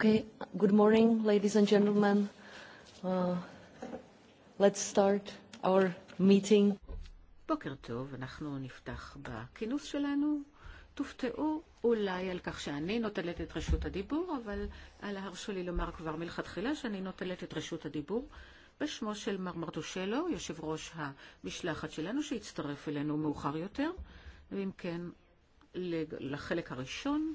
Okay, good morning, ladies and gentlemen. Uh, let's start our meeting. בוקר טוב, אנחנו נפתח בכינוס שלנו. תופתעו אולי על כך שאני נוטלת את רשות הדיבור, אבל אנא הרשו לי לומר כבר מלכתחילה שאני נוטלת את רשות הדיבור בשמו של מר מרדושלו, יושב ראש המשלחת שלנו, שהצטרף אלינו מאוחר יותר. ואם כן, לחלק הראשון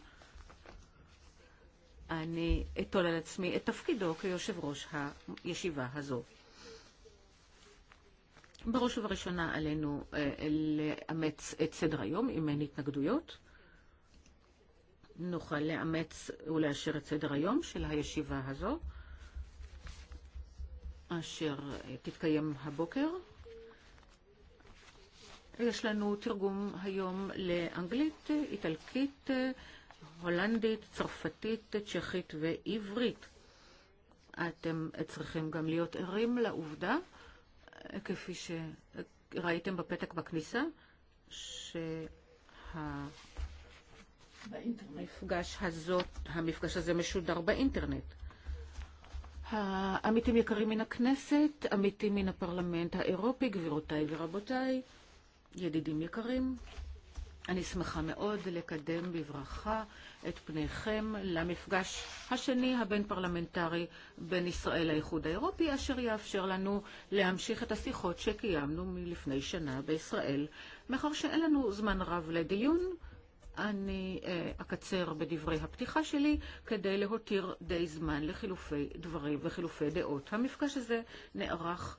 it-tola l אני אטול על עצמי את תפקידו כיושב ראש הישיבה הזו. בראש ובראשונה עלינו לאמץ את סדר היום, אם אין התנגדויות. נוכל לאמץ ולאשר את סדר היום של הישיבה הזו, אשר תתקיים הבוקר. יש לנו l-Anglit, Italkit, Italkit, הולנדית, צרפתית, צ'כית ועברית. אתם צריכים גם להיות ערים לעובדה, כפי שראיתם בפתק בכניסה, שהמפגש הזאת, המפגש הזה משודר באינטרנט. העמיתים יקרים מן הכנסת, עמיתים מן הפרלמנט האירופי, גבירותיי ורבותיי, ידידים יקרים, אני שמחה מאוד לקדם בברכה את פניכם למפגש השני הבין פרלמנטרי בין ישראל לאיחוד האירופי, אשר יאפשר לנו להמשיך את השיחות שקיימנו מלפני שנה בישראל. מאחר שאין לנו זמן רב לדיון, אני אקצר בדברי הפתיחה שלי כדי להותיר די זמן לחילופי דברים וחילופי דעות. המפגש הזה נערך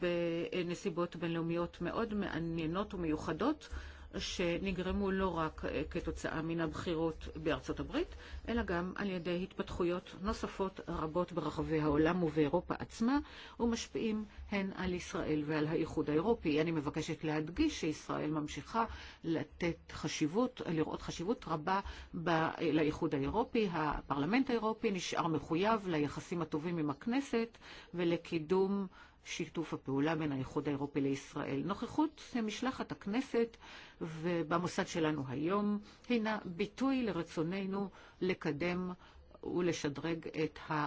בנסיבות בינלאומיות מאוד מעניינות ומיוחדות. שנגרמו לא רק כתוצאה מן הבחירות בארצות הברית, אלא גם על ידי התפתחויות נוספות רבות ברחבי העולם ובאירופה עצמה, ומשפיעים הן על ישראל ועל האיחוד האירופי. אני מבקשת להדגיש שישראל ממשיכה לתת חשיבות, לראות חשיבות רבה ב- לאיחוד האירופי. הפרלמנט האירופי נשאר מחויב ליחסים הטובים עם הכנסת ולקידום שיתוף הפעולה בין האיחוד האירופי לישראל. נוכחות משלחת הכנסת ובמוסד שלנו היום הינה ביטוי לרצוננו לקדם ולשדרג את ה...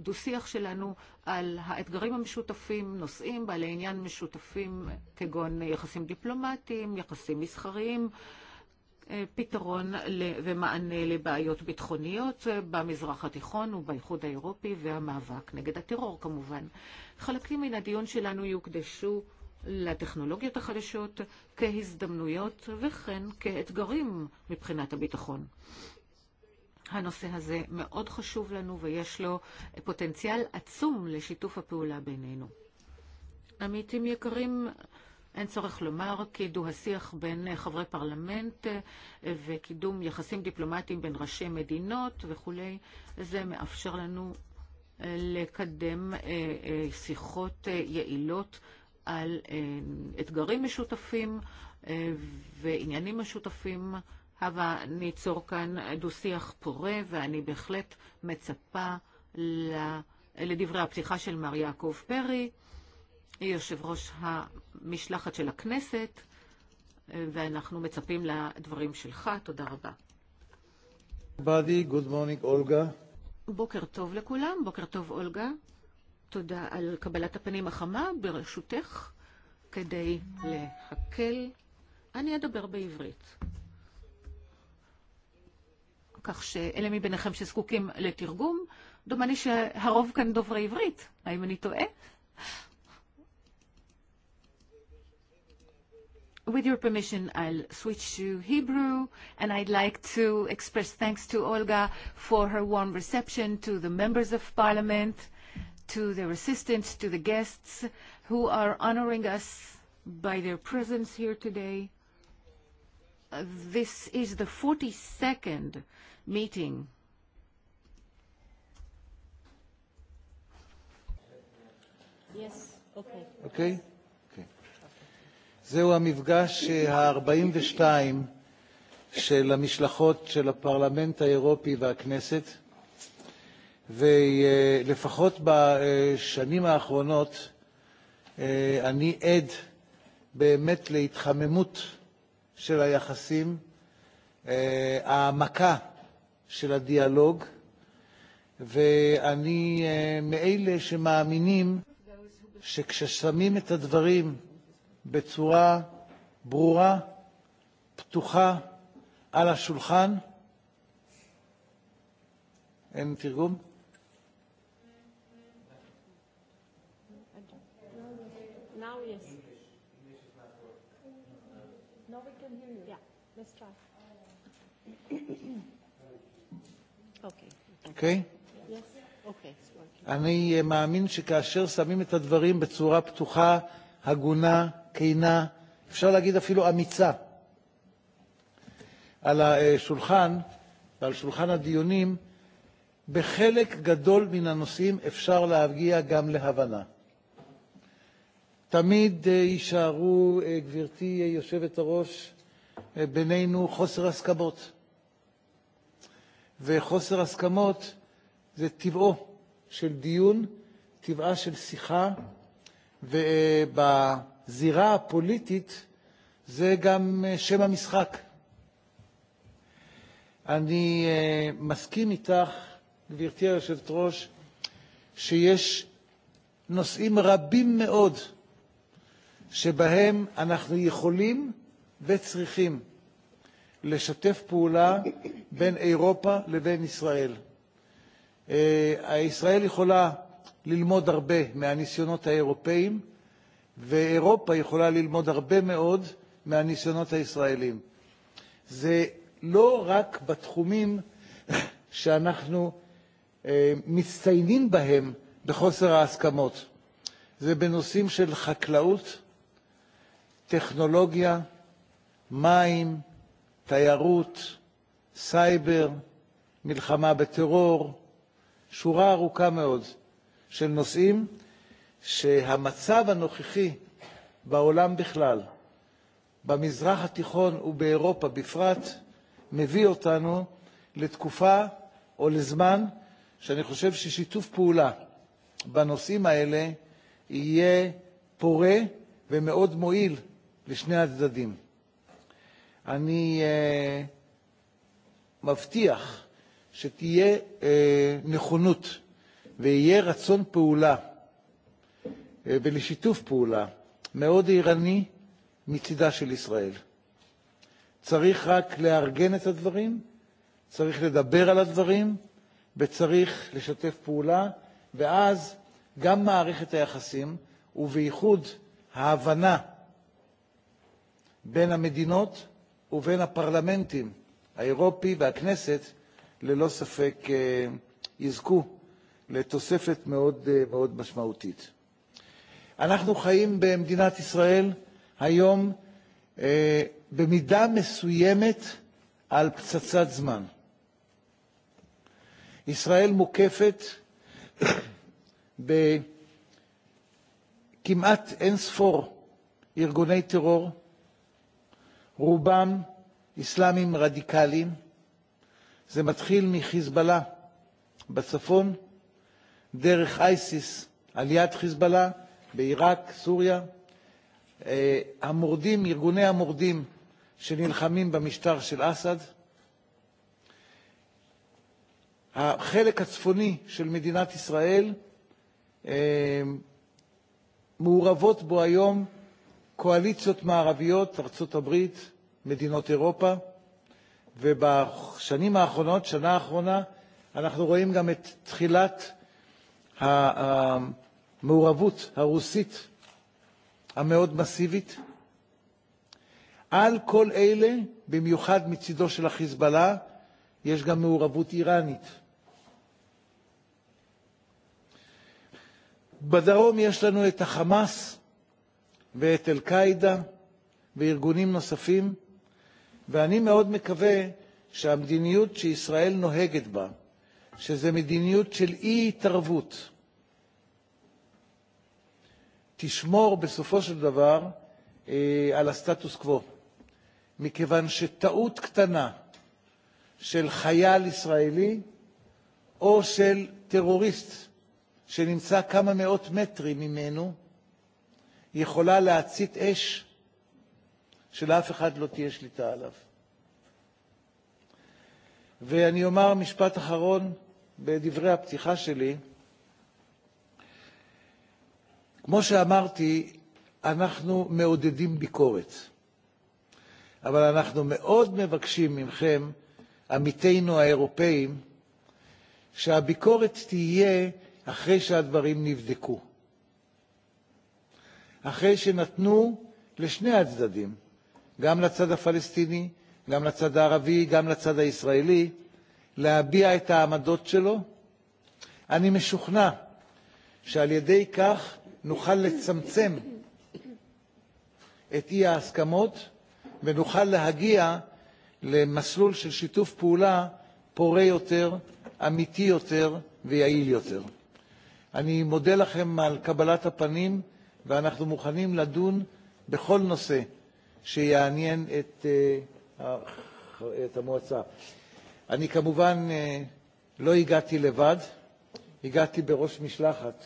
דו-שיח שלנו על האתגרים המשותפים, נושאים בעלי עניין משותפים כגון יחסים דיפלומטיים, יחסים מסחריים, פתרון ומענה לבעיות ביטחוניות במזרח התיכון ובאיחוד האירופי והמאבק נגד הטרור כמובן. חלקים מן הדיון שלנו יוקדשו לתכנולוגיות החדשות, כהזדמנויות וכן כאתגרים מבחינת הביטחון. הנושא הזה מאוד חשוב לנו ויש לו פוטנציאל עצום לשיתוף הפעולה בינינו. עמיתים יקרים, אין צורך לומר כי דו-השיח בין חברי פרלמנט וקידום יחסים דיפלומטיים בין ראשי מדינות וכולי, זה מאפשר לנו לקדם שיחות יעילות על אתגרים משותפים ועניינים משותפים. הבה ניצור כאן דו-שיח פורה, ואני בהחלט מצפה לדברי הפתיחה של מר יעקב פרי, יושב ראש המשלחת של הכנסת, ואנחנו מצפים לדברים שלך. תודה רבה. Everybody, good morning, בוקר טוב לכולם, בוקר טוב, אולגה. תודה על קבלת הפנים החמה, ברשותך, כדי להקל. אני אדבר בעברית. כך שאלה מביניכם שזקוקים לתרגום, דומני שהרוב כאן דוברי עברית, האם אני טועה? With your permission, I'll switch to Hebrew, and I'd like to express thanks to Olga for her warm reception, to the members of parliament, to their assistants, to the guests who are honoring us by their presence here today. Uh, this is the 42nd meeting Yes, okay. Okay? Okay. זהו המפגש ה-42 של המשלחות של הפרלמנט האירופי והכנסת. ולפחות בשנים האחרונות אני עד באמת להתחממות של היחסים, העמקה של הדיאלוג, ואני מאלה שמאמינים שכששמים את הדברים בצורה ברורה, פתוחה, על השולחן, אין תרגום? אוקיי? אני מאמין שכאשר שמים את הדברים בצורה פתוחה, הגונה, כנה, אפשר להגיד אפילו אמיצה, על השולחן ועל שולחן הדיונים, בחלק גדול מן הנושאים אפשר להגיע גם להבנה. תמיד יישארו, גברתי יושבת-הראש, בינינו חוסר הסכמות. וחוסר הסכמות זה טבעו של דיון, טבעה של שיחה, ובזירה הפוליטית זה גם שם המשחק. אני מסכים איתך, גברתי היושבת-ראש, שיש נושאים רבים מאוד שבהם אנחנו יכולים וצריכים לשתף פעולה בין אירופה לבין ישראל. ישראל יכולה ללמוד הרבה מהניסיונות האירופאים, ואירופה יכולה ללמוד הרבה מאוד מהניסיונות הישראלים. זה לא רק בתחומים שאנחנו מצטיינים בהם בחוסר ההסכמות. זה בנושאים של חקלאות, טכנולוגיה, מים, תיירות, סייבר, מלחמה בטרור, שורה ארוכה מאוד של נושאים שהמצב הנוכחי בעולם בכלל, במזרח התיכון ובאירופה בפרט, מביא אותנו לתקופה או לזמן שאני חושב ששיתוף פעולה בנושאים האלה יהיה פורה ומאוד מועיל לשני הצדדים. אני uh, מבטיח שתהיה אה, נכונות ויהיה רצון פעולה אה, ולשיתוף פעולה מאוד עירני מצידה של ישראל. צריך רק לארגן את הדברים, צריך לדבר על הדברים וצריך לשתף פעולה, ואז גם מערכת היחסים, ובייחוד ההבנה בין המדינות ובין הפרלמנטים האירופי והכנסת ללא ספק יזכו לתוספת מאוד, מאוד משמעותית. אנחנו חיים במדינת ישראל היום במידה מסוימת על פצצת זמן. ישראל מוקפת בכמעט אין ספור ארגוני טרור, רובם אסלאמים רדיקליים. זה מתחיל מחיזבאללה בצפון, דרך אייסיס על יד חיזבאללה בעיראק, סוריה, המורדים, ארגוני המורדים שנלחמים במשטר של אסד, החלק הצפוני של מדינת ישראל, מעורבות בו היום קואליציות מערביות, ארצות הברית, מדינות אירופה, ובשנים האחרונות, שנה האחרונה, אנחנו רואים גם את תחילת המעורבות הרוסית המאוד מסיבית. על כל אלה, במיוחד מצידו של החיזבאללה, יש גם מעורבות איראנית. בדרום יש לנו את החמאס ואת אל-קאעידה וארגונים נוספים ואני מאוד מקווה שהמדיניות שישראל נוהגת בה, שזו מדיניות של אי-התערבות, תשמור בסופו של דבר אה, על הסטטוס קוו, מכיוון שטעות קטנה של חייל ישראלי או של טרוריסט שנמצא כמה מאות מטרים ממנו יכולה להצית אש שלאף אחד לא תהיה שליטה עליו. ואני אומר משפט אחרון בדברי הפתיחה שלי. כמו שאמרתי, אנחנו מעודדים ביקורת, אבל אנחנו מאוד מבקשים מכם, עמיתינו האירופאים, שהביקורת תהיה אחרי שהדברים נבדקו, אחרי שנתנו לשני הצדדים גם לצד הפלסטיני, גם לצד הערבי, גם לצד הישראלי, להביע את העמדות שלו. אני משוכנע שעל ידי כך נוכל לצמצם את אי ההסכמות ונוכל להגיע למסלול של שיתוף פעולה פורה יותר, אמיתי יותר ויעיל יותר. אני מודה לכם על קבלת הפנים ואנחנו מוכנים לדון בכל נושא שיעניין את, את המועצה. אני כמובן לא הגעתי לבד, הגעתי בראש משלחת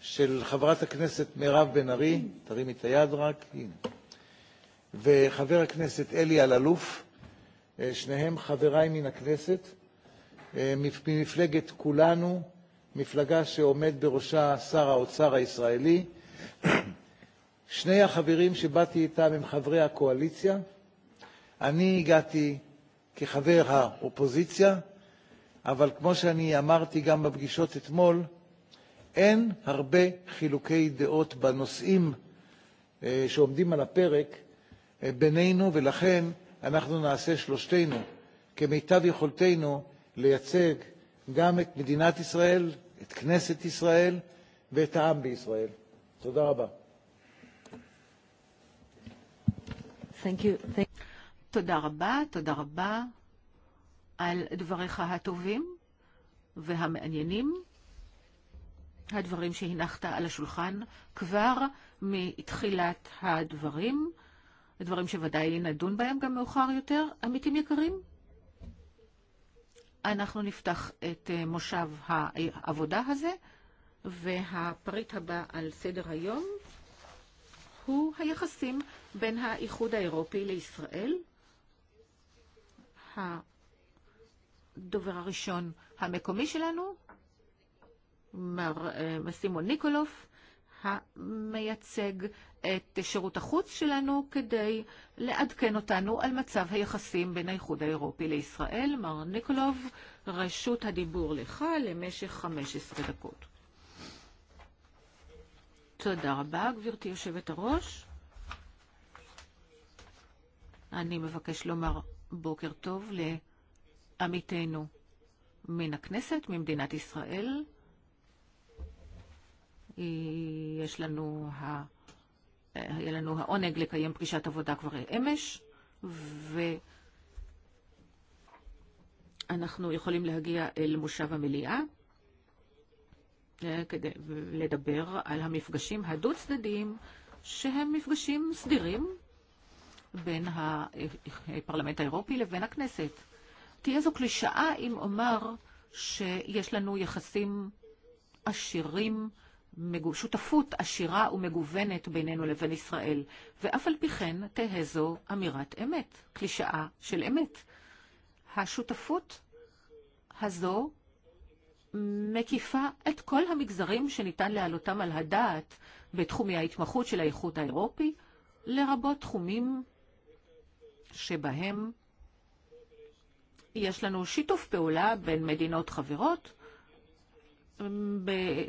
של חברת הכנסת מירב בן ארי, תרימי את היד רק, וחבר הכנסת אלי אלאלוף, שניהם חבריי מן הכנסת, ממפלגת כולנו, מפלגה שעומד בראשה שר האוצר הישראלי, שני החברים שבאתי איתם הם חברי הקואליציה. אני הגעתי כחבר האופוזיציה, אבל כמו שאני אמרתי גם בפגישות אתמול, אין הרבה חילוקי דעות בנושאים שעומדים על הפרק בינינו, ולכן אנחנו נעשה שלושתנו כמיטב יכולתנו לייצג גם את מדינת ישראל, את כנסת ישראל ואת העם בישראל. תודה רבה. Thank you. Thank תודה רבה, תודה רבה על דבריך הטובים והמעניינים. הדברים שהנחת על השולחן כבר מתחילת הדברים, הדברים שוודאי נדון בהם גם מאוחר יותר. עמיתים יקרים, אנחנו נפתח את מושב העבודה הזה, והפריט הבא על סדר היום הוא היחסים בין האיחוד האירופי לישראל. הדובר הראשון המקומי שלנו, מר סימון ניקולוף, המייצג את שירות החוץ שלנו כדי לעדכן אותנו על מצב היחסים בין האיחוד האירופי לישראל. מר ניקולוב, רשות הדיבור לך למשך 15 דקות. תודה רבה, גברתי יושבת הראש. אני מבקש לומר בוקר טוב לעמיתנו מן הכנסת, ממדינת ישראל. יש לנו, ה... היה לנו העונג לקיים פגישת עבודה כבר אמש, ואנחנו יכולים להגיע אל מושב המליאה. כדי לדבר על המפגשים הדו-צדדיים שהם מפגשים סדירים בין הפרלמנט האירופי לבין הכנסת. תהיה זו קלישאה אם אומר שיש לנו יחסים עשירים, שותפות עשירה ומגוונת בינינו לבין ישראל, ואף על פי כן תהיה זו אמירת אמת, קלישאה של אמת. השותפות הזו מקיפה את כל המגזרים שניתן להעלותם על הדעת בתחומי ההתמחות של האיחוד האירופי, לרבות תחומים שבהם יש לנו שיתוף פעולה בין מדינות חברות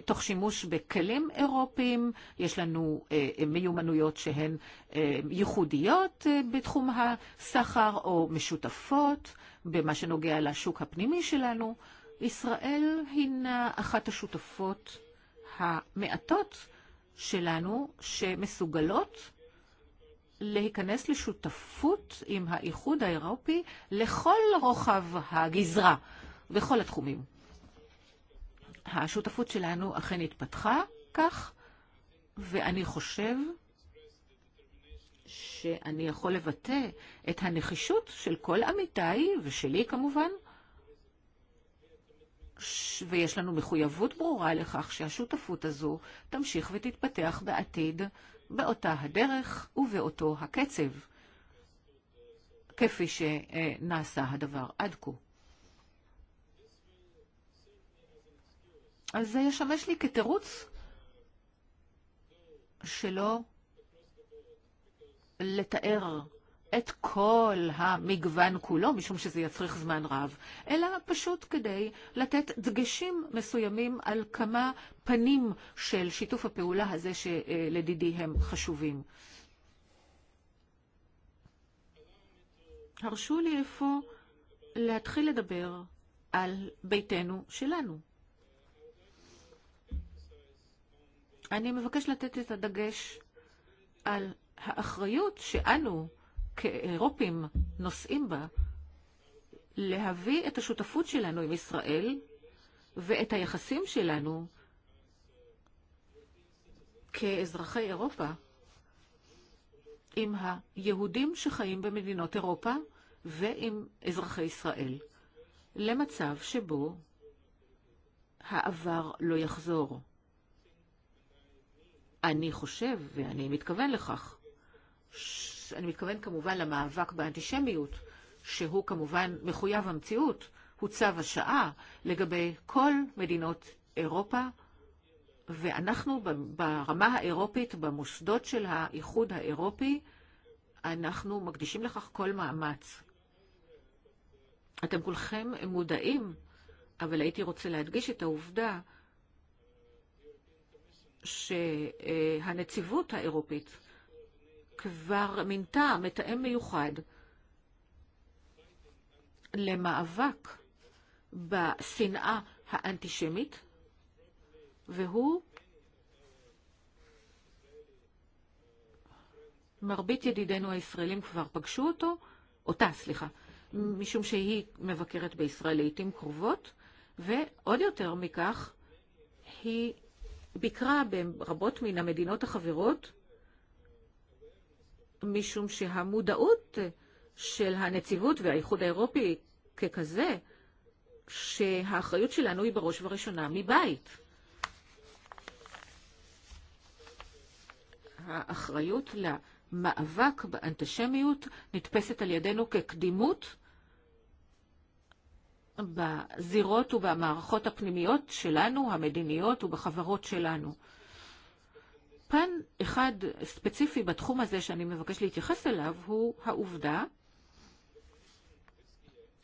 תוך שימוש בכלים אירופיים, יש לנו מיומנויות שהן ייחודיות בתחום הסחר או משותפות במה שנוגע לשוק הפנימי שלנו. ישראל הינה אחת השותפות המעטות שלנו שמסוגלות להיכנס לשותפות עם האיחוד האירופי לכל רוחב הגזרה, בכל התחומים. השותפות שלנו אכן התפתחה כך, ואני חושב שאני יכול לבטא את הנחישות של כל עמיתיי, ושלי כמובן, ויש לנו מחויבות ברורה לכך שהשותפות הזו תמשיך ותתפתח בעתיד. באותה הדרך ובאותו הקצב, כפי שנעשה הדבר עד כה. אז זה ישמש לי כתירוץ שלא לתאר את כל המגוון כולו, משום שזה יצריך זמן רב, אלא פשוט כדי לתת דגשים מסוימים על כמה פנים של שיתוף הפעולה הזה שלדידי הם חשובים. הרשו לי איפה להתחיל לדבר על ביתנו שלנו. אני מבקש לתת את הדגש על האחריות שאנו כאירופים נושאים בה, להביא את השותפות שלנו עם ישראל ואת היחסים שלנו כאזרחי אירופה עם היהודים שחיים במדינות אירופה ועם אזרחי ישראל למצב שבו העבר לא יחזור. אני חושב, ואני מתכוון לכך, ש... אני מתכוון כמובן למאבק באנטישמיות, שהוא כמובן מחויב המציאות, הוא צו השעה לגבי כל מדינות אירופה, ואנחנו ברמה האירופית, במוסדות של האיחוד האירופי, אנחנו מקדישים לכך כל מאמץ. אתם כולכם מודעים, אבל הייתי רוצה להדגיש את העובדה שהנציבות האירופית כבר מינתה מתאם מיוחד למאבק בשנאה האנטישמית, והוא מרבית ידידינו הישראלים כבר פגשו אותו, אותה, סליחה, משום שהיא מבקרת בישראל לעיתים קרובות, ועוד יותר מכך, היא ביקרה ברבות מן המדינות החברות משום שהמודעות של הנציבות והאיחוד האירופי ככזה, שהאחריות שלנו היא בראש ובראשונה מבית. האחריות למאבק באנטישמיות נתפסת על ידינו כקדימות בזירות ובמערכות הפנימיות שלנו, המדיניות ובחברות שלנו. פן אחד ספציפי בתחום הזה שאני מבקש להתייחס אליו הוא העובדה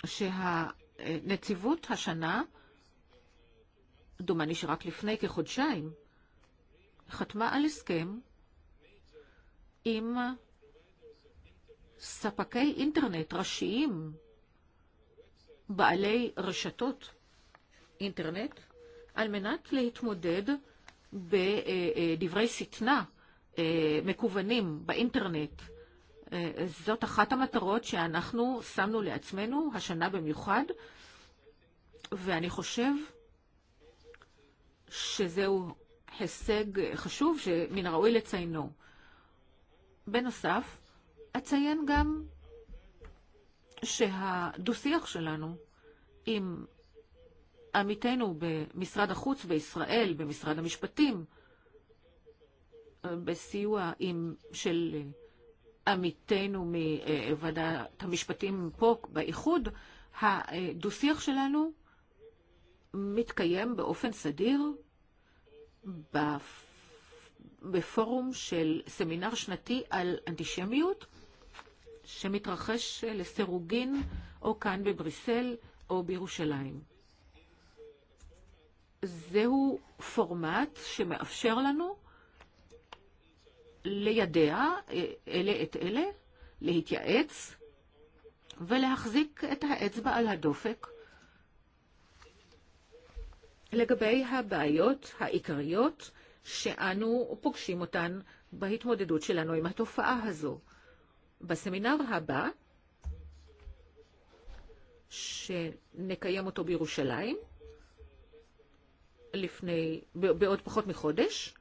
שהנציבות השנה, דומני שרק לפני כחודשיים, חתמה על הסכם עם ספקי אינטרנט ראשיים, בעלי רשתות אינטרנט, על מנת להתמודד בדברי שטנה מקוונים באינטרנט. זאת אחת המטרות שאנחנו שמנו לעצמנו השנה במיוחד, ואני חושב שזהו הישג חשוב שמן הראוי לציינו. בנוסף, אציין גם שהדו-שיח שלנו עם עמיתנו במשרד החוץ בישראל, במשרד המשפטים, בסיוע עם, של עמיתנו מוועדת המשפטים פה באיחוד, הדו-שיח שלנו מתקיים באופן סדיר בפורום של סמינר שנתי על אנטישמיות שמתרחש לסירוגין או כאן בבריסל או בירושלים. זהו פורמט שמאפשר לנו לידע אלה את אלה, להתייעץ ולהחזיק את האצבע על הדופק לגבי הבעיות העיקריות שאנו פוגשים אותן בהתמודדות שלנו עם התופעה הזו. בסמינר הבא, שנקיים אותו בירושלים, לפני, בעוד פחות מחודש,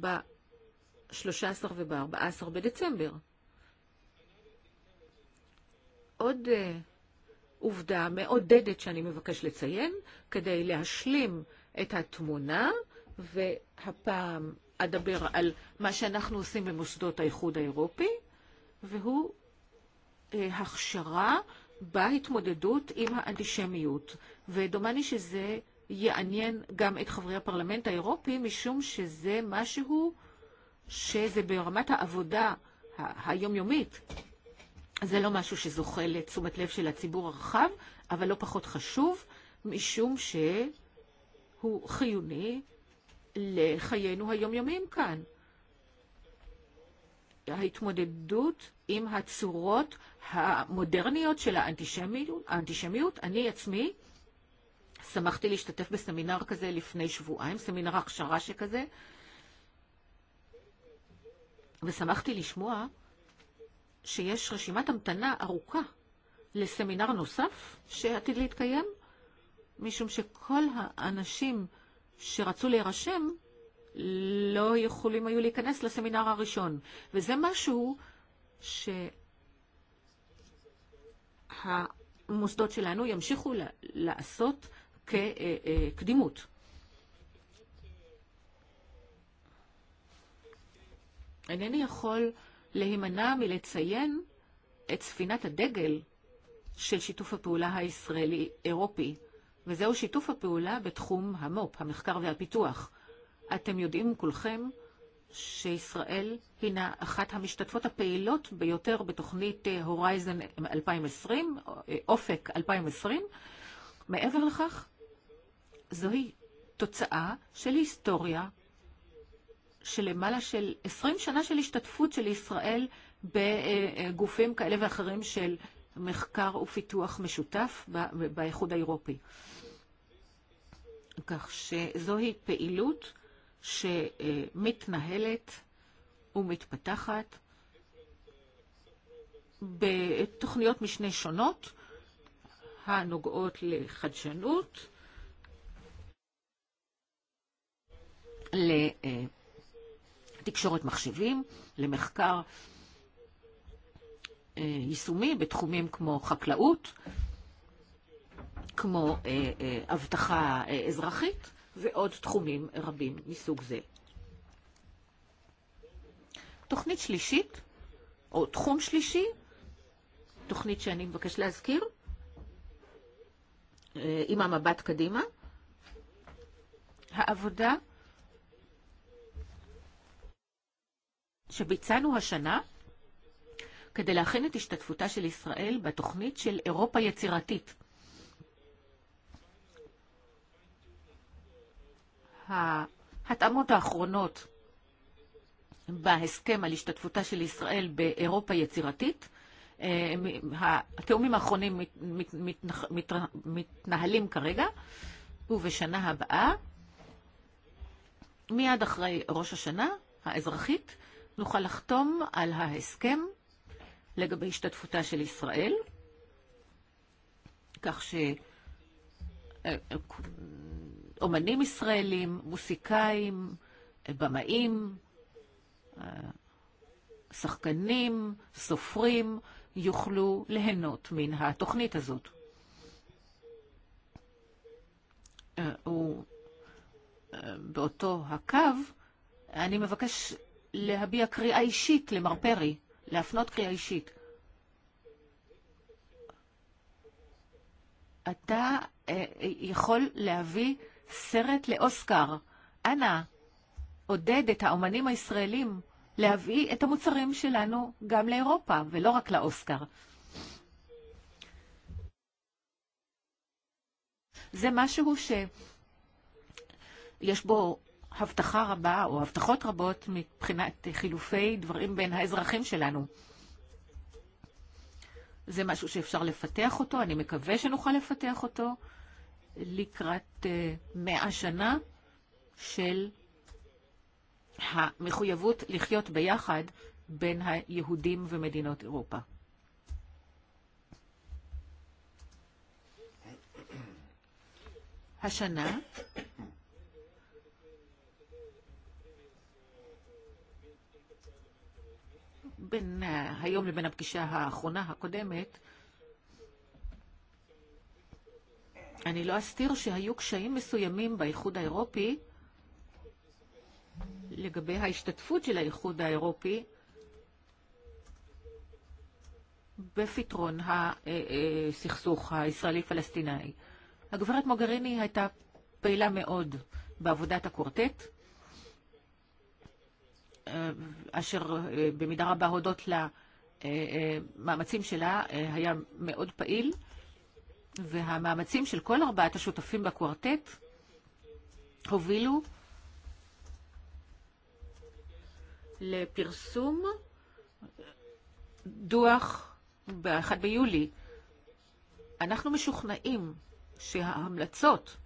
ב-13 וב-14 בדצמבר. עוד עובדה מעודדת שאני מבקש לציין, כדי להשלים את התמונה, והפעם אדבר על מה שאנחנו עושים במוסדות האיחוד האירופי, והוא הכשרה בהתמודדות עם האנטישמיות. ודומני שזה יעניין גם את חברי הפרלמנט האירופי, משום שזה משהו שזה ברמת העבודה היומיומית. זה לא משהו שזוכה לתשומת לב של הציבור הרחב, אבל לא פחות חשוב, משום שהוא חיוני לחיינו היומיומיים כאן. ההתמודדות עם הצורות המודרניות של האנטישמיות, האנטישמיות אני עצמי שמחתי להשתתף בסמינר כזה לפני שבועיים, סמינר הכשרה שכזה, ושמחתי לשמוע שיש רשימת המתנה ארוכה לסמינר נוסף שעתיד להתקיים, משום שכל האנשים שרצו להירשם לא יכולים היו להיכנס לסמינר הראשון. וזה משהו שהמוסדות שלנו ימשיכו לעשות כקדימות. אינני יכול להימנע מלציין את ספינת ha' Israeli שיתוף הפעולה הישראלי-אירופי, וזהו ha-mop, ha המו"פ, המחקר pituach Atem יודעים כולכם שישראל הינה אחת המשתתפות הפעילות ביותר בתוכנית הורייזן 2020, אופק 2020. מעבר לכך, זוהי תוצאה של היסטוריה של למעלה של 20 שנה של השתתפות של ישראל בגופים כאלה ואחרים של מחקר ופיתוח משותף באיחוד האירופי. כך שזוהי פעילות שמתנהלת ומתפתחת בתוכניות משנה שונות הנוגעות לחדשנות, לתקשורת מחשבים, למחקר יישומי בתחומים כמו חקלאות, כמו אבטחה אזרחית ועוד תחומים רבים מסוג זה. תוכנית שלישית, או תחום שלישי, תוכנית שאני מבקש להזכיר, עם המבט קדימה, העבודה שביצענו השנה כדי להכין את השתתפותה של ישראל בתוכנית של אירופה יצירתית. ההתאמות האחרונות בהסכם על השתתפותה של ישראל באירופה יצירתית, התאומים האחרונים מתנהלים כרגע, ובשנה הבאה, מיד אחרי ראש השנה האזרחית, נוכל לחתום על ההסכם לגבי השתתפותה של ישראל, כך שאומנים ישראלים, מוסיקאים, במאים, שחקנים, סופרים, יוכלו ליהנות מן התוכנית הזאת. ובאותו הקו אני מבקש להביע קריאה אישית למר פרי, להפנות קריאה אישית. אתה יכול להביא סרט לאוסקר. אנא, עודד את האומנים הישראלים להביא את המוצרים שלנו גם לאירופה, ולא רק לאוסקר. זה משהו שיש בו הבטחה רבה או הבטחות רבות מבחינת חילופי דברים בין האזרחים שלנו. זה משהו שאפשר לפתח אותו, אני מקווה שנוכל לפתח אותו לקראת מאה שנה של המחויבות לחיות ביחד בין היהודים ומדינות אירופה. השנה בין היום לבין הפגישה האחרונה הקודמת, אני לא אסתיר שהיו קשיים מסוימים באיחוד האירופי לגבי ההשתתפות של האיחוד האירופי בפתרון הסכסוך הישראלי-פלסטיני. הגברת מוגריני הייתה פעילה מאוד בעבודת הקורטט, אשר במידה רבה הודות למאמצים שלה היה מאוד פעיל, והמאמצים של כל ארבעת השותפים בקוורטט הובילו לפרסום דוח ב-1 ביולי. אנחנו משוכנעים שההמלצות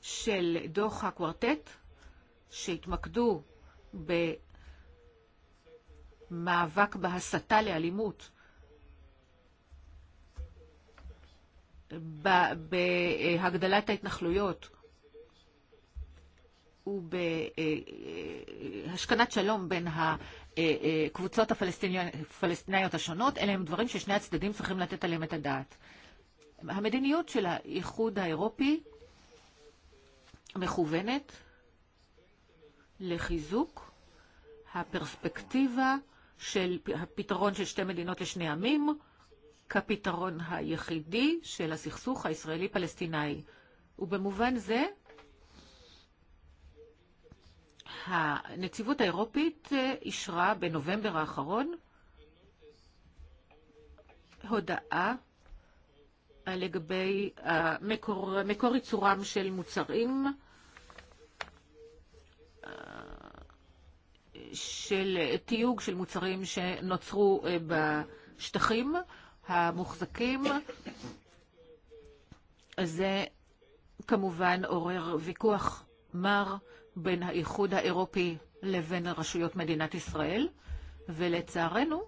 של דוח הקוורטט שהתמקדו במאבק בהסתה לאלימות, בהגדלת ההתנחלויות ובהשכנת שלום בין הקבוצות הפלסטיניות השונות, אלה הם דברים ששני הצדדים צריכים לתת עליהם את הדעת. המדיניות של האיחוד האירופי מכוונת לחיזוק הפרספקטיבה של הפתרון של שתי מדינות לשני עמים כפתרון היחידי של הסכסוך הישראלי-פלסטיני. ובמובן זה, הנציבות האירופית אישרה בנובמבר האחרון הודעה לגבי מקור, מקור ייצורם של מוצרים של תיוג של מוצרים שנוצרו בשטחים המוחזקים. זה כמובן עורר ויכוח מר בין האיחוד האירופי לבין רשויות מדינת ישראל, ולצערנו,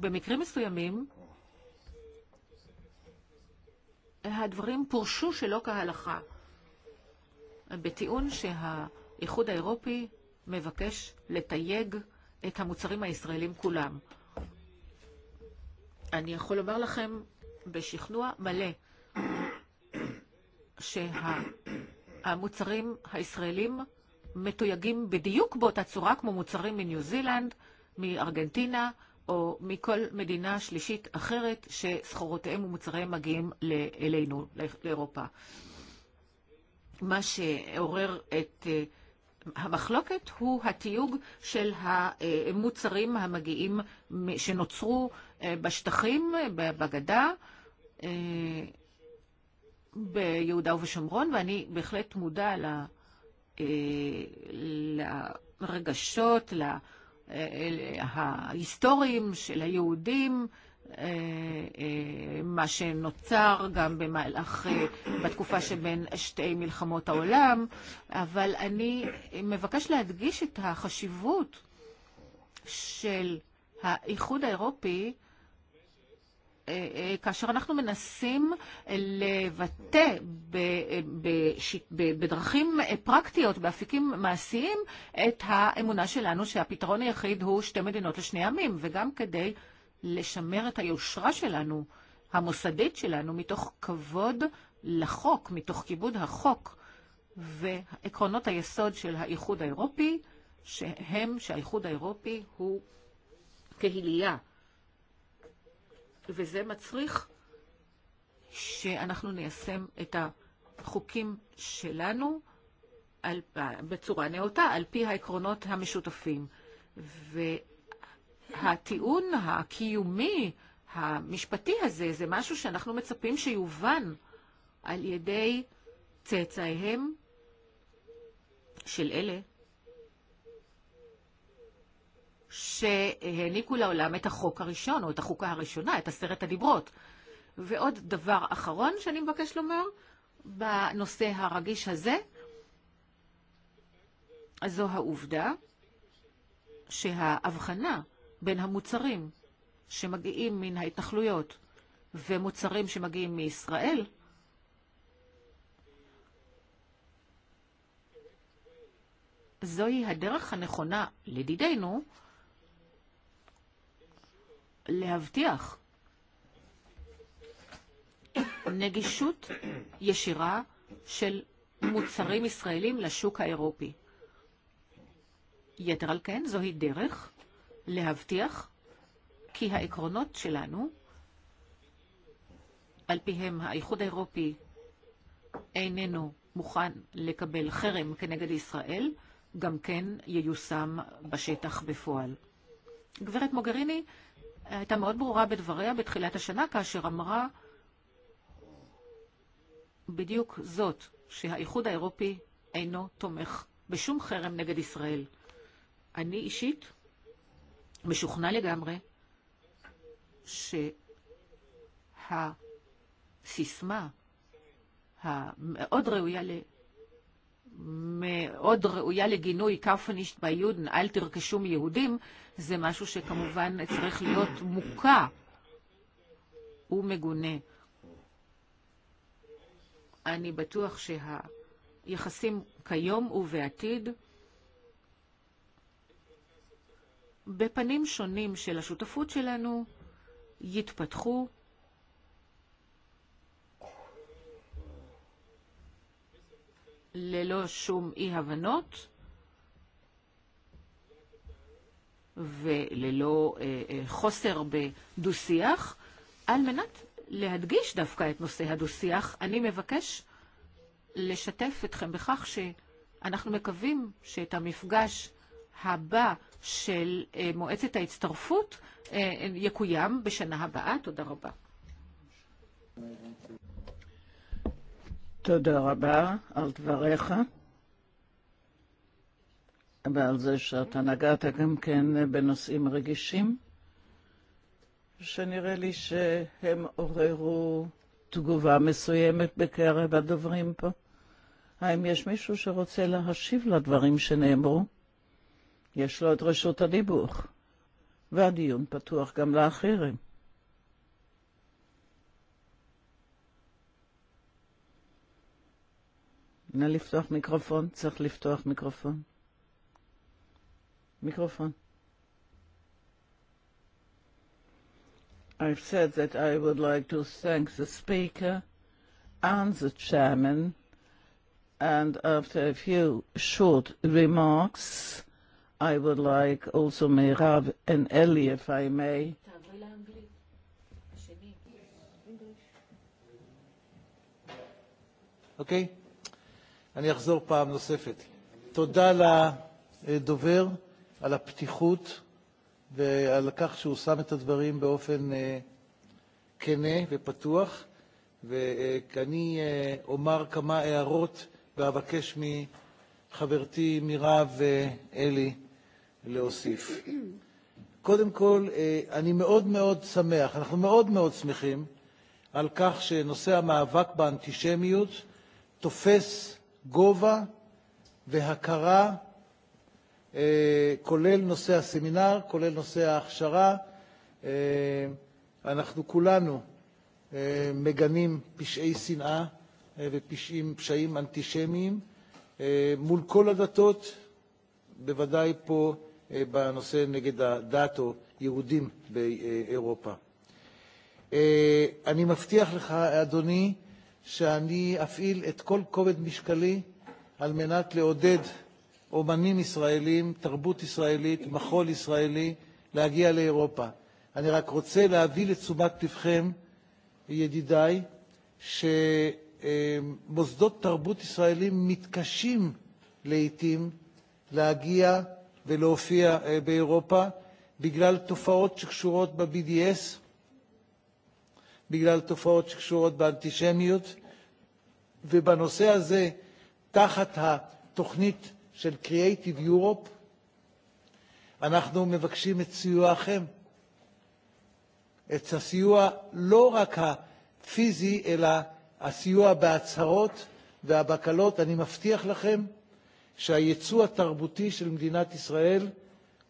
במקרים מסוימים, הדברים פורשו שלא כהלכה, בטיעון שה... איחוד האירופי מבקש לתייג את המוצרים הישראלים כולם. אני יכול לומר לכם בשכנוע מלא שהמוצרים שה, הישראלים מתויגים בדיוק באותה צורה כמו מוצרים מניו זילנד, מארגנטינה או מכל מדינה שלישית אחרת שסחורותיהם ומוצריהם מגיעים אלינו, לאירופה. מה שעורר את uh, המחלוקת הוא התיוג של המוצרים המגיעים שנוצרו בשטחים, בגדה, ביהודה ובשומרון, ואני בהחלט מודע לרגשות, להיסטוריים של היהודים, מה שנוצר גם במהלך, בתקופה שבין שתי מלחמות העולם, אבל אני מבקש להדגיש את החשיבות של האיחוד האירופי כאשר אנחנו מנסים לבטא בדרכים פרקטיות, באפיקים מעשיים, את האמונה שלנו שהפתרון היחיד הוא שתי מדינות לשני עמים, וגם כדי לשמר את היושרה שלנו, המוסדית שלנו, מתוך כבוד לחוק, מתוך כיבוד החוק ועקרונות היסוד של האיחוד האירופי, שהם שהאיחוד האירופי הוא קהילייה. וזה מצריך שאנחנו ניישם את החוקים שלנו על, בצורה נאותה, על פי העקרונות המשותפים. ו... הטיעון הקיומי המשפטי הזה זה משהו שאנחנו מצפים שיובן על ידי צאצאיהם של אלה שהעניקו לעולם את החוק הראשון, או את החוקה הראשונה, את עשרת הדיברות. ועוד דבר אחרון שאני מבקש לומר בנושא הרגיש הזה, זו העובדה שההבחנה בין המוצרים שמגיעים מן ההתנחלויות ומוצרים שמגיעים מישראל, זוהי הדרך הנכונה לדידינו להבטיח נגישות ישירה של מוצרים ישראלים לשוק האירופי. יתר על כן, זוהי דרך להבטיח כי העקרונות שלנו, על פיהם האיחוד האירופי איננו מוכן לקבל חרם כנגד ישראל, גם כן ייושם בשטח בפועל. גברת מוגריני הייתה מאוד ברורה בדבריה בתחילת השנה, כאשר אמרה בדיוק זאת, שהאיחוד האירופי אינו תומך בשום חרם נגד ישראל. אני אישית משוכנע לגמרי שהסיסמה המאוד ראויה ל... מאוד ראויה לגינוי, קרפנישט ביודן, אל תרכשו מיהודים, זה משהו שכמובן צריך להיות מוקע ומגונה. אני בטוח שהיחסים כיום ובעתיד בפנים שונים של השותפות שלנו יתפתחו ללא שום אי-הבנות וללא אה, אה, חוסר בדו-שיח, על מנת להדגיש דווקא את נושא הדו-שיח, אני מבקש לשתף אתכם בכך שאנחנו מקווים שאת המפגש הבא של מועצת ההצטרפות יקוים בשנה הבאה. תודה רבה. תודה רבה על דבריך ועל זה שאתה נגעת גם כן בנושאים רגישים, שנראה לי שהם עוררו תגובה מסוימת בקרב הדוברים פה. האם יש מישהו שרוצה להשיב לדברים שנאמרו? יש לו את רשות הדיבור, והדיון פתוח גם לאחרים. נא לפתוח מיקרופון, צריך לפתוח מיקרופון. מיקרופון. I've said that I would like to thank the speaker and the chairman, and after a few short remarks, I would like also Mehrab and Ellie, if I may. אוקיי? אני אחזור פעם נוספת. תודה לדובר על הפתיחות ועל כך שהוא שם את הדברים באופן כנה ופתוח, ואני אומר כמה הערות ואבקש מחברתי מירב אלי להוסיף. קודם כל, אני מאוד מאוד שמח, אנחנו מאוד מאוד שמחים על כך שנושא המאבק באנטישמיות תופס גובה והכרה, כולל נושא הסמינר, כולל נושא ההכשרה. אנחנו כולנו מגנים פשעי שנאה ופשעים, פשעים אנטישמיים מול כל הדתות, בוודאי פה בנושא נגד הדת או יהודים באירופה. אני מבטיח לך, אדוני, שאני אפעיל את כל כובד משקלי על מנת לעודד אומנים ישראלים, תרבות ישראלית, מחול ישראלי, להגיע לאירופה. אני רק רוצה להביא לתשומת לבכם, ידידיי, שמוסדות תרבות ישראלים מתקשים לעתים להגיע ולהופיע באירופה בגלל תופעות שקשורות ב-BDS, בגלל תופעות שקשורות באנטישמיות, ובנושא הזה, תחת התוכנית של Creative Europe, אנחנו מבקשים את סיועכם, את הסיוע לא רק הפיזי, אלא הסיוע בהצהרות והבקלות. אני מבטיח לכם, שהייצוא התרבותי של מדינת ישראל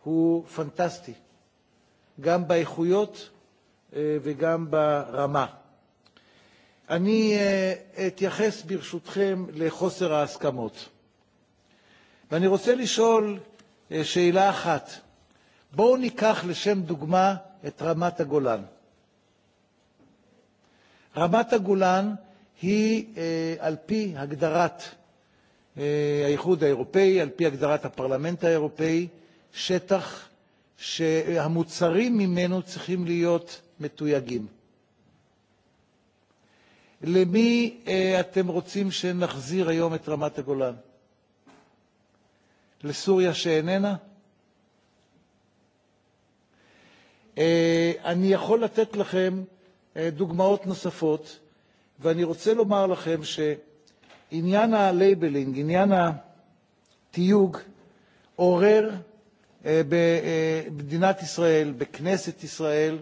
הוא פנטסטי, גם באיכויות וגם ברמה. אני אתייחס ברשותכם לחוסר ההסכמות. ואני רוצה לשאול שאלה אחת. בואו ניקח לשם דוגמה את רמת הגולן. רמת הגולן היא, על פי הגדרת האיחוד האירופאי, על פי הגדרת הפרלמנט האירופאי, שטח שהמוצרים ממנו צריכים להיות מתויגים. למי אתם רוצים שנחזיר היום את רמת הגולן? לסוריה שאיננה? אני יכול לתת לכם דוגמאות נוספות, ואני רוצה לומר לכם ש... עניין הלייבלינג, עניין התיוג, עורר במדינת ישראל, בכנסת ישראל,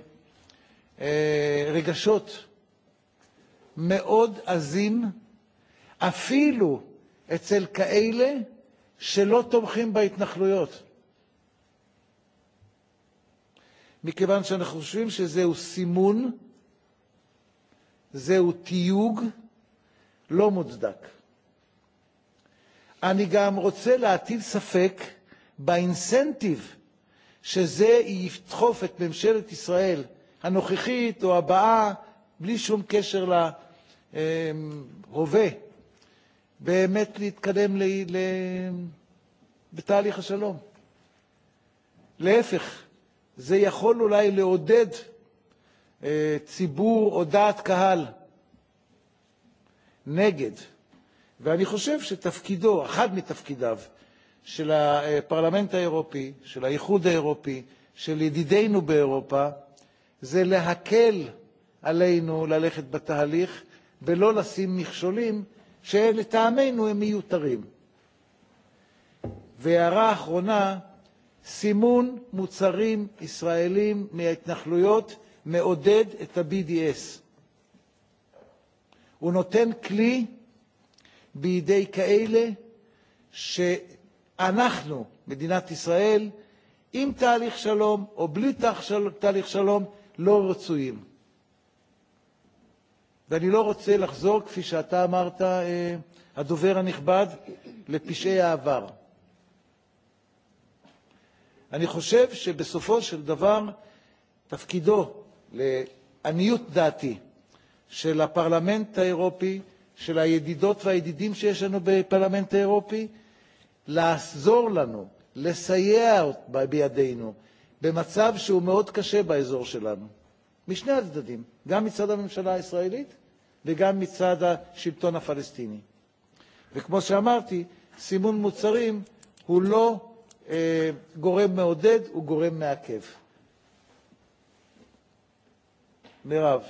רגשות מאוד עזים, אפילו אצל כאלה שלא תומכים בהתנחלויות. מכיוון שאנחנו חושבים שזהו סימון, זהו תיוג, לא מוצדק. אני גם רוצה להטיל ספק באינסנטיב שזה ידחוף את ממשלת ישראל הנוכחית או הבאה, בלי שום קשר להווה, באמת להתקדם ל... ל... בתהליך השלום. להפך, זה יכול אולי לעודד ציבור או דעת קהל נגד. ואני חושב שתפקידו, אחד מתפקידיו, של הפרלמנט האירופי, של האיחוד האירופי, של ידידינו באירופה, זה להקל עלינו ללכת בתהליך ולא לשים מכשולים שלטעמנו הם מיותרים. והערה אחרונה, סימון מוצרים ישראלים מההתנחלויות מעודד את ה-BDS. הוא נותן כלי בידי כאלה שאנחנו, מדינת ישראל, עם תהליך שלום או בלי תהליך שלום, לא רצויים. ואני לא רוצה לחזור, כפי שאתה אמרת, הדובר הנכבד, לפשעי העבר. אני חושב שבסופו של דבר תפקידו, לעניות דעתי, של הפרלמנט האירופי, של הידידות והידידים שיש לנו בפרלמנט האירופי, לעזור לנו, לסייע בידינו, במצב שהוא מאוד קשה באזור שלנו, משני הצדדים, גם מצד הממשלה הישראלית וגם מצד השלטון הפלסטיני. וכמו שאמרתי, סימון מוצרים הוא לא אה, גורם מעודד, הוא גורם מעכב. מירב.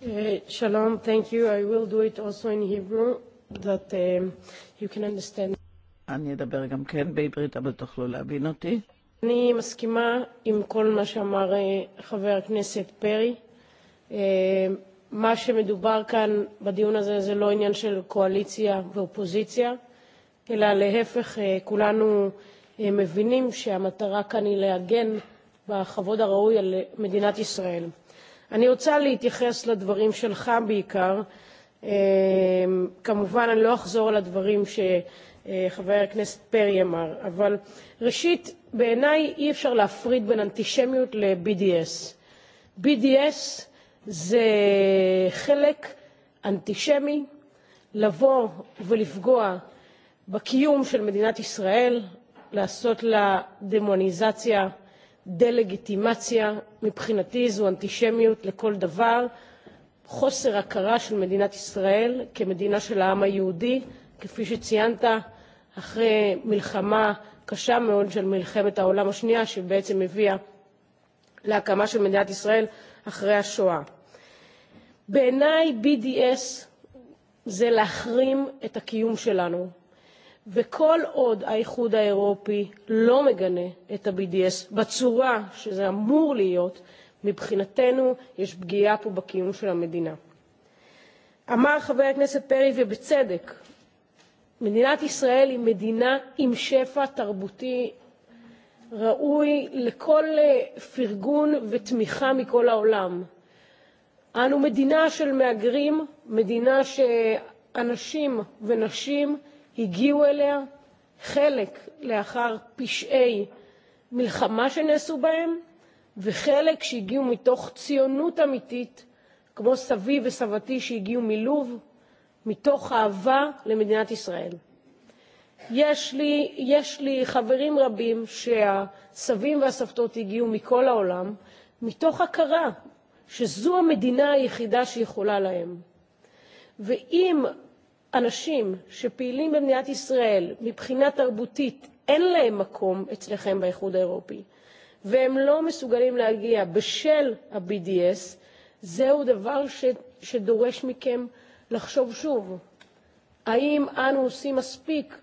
Uh, shalom, thank you. I will do it also in Hebrew, that um, you can understand. אני אדבר גם כן בעברית, אבל תוכלו להבין אותי. אני מסכימה עם כל מה שאמר חבר הכנסת פרי. Uh, מה שמדובר כאן בדיון הזה זה לא עניין של קואליציה ואופוזיציה, אלא להפך, כולנו מבינים שהמטרה כאן היא להגן בכבוד הראוי על מדינת ישראל. אני רוצה להתייחס לדברים שלך בעיקר. כמובן, אני לא אחזור על הדברים שחבר הכנסת פרי אמר, אבל ראשית, בעיניי אי אפשר להפריד בין אנטישמיות ל-BDS. BDS זה חלק אנטישמי, לבוא ולפגוע בקיום של מדינת ישראל, לעשות לה דמוניזציה, דה-לגיטימציה, מבחינתי זו אנטישמיות לכל דבר, חוסר הכרה של מדינת ישראל כמדינה של העם היהודי, כפי שציינת, אחרי מלחמה קשה מאוד של מלחמת העולם השנייה, שבעצם הביאה להקמה של מדינת ישראל אחרי השואה. בעיניי BDS זה להחרים את הקיום שלנו, וכל עוד האיחוד האירופי לא מגנה את ה-BDS בצורה שזה אמור להיות, מבחינתנו יש פגיעה פה בקיום של המדינה. אמר חבר הכנסת פרי, ובצדק, מדינת ישראל היא מדינה עם שפע תרבותי ראוי לכל פרגון ותמיכה מכל העולם. אנו מדינה של מהגרים, מדינה שאנשים ונשים הגיעו אליה, חלק לאחר פשעי מלחמה שנעשו בהם, וחלק שהגיעו מתוך ציונות אמיתית, כמו סבי וסבתי שהגיעו מלוב, מתוך אהבה למדינת ישראל. יש לי, יש לי חברים רבים שהסבים והסבתות הגיעו מכל העולם, מתוך הכרה שזו המדינה היחידה שיכולה להם. ואם אנשים שפעילים במדינת ישראל מבחינה תרבותית אין להם מקום אצלכם באיחוד האירופי והם לא מסוגלים להגיע בשל ה-BDS, זהו דבר ש, שדורש מכם לחשוב שוב. האם אנו עושים מספיק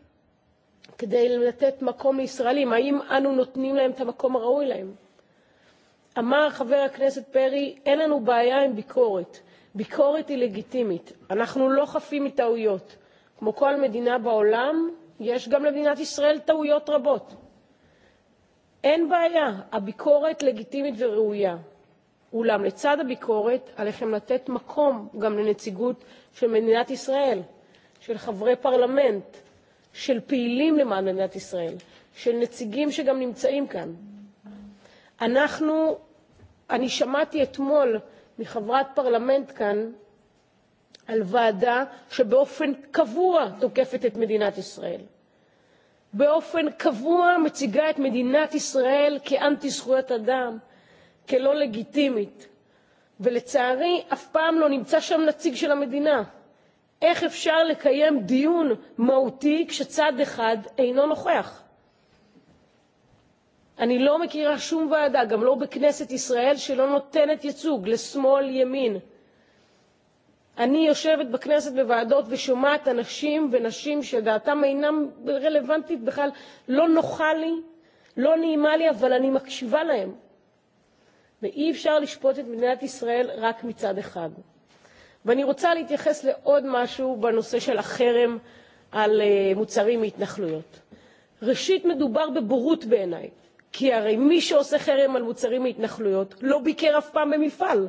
כדי לתת מקום לישראלים? האם אנו נותנים להם את המקום הראוי להם? אמר חבר הכנסת פרי, אין לנו בעיה עם ביקורת. ביקורת היא לגיטימית. אנחנו לא חפים מטעויות. כמו כל מדינה בעולם, יש גם למדינת ישראל טעויות רבות. אין בעיה, הביקורת לגיטימית וראויה. אולם לצד הביקורת עליכם לתת מקום גם לנציגות של מדינת ישראל, של חברי פרלמנט, של פעילים למען מדינת ישראל, של נציגים שגם נמצאים כאן. אנחנו, אני שמעתי אתמול מחברת פרלמנט כאן על ועדה שבאופן קבוע תוקפת את מדינת ישראל. באופן קבוע מציגה את מדינת ישראל כאנטי זכויות אדם, כלא לגיטימית. ולצערי, אף פעם לא נמצא שם נציג של המדינה. איך אפשר לקיים דיון מהותי כשצד אחד אינו נוכח? אני לא מכירה שום ועדה, גם לא בכנסת ישראל, שלא נותנת ייצוג לשמאל, ימין. אני יושבת בכנסת בוועדות ושומעת אנשים ונשים שדעתם אינה רלוונטית בכלל, לא נוחה לי, לא נעימה לי, אבל אני מקשיבה להם. ואי אפשר לשפוט את מדינת ישראל רק מצד אחד. ואני רוצה להתייחס לעוד משהו בנושא של החרם על מוצרים מהתנחלויות. ראשית, מדובר בבורות בעיניי. כי הרי מי שעושה חרם על מוצרים מהתנחלויות לא ביקר אף פעם במפעל.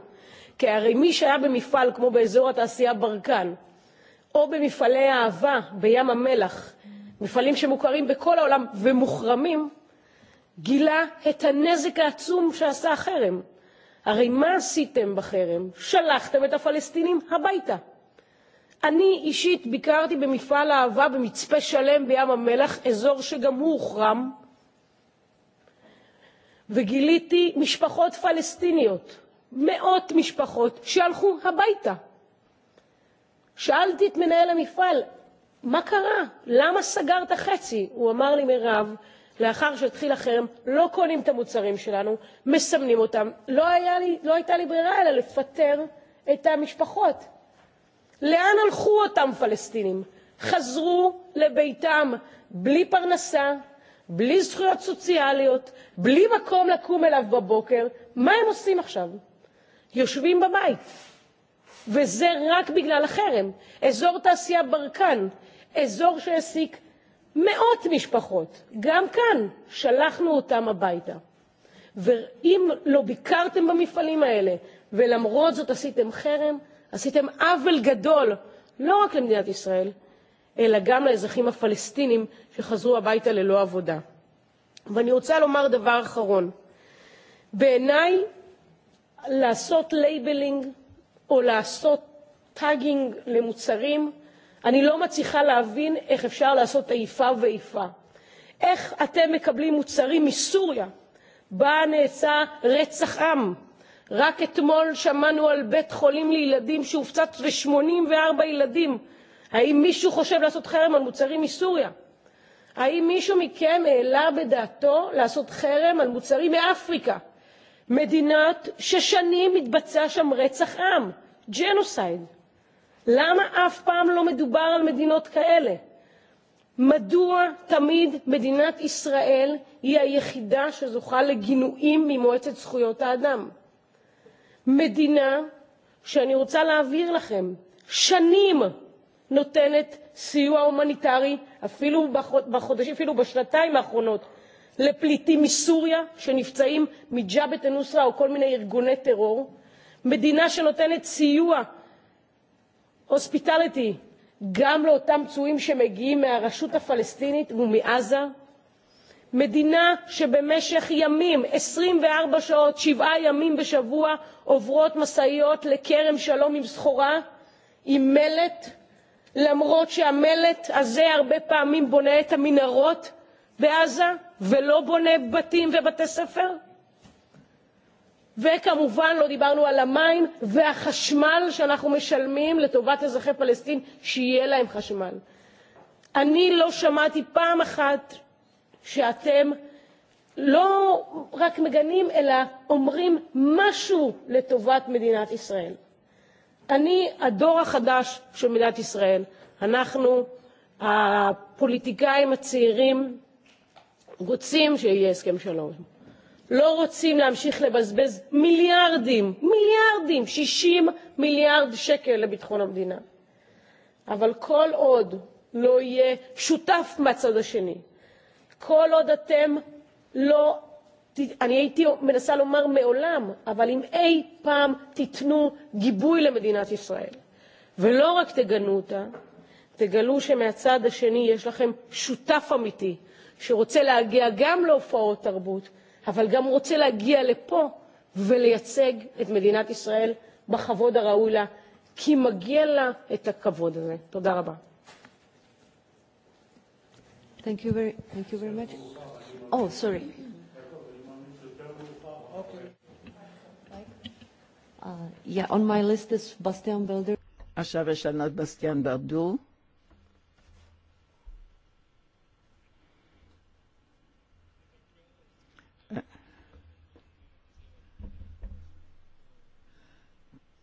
כי הרי מי שהיה במפעל כמו באזור התעשייה ברקן, או במפעלי אהבה בים המלח, מפעלים שמוכרים בכל העולם ומוחרמים, גילה את הנזק העצום שעשה החרם. הרי מה עשיתם בחרם? שלחתם את הפלסטינים הביתה. אני אישית ביקרתי במפעל אהבה במצפה שלם בים המלח, אזור שגם הוא הוחרם, וגיליתי משפחות פלסטיניות, מאות משפחות שהלכו הביתה. שאלתי את מנהל המפעל, מה קרה? למה סגרת חצי? הוא אמר לי, מירב, לאחר שהתחיל החרם, לא קונים את המוצרים שלנו, מסמנים אותם. לא, לי, לא הייתה לי ברירה אלא לפטר את המשפחות. לאן הלכו אותם פלסטינים? חזרו לביתם בלי פרנסה, בלי זכויות סוציאליות, בלי מקום לקום אליו בבוקר, מה הם עושים עכשיו? יושבים בבית. וזה רק בגלל החרם. אזור תעשייה ברקן, אזור שהעסיק מאות משפחות, גם כאן שלחנו אותם הביתה. ואם לא ביקרתם במפעלים האלה, ולמרות זאת עשיתם חרם, עשיתם עוול גדול, לא רק למדינת ישראל, אלא גם לאזרחים הפלסטינים שחזרו הביתה ללא עבודה. ואני רוצה לומר דבר אחרון. בעיניי, לעשות לייבלינג או לעשות טאגינג למוצרים, אני לא מצליחה להבין איך אפשר לעשות איפה ואיפה. איך אתם מקבלים מוצרים מסוריה, בה נעשה רצח עם? רק אתמול שמענו על בית חולים לילדים שהופצץ ב-84 ילדים. האם מישהו חושב לעשות חרם על מוצרים מסוריה? האם מישהו מכם העלה בדעתו לעשות חרם על מוצרים מאפריקה? מדינות ששנים מתבצע שם רצח עם, ג'נוסייד. למה אף פעם לא מדובר על מדינות כאלה? מדוע תמיד מדינת ישראל היא היחידה שזוכה לגינויים ממועצת זכויות האדם? מדינה שאני רוצה להבהיר לכם, שנים נותנת סיוע הומניטרי אפילו, בחודשים, אפילו בשנתיים האחרונות לפליטים מסוריה שנפצעים מג'בהת א-נוסרה או כל מיני ארגוני טרור, מדינה שנותנת סיוע הוספיטליטי גם לאותם פצועים שמגיעים מהרשות הפלסטינית ומעזה, מדינה שבמשך ימים, 24 שעות, שבעה ימים בשבוע, עוברות משאיות לכרם שלום עם סחורה, עם מלט, למרות שהמלט הזה הרבה פעמים בונה את המנהרות בעזה ולא בונה בתים ובתי ספר? וכמובן לא דיברנו על המים והחשמל שאנחנו משלמים לטובת אזרחי פלסטין, שיהיה להם חשמל. אני לא שמעתי פעם אחת שאתם לא רק מגנים, אלא אומרים משהו לטובת מדינת ישראל. אני הדור החדש של מדינת ישראל. אנחנו, הפוליטיקאים הצעירים, רוצים שיהיה הסכם שלום. לא רוצים להמשיך לבזבז מיליארדים, מיליארדים, 60 מיליארד שקל לביטחון המדינה. אבל כל עוד לא יהיה שותף מהצד השני, כל עוד אתם לא אני הייתי מנסה לומר מעולם, אבל אם אי פעם תיתנו גיבוי למדינת ישראל, ולא רק תגנו אותה, תגלו שמהצד השני יש לכם שותף אמיתי, שרוצה להגיע גם להופעות תרבות, אבל גם רוצה להגיע לפה ולייצג את מדינת ישראל בכבוד הראוי לה, כי מגיע לה את הכבוד הזה. תודה רבה. Thank you very, thank you very much. Oh, sorry. Uh, yeah, on my list is Bastian Belder. Așa vă șanat Bastian Beldu.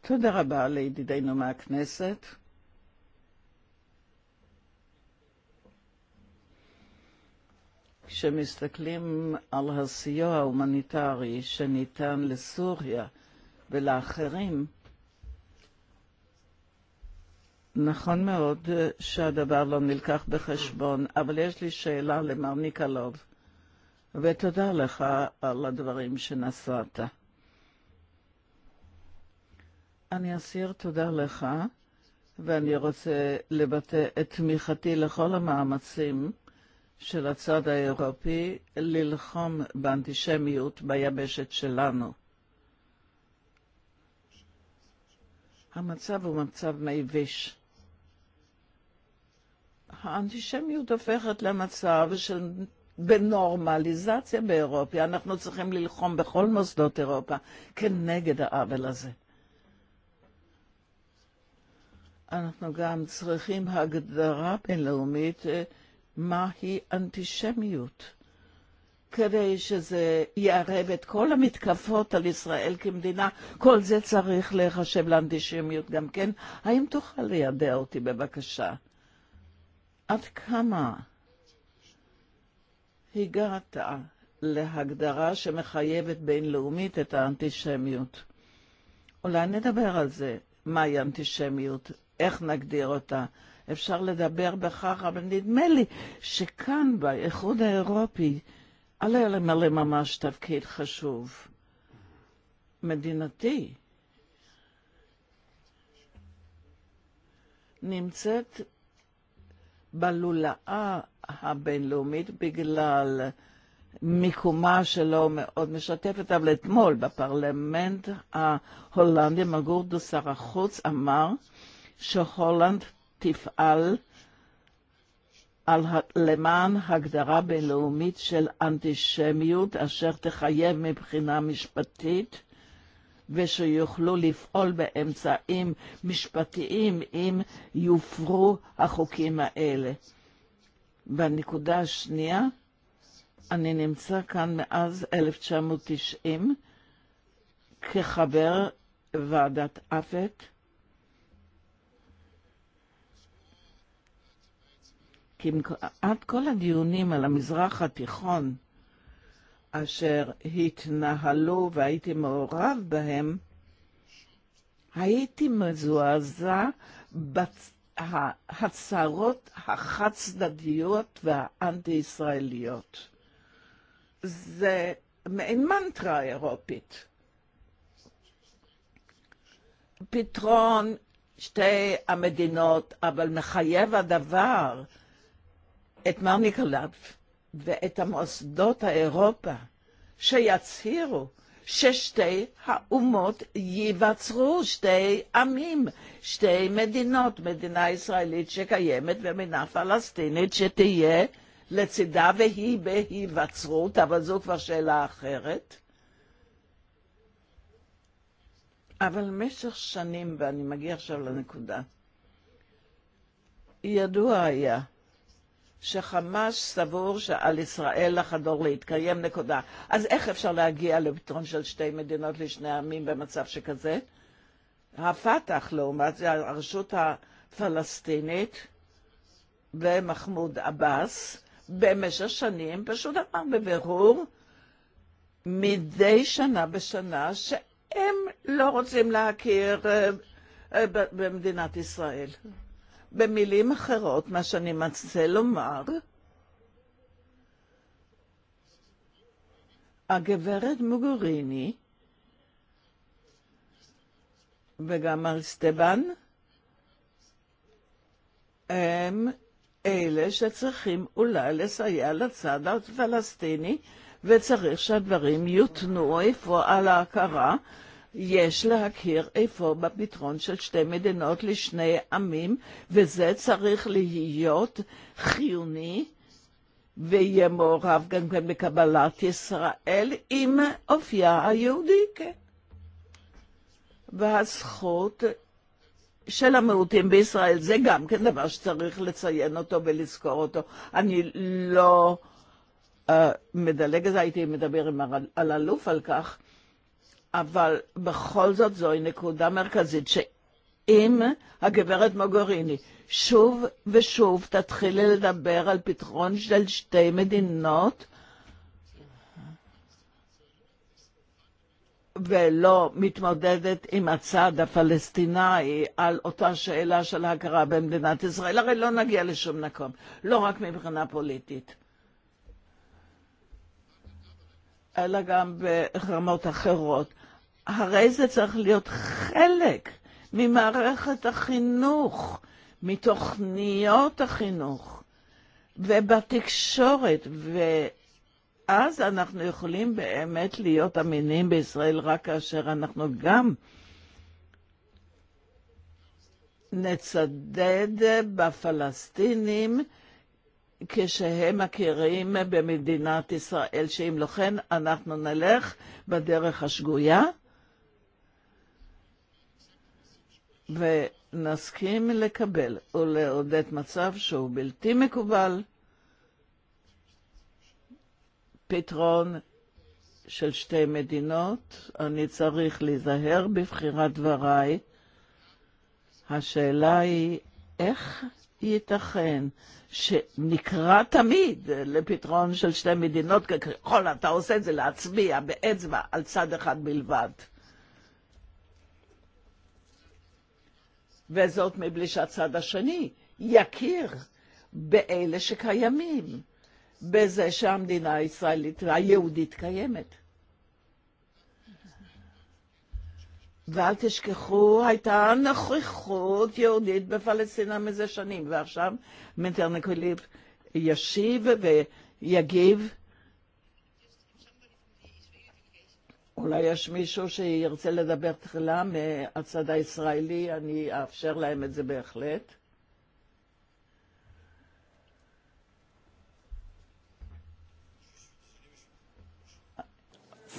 תודה רבה לידידינו מהכנסת. כשמסתכלים על הסיוע ההומניטרי שניתן לסוריה, ולאחרים. נכון מאוד שהדבר לא נלקח בחשבון, אבל יש לי שאלה למר ניקלוב, ותודה לך על הדברים שנשאת. אני אסיר תודה לך, ואני רוצה לבטא את תמיכתי לכל המאמצים של הצד האירופי ללחום באנטישמיות ביבשת שלנו. המצב הוא מצב מייבש. האנטישמיות הופכת למצב של בנורמליזציה באירופה. אנחנו צריכים ללחום בכל מוסדות אירופה כנגד העוול הזה. אנחנו גם צריכים הגדרה בינלאומית מהי אנטישמיות. כדי שזה יערב את כל המתקפות על ישראל כמדינה, כל זה צריך להיחשב לאנטישמיות גם כן. האם תוכל לידע אותי בבקשה? עד כמה הגעת להגדרה שמחייבת בינלאומית את האנטישמיות? אולי נדבר על זה, מהי אנטישמיות, איך נגדיר אותה. אפשר לדבר בכך, אבל נדמה לי שכאן, באיחוד האירופי, Але למלא ממש תפקיד חשוב. מדינתי נמצאת בלולאה הבינלאומית בגלל מיקומה שלו מאוד משתפת, אבל אתמול בפרלמנט ההולנדי מגורדו שר החוץ אמר שהולנד תפעל למען הגדרה בינלאומית של אנטישמיות אשר תחייב מבחינה משפטית ושיוכלו לפעול באמצעים משפטיים אם יופרו החוקים האלה. בנקודה השנייה, אני נמצא כאן מאז 1990 כחבר ועדת אפק, כי עד כל הדיונים על המזרח התיכון אשר התנהלו והייתי מעורב בהם, הייתי מזועזע בהצהרות החד-צדדיות והאנטי-ישראליות. זה מעין מנטרה אירופית. פתרון שתי המדינות, אבל מחייב הדבר את ניקולב ואת המוסדות האירופה שיצהירו ששתי האומות ייווצרו שתי עמים, שתי מדינות, מדינה ישראלית שקיימת ומדינה פלסטינית שתהיה לצידה והיא בהיווצרות, אבל זו כבר שאלה אחרת. אבל במשך שנים, ואני מגיע עכשיו לנקודה, ידוע היה שחמאס סבור שעל ישראל לחדור להתקיים, נקודה. אז איך אפשר להגיע לפתרון של שתי מדינות לשני עמים במצב שכזה? הפת"ח, לעומת זה, הרשות הפלסטינית ומחמוד עבאס, במשך שנים פשוט אמר בבירור מדי שנה בשנה שהם לא רוצים להכיר במדינת ישראל. במילים אחרות, מה שאני מנסה לומר, הגברת מוגוריני וגם אריסטבן הם אלה שצריכים אולי לסייע לצד הפלסטיני וצריך שהדברים יותנו איפה על ההכרה יש להכיר איפה בפתרון של שתי מדינות לשני עמים, וזה צריך להיות חיוני ויהיה מעורב גם כן בקבלת ישראל עם אופייה היהודי, והזכות של המיעוטים בישראל, זה גם כן דבר שצריך לציין אותו ולזכור אותו. אני לא... uh, מדלג, אז הייתי מדבר עם על אלוף על כך, אבל בכל זאת זוהי נקודה מרכזית שאם הגברת מוגוריני שוב ושוב תתחילי לדבר על פתרון של שתי מדינות ולא מתמודדת עם הצד הפלסטיני על אותה שאלה של ההכרה במדינת ישראל, הרי לא נגיע לשום מקום, לא רק מבחינה פוליטית. אלא גם ברמות אחרות. הרי זה צריך להיות חלק ממערכת החינוך, מתוכניות החינוך ובתקשורת, ואז אנחנו יכולים באמת להיות אמינים בישראל רק כאשר אנחנו גם נצדד בפלסטינים כשהם מכירים במדינת ישראל, שאם לא כן אנחנו נלך בדרך השגויה. ונסכים לקבל ולעודד מצב שהוא בלתי מקובל, פתרון של שתי מדינות, אני צריך להיזהר בבחירת דבריי. השאלה היא איך ייתכן שנקרא תמיד לפתרון של שתי מדינות, ככל אתה עושה את זה להצביע באצבע על צד אחד בלבד. וזאת מבלי שהצד השני יכיר באלה שקיימים, בזה שהמדינה הישראלית היהודית קיימת. ואל תשכחו, הייתה נוכחות יהודית בפלסטינה מזה שנים, ועכשיו מנטרניקוליב ישיב ויגיב אולי יש מישהו שירצה לדבר תחילה מהצד הישראלי, אני אאפשר להם את זה בהחלט.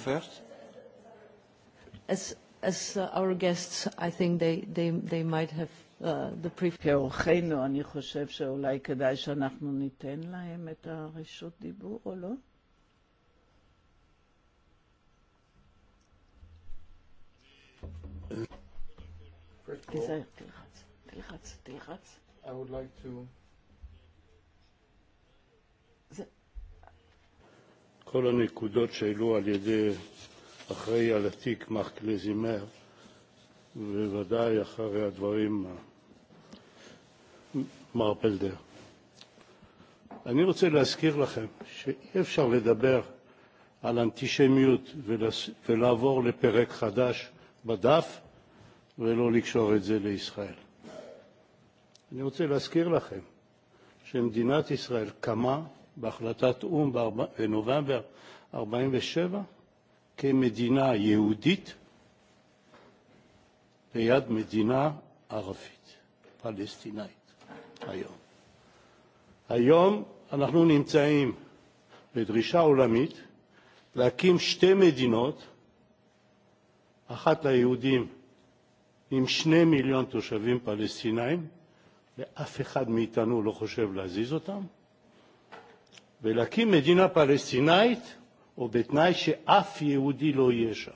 First? As, as our guests, I think they, they, they might have uh, the preference. כאורחנו, אני חושב שאולי כדאי שאנחנו ניתן להם את הרשות דיבור, או לא? I would like to. כל הנקודות שהעלו על ידי אחראי על התיק מר קלזימר, ובוודאי אחרי הדברים מר פלדר. אני רוצה להזכיר לכם שאי אפשר לדבר על אנטישמיות ולעבור לפרק חדש בדף ולא לקשור את זה לישראל. אני רוצה להזכיר לכם שמדינת ישראל קמה בהחלטת או"ם בנובמבר 47 כמדינה יהודית ליד מדינה ערבית, פלסטינאית, היום. היום אנחנו נמצאים בדרישה עולמית להקים שתי מדינות אחת ליהודים עם שני מיליון תושבים פלסטינאים, ואף אחד מאיתנו לא חושב להזיז אותם, ולהקים מדינה פלסטינאית, או בתנאי שאף יהודי לא יהיה שם.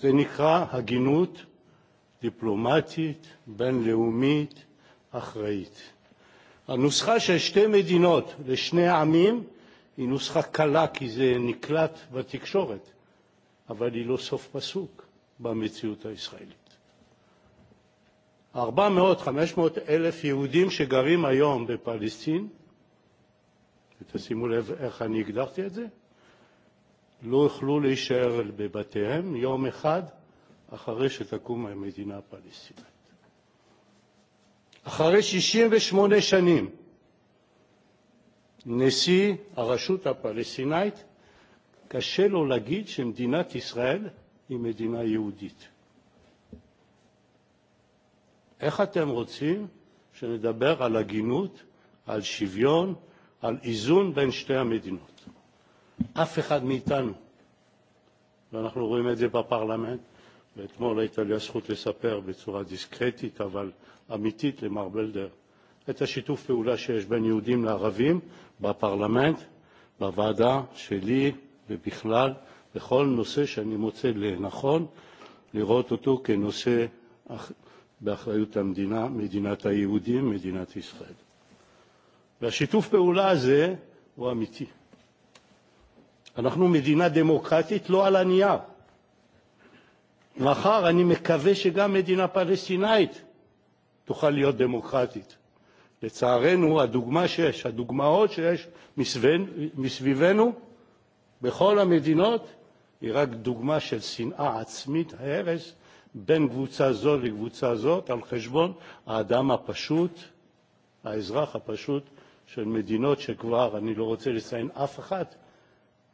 זה נקרא הגינות דיפלומטית, בינלאומית, אחראית. הנוסחה של שתי מדינות לשני עמים היא נוסחה קלה כי זה נקלט בתקשורת. אבל היא לא סוף פסוק במציאות הישראלית. 400-500 אלף יהודים שגרים היום בפלסטין, ותשימו לב איך אני הגדרתי את זה, לא יוכלו להישאר בבתיהם יום אחד אחרי שתקום המדינה הפלסטינית. אחרי 68 שנים, נשיא הרשות הפלסטינית קשה לו להגיד שמדינת ישראל היא מדינה יהודית. איך אתם רוצים שנדבר על הגינות, על שוויון, על איזון בין שתי המדינות? אף אחד מאיתנו, ואנחנו רואים את זה בפרלמנט, ואתמול הייתה לי הזכות לספר בצורה דיסקרטית, אבל אמיתית למר בלדר, את השיתוף פעולה שיש בין יהודים לערבים בפרלמנט, בוועדה שלי, ובכלל בכל נושא שאני מוצא לנכון לראות אותו כנושא באחריות המדינה, מדינת היהודים, מדינת ישראל. והשיתוף פעולה הזה הוא אמיתי. אנחנו מדינה דמוקרטית לא על הנייר. מחר אני מקווה שגם מדינה פלסטינאית תוכל להיות דמוקרטית. לצערנו, הדוגמה שיש, הדוגמאות שיש מסביבנו, בכל המדינות היא רק דוגמה של שנאה עצמית, הרס, בין קבוצה זו לקבוצה זאת, על חשבון האדם הפשוט, האזרח הפשוט של מדינות שכבר, אני לא רוצה לציין אף אחת,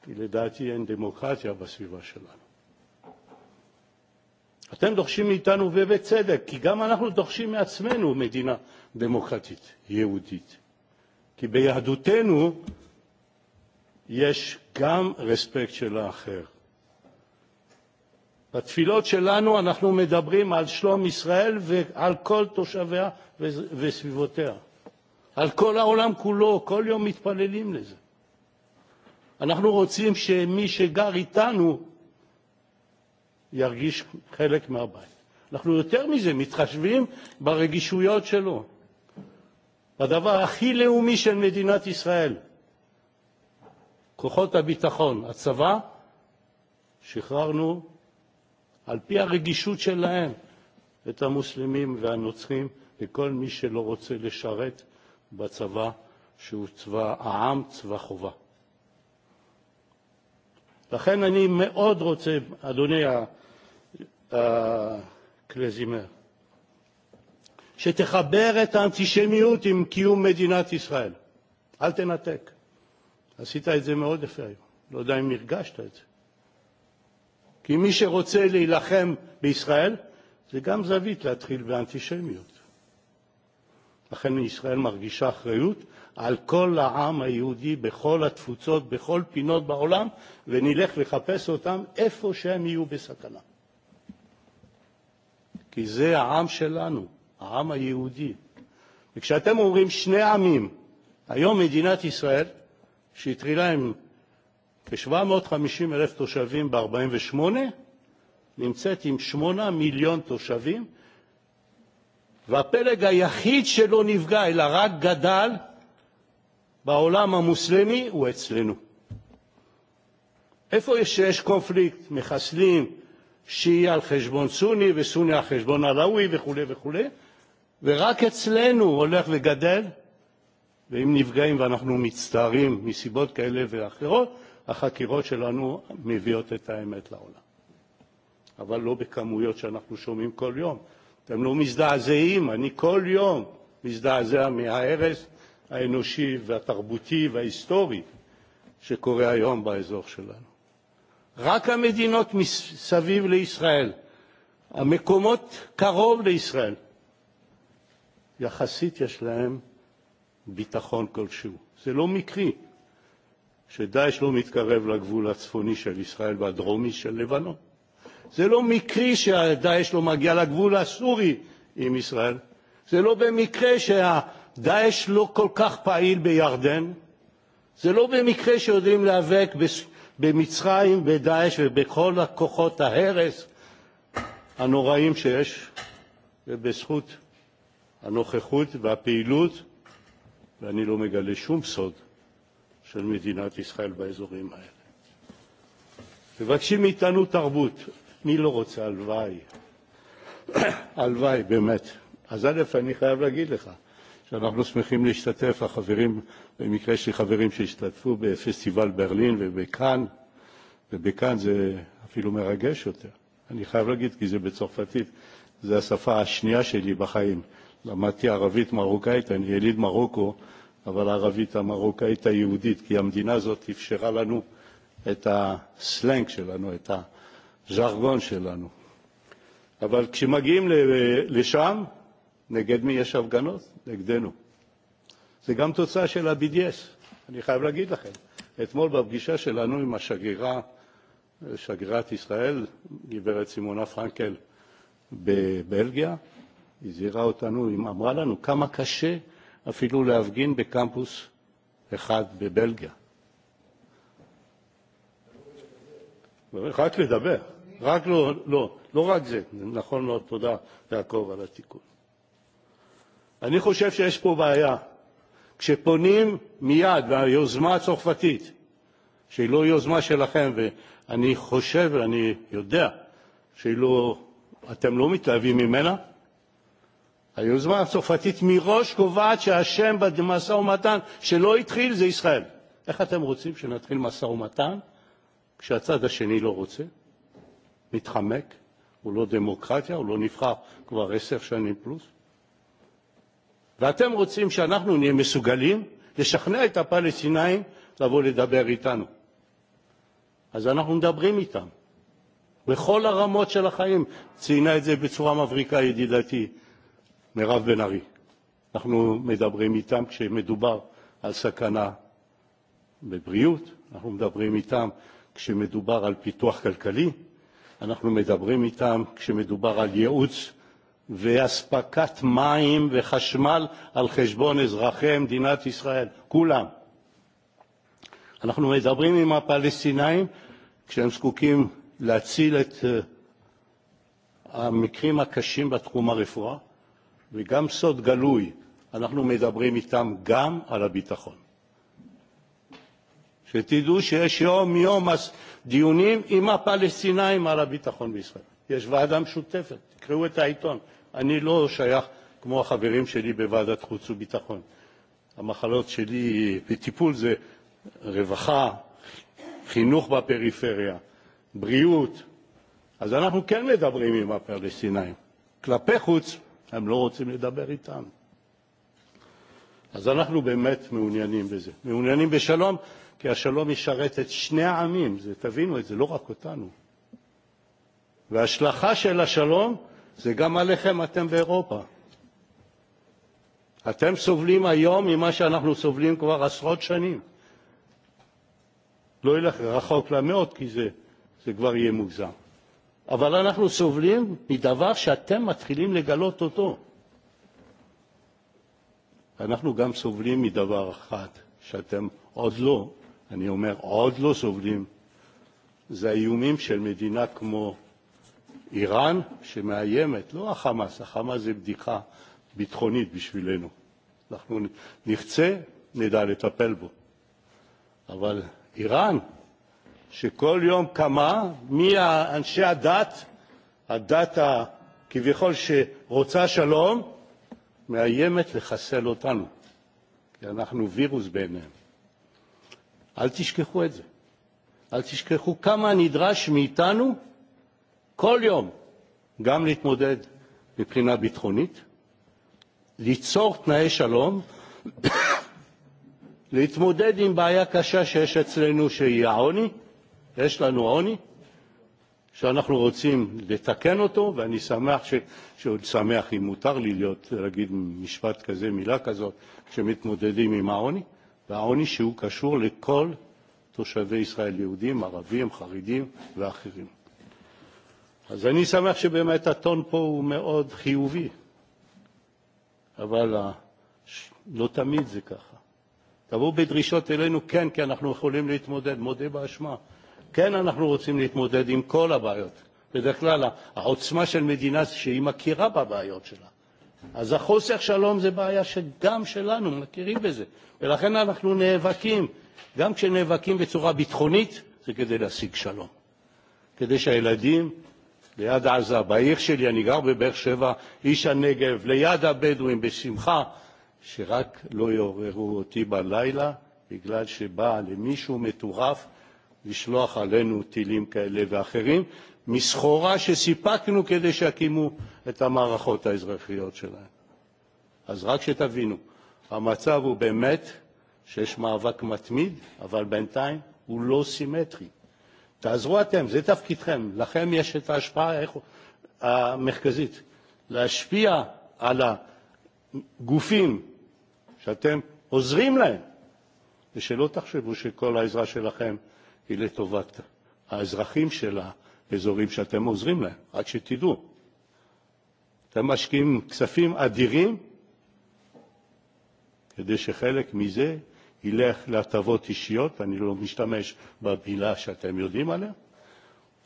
כי לדעתי אין דמוקרטיה בסביבה שלנו. אתם דורשים מאיתנו, ובצדק, כי גם אנחנו דורשים מעצמנו מדינה דמוקרטית, יהודית. כי ביהדותנו יש גם רספקט של האחר. בתפילות שלנו אנחנו מדברים על שלום ישראל ועל כל תושביה וסביבותיה. על כל העולם כולו, כל יום מתפללים לזה. אנחנו רוצים שמי שגר איתנו ירגיש חלק מהבית. אנחנו יותר מזה מתחשבים ברגישויות שלו, בדבר הכי לאומי של מדינת ישראל, כוחות הביטחון, הצבא, שחררנו על פי הרגישות שלהם את המוסלמים והנוצרים וכל מי שלא רוצה לשרת בצבא שהוא צבא העם, צבא חובה. לכן אני מאוד רוצה, אדוני הקלזימר, שתחבר את האנטישמיות עם קיום מדינת ישראל. אל תנתק. עשית את זה מאוד יפה היום. לא יודע אם הרגשת את זה. כי מי שרוצה להילחם בישראל, זה גם זווית להתחיל באנטישמיות. לכן ישראל מרגישה אחריות על כל העם היהודי בכל התפוצות, בכל פינות בעולם, ונלך לחפש אותם איפה שהם יהיו בסכנה. כי זה העם שלנו, העם היהודי. וכשאתם אומרים שני עמים, היום מדינת ישראל שהתחיל להם כ-750 אלף תושבים ב-48, נמצאת עם 8 מיליון תושבים, והפלג היחיד שלא נפגע, אלא רק גדל בעולם המוסלמי, הוא אצלנו. איפה יש שיש קונפליקט, מחסלים שיעי על חשבון סוני וסוני על חשבון עלאווי וכו' וכו', ורק אצלנו הולך וגדל ואם נפגעים ואנחנו מצטערים מסיבות כאלה ואחרות, החקירות שלנו מביאות את האמת לעולם. אבל לא בכמויות שאנחנו שומעים כל יום. אתם לא מזדעזעים, אני כל יום מזדעזע מההרס האנושי והתרבותי וההיסטורי שקורה היום באזור שלנו. רק המדינות מסביב לישראל, המקומות קרוב לישראל, יחסית יש להם ביטחון כלשהו. זה לא מקרי שדאעש לא מתקרב לגבול הצפוני של ישראל והדרומי של לבנון. זה לא מקרי שדאעש לא מגיע לגבול הסורי עם ישראל. זה לא במקרה שדאעש לא כל כך פעיל בירדן. זה לא במקרה שיודעים להיאבק במצרים, בדאעש ובכל הכוחות ההרס הנוראים שיש, ובזכות הנוכחות והפעילות ואני לא מגלה שום סוד של מדינת ישראל באזורים האלה. מבקשים מאיתנו תרבות. מי לא רוצה? הלוואי. הלוואי, באמת. אז א', אני חייב להגיד לך שאנחנו שמחים להשתתף, החברים, במקרה שלי חברים שהשתתפו בפסטיבל ברלין ובכאן, ובכאן זה אפילו מרגש יותר. אני חייב להגיד, כי זה בצרפתית, זו השפה השנייה שלי בחיים. למדתי ערבית מרוקאית, אני יליד מרוקו, אבל הערבית המרוקאית היהודית, כי המדינה הזאת אפשרה לנו את הסלנג שלנו, את הז'רגון שלנו. אבל כשמגיעים לשם, נגד מי יש הפגנות? נגדנו. זה גם תוצאה של ה-BDS, אני חייב להגיד לכם. אתמול בפגישה שלנו עם השגרירה, שגרירת ישראל, גברת סימונה פרנקל בבלגיה, היא זיהרה אותנו, היא אמרה לנו כמה קשה אפילו להפגין בקמפוס אחד בבלגיה. רק לדבר, רק לא, לא, לא רק זה, נכון מאוד, תודה יעקב על התיקון. אני חושב שיש פה בעיה. כשפונים מיד ליוזמה הצרפתית, שהיא לא יוזמה שלכם, ואני חושב, אני יודע, שאתם לא מתלהבים ממנה, היוזמה הצרפתית מראש קובעת שהשם במשא ומתן שלא התחיל זה ישראל. איך אתם רוצים שנתחיל משא ומתן כשהצד השני לא רוצה? מתחמק? הוא לא דמוקרטיה? הוא לא נבחר כבר עשר שנים פלוס? ואתם רוצים שאנחנו נהיה מסוגלים לשכנע את הפלסטינאים לבוא לדבר איתנו. אז אנחנו מדברים איתם. בכל הרמות של החיים, ציינה את זה בצורה מבריקה ידידתי מירב בן ארי. אנחנו מדברים איתם כשמדובר על סכנה בבריאות, אנחנו מדברים איתם כשמדובר על פיתוח כלכלי, אנחנו מדברים איתם כשמדובר על ייעוץ ואספקת מים וחשמל על חשבון אזרחי מדינת ישראל, כולם. אנחנו מדברים עם הפלסטינאים כשהם זקוקים להציל את המקרים הקשים בתחום הרפואה, וגם סוד גלוי, אנחנו מדברים איתם גם על הביטחון. שתדעו שיש יום-יום דיונים עם הפלסטינאים על הביטחון בישראל. יש ועדה משותפת, תקראו את העיתון. אני לא שייך כמו החברים שלי בוועדת חוץ וביטחון. המחלות שלי בטיפול זה רווחה, חינוך בפריפריה, בריאות. אז אנחנו כן מדברים עם הפלסטינאים. כלפי חוץ, הם לא רוצים לדבר איתם. אז אנחנו באמת מעוניינים בזה. מעוניינים בשלום, כי השלום ישרת את שני העמים, זה, תבינו את זה, לא רק אותנו. וההשלכה של השלום זה גם עליכם, אתם באירופה. אתם סובלים היום ממה שאנחנו סובלים כבר עשרות שנים. לא ילך רחוק למאות, כי זה, זה כבר יהיה מוגזם. אבל אנחנו סובלים מדבר שאתם מתחילים לגלות אותו. אנחנו גם סובלים מדבר אחד, שאתם עוד לא, אני אומר, עוד לא סובלים, זה האיומים של מדינה כמו איראן, שמאיימת, לא החמאס, החמאס זה בדיחה ביטחונית בשבילנו. אנחנו נחצה, נדע לטפל בו. אבל איראן, שכל יום קמה מאנשי הדת, הדת כביכול שרוצה שלום, מאיימת לחסל אותנו, כי אנחנו וירוס בעיניהם. אל תשכחו את זה. אל תשכחו כמה נדרש מאיתנו כל יום גם להתמודד מבחינה ביטחונית, ליצור תנאי שלום, להתמודד עם בעיה קשה שיש אצלנו שהיא העוני, יש לנו עוני שאנחנו רוצים לתקן אותו, ואני שמח, ש, שעוד שמח אם מותר לי להיות, להגיד משפט כזה, מילה כזאת, שמתמודדים עם העוני, והעוני שהוא קשור לכל תושבי ישראל, יהודים, ערבים, חרדים ואחרים. אז אני שמח שבאמת הטון פה הוא מאוד חיובי, אבל לא תמיד זה ככה. תבואו בדרישות אלינו, כן, כי אנחנו יכולים להתמודד, מודה באשמה. כן, אנחנו רוצים להתמודד עם כל הבעיות. בדרך כלל העוצמה של מדינה שהיא מכירה בבעיות שלה. אז החוסר שלום זה בעיה שגם שלנו מכירים בזה, ולכן אנחנו נאבקים, גם כשנאבקים בצורה ביטחונית, זה כדי להשיג שלום. כדי שהילדים ליד עזה, בעיר שלי, אני גר בבאר שבע, איש הנגב, ליד הבדואים, בשמחה, שרק לא יעוררו אותי בלילה, בגלל שבא למישהו מטורף לשלוח עלינו טילים כאלה ואחרים, מסחורה שסיפקנו כדי שיקימו את המערכות האזרחיות שלהם. אז רק שתבינו, המצב הוא באמת שיש מאבק מתמיד, אבל בינתיים הוא לא סימטרי. תעזרו אתם, זה תפקידכם, לכם יש את ההשפעה המרכזית, להשפיע על הגופים שאתם עוזרים להם, ושלא תחשבו שכל העזרה שלכם היא לטובת האזרחים של האזורים שאתם עוזרים להם, רק שתדעו. אתם משקיעים כספים אדירים כדי שחלק מזה ילך להטבות אישיות, אני לא משתמש במילה שאתם יודעים עליה,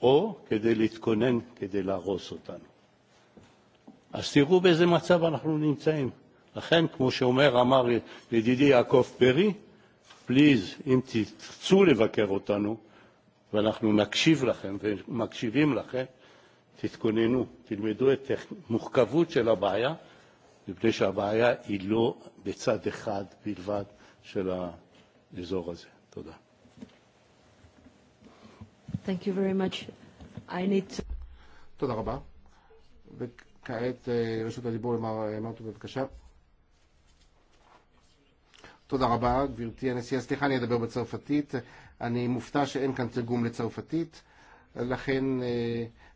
או כדי להתכונן, כדי להרוס אותנו. אז תראו באיזה מצב אנחנו נמצאים. לכן, כמו שאומר, אמר ידידי יעקב פרי, פליז, אם תרצו לבקר אותנו, ואנחנו נקשיב לכם ומקשיבים לכם, תתכוננו, תלמדו את המורכבות של הבעיה, מפני שהבעיה היא לא בצד אחד בלבד של האזור הזה. תודה. Thank you very much. I need to... תודה רבה. וכעת רשות הדיבור למר מרטו, בבקשה. תודה רבה, גברתי הנשיאה. סליחה, אני אדבר בצרפתית. אני מופתע שאין כאן תרגום לצרפתית, לכן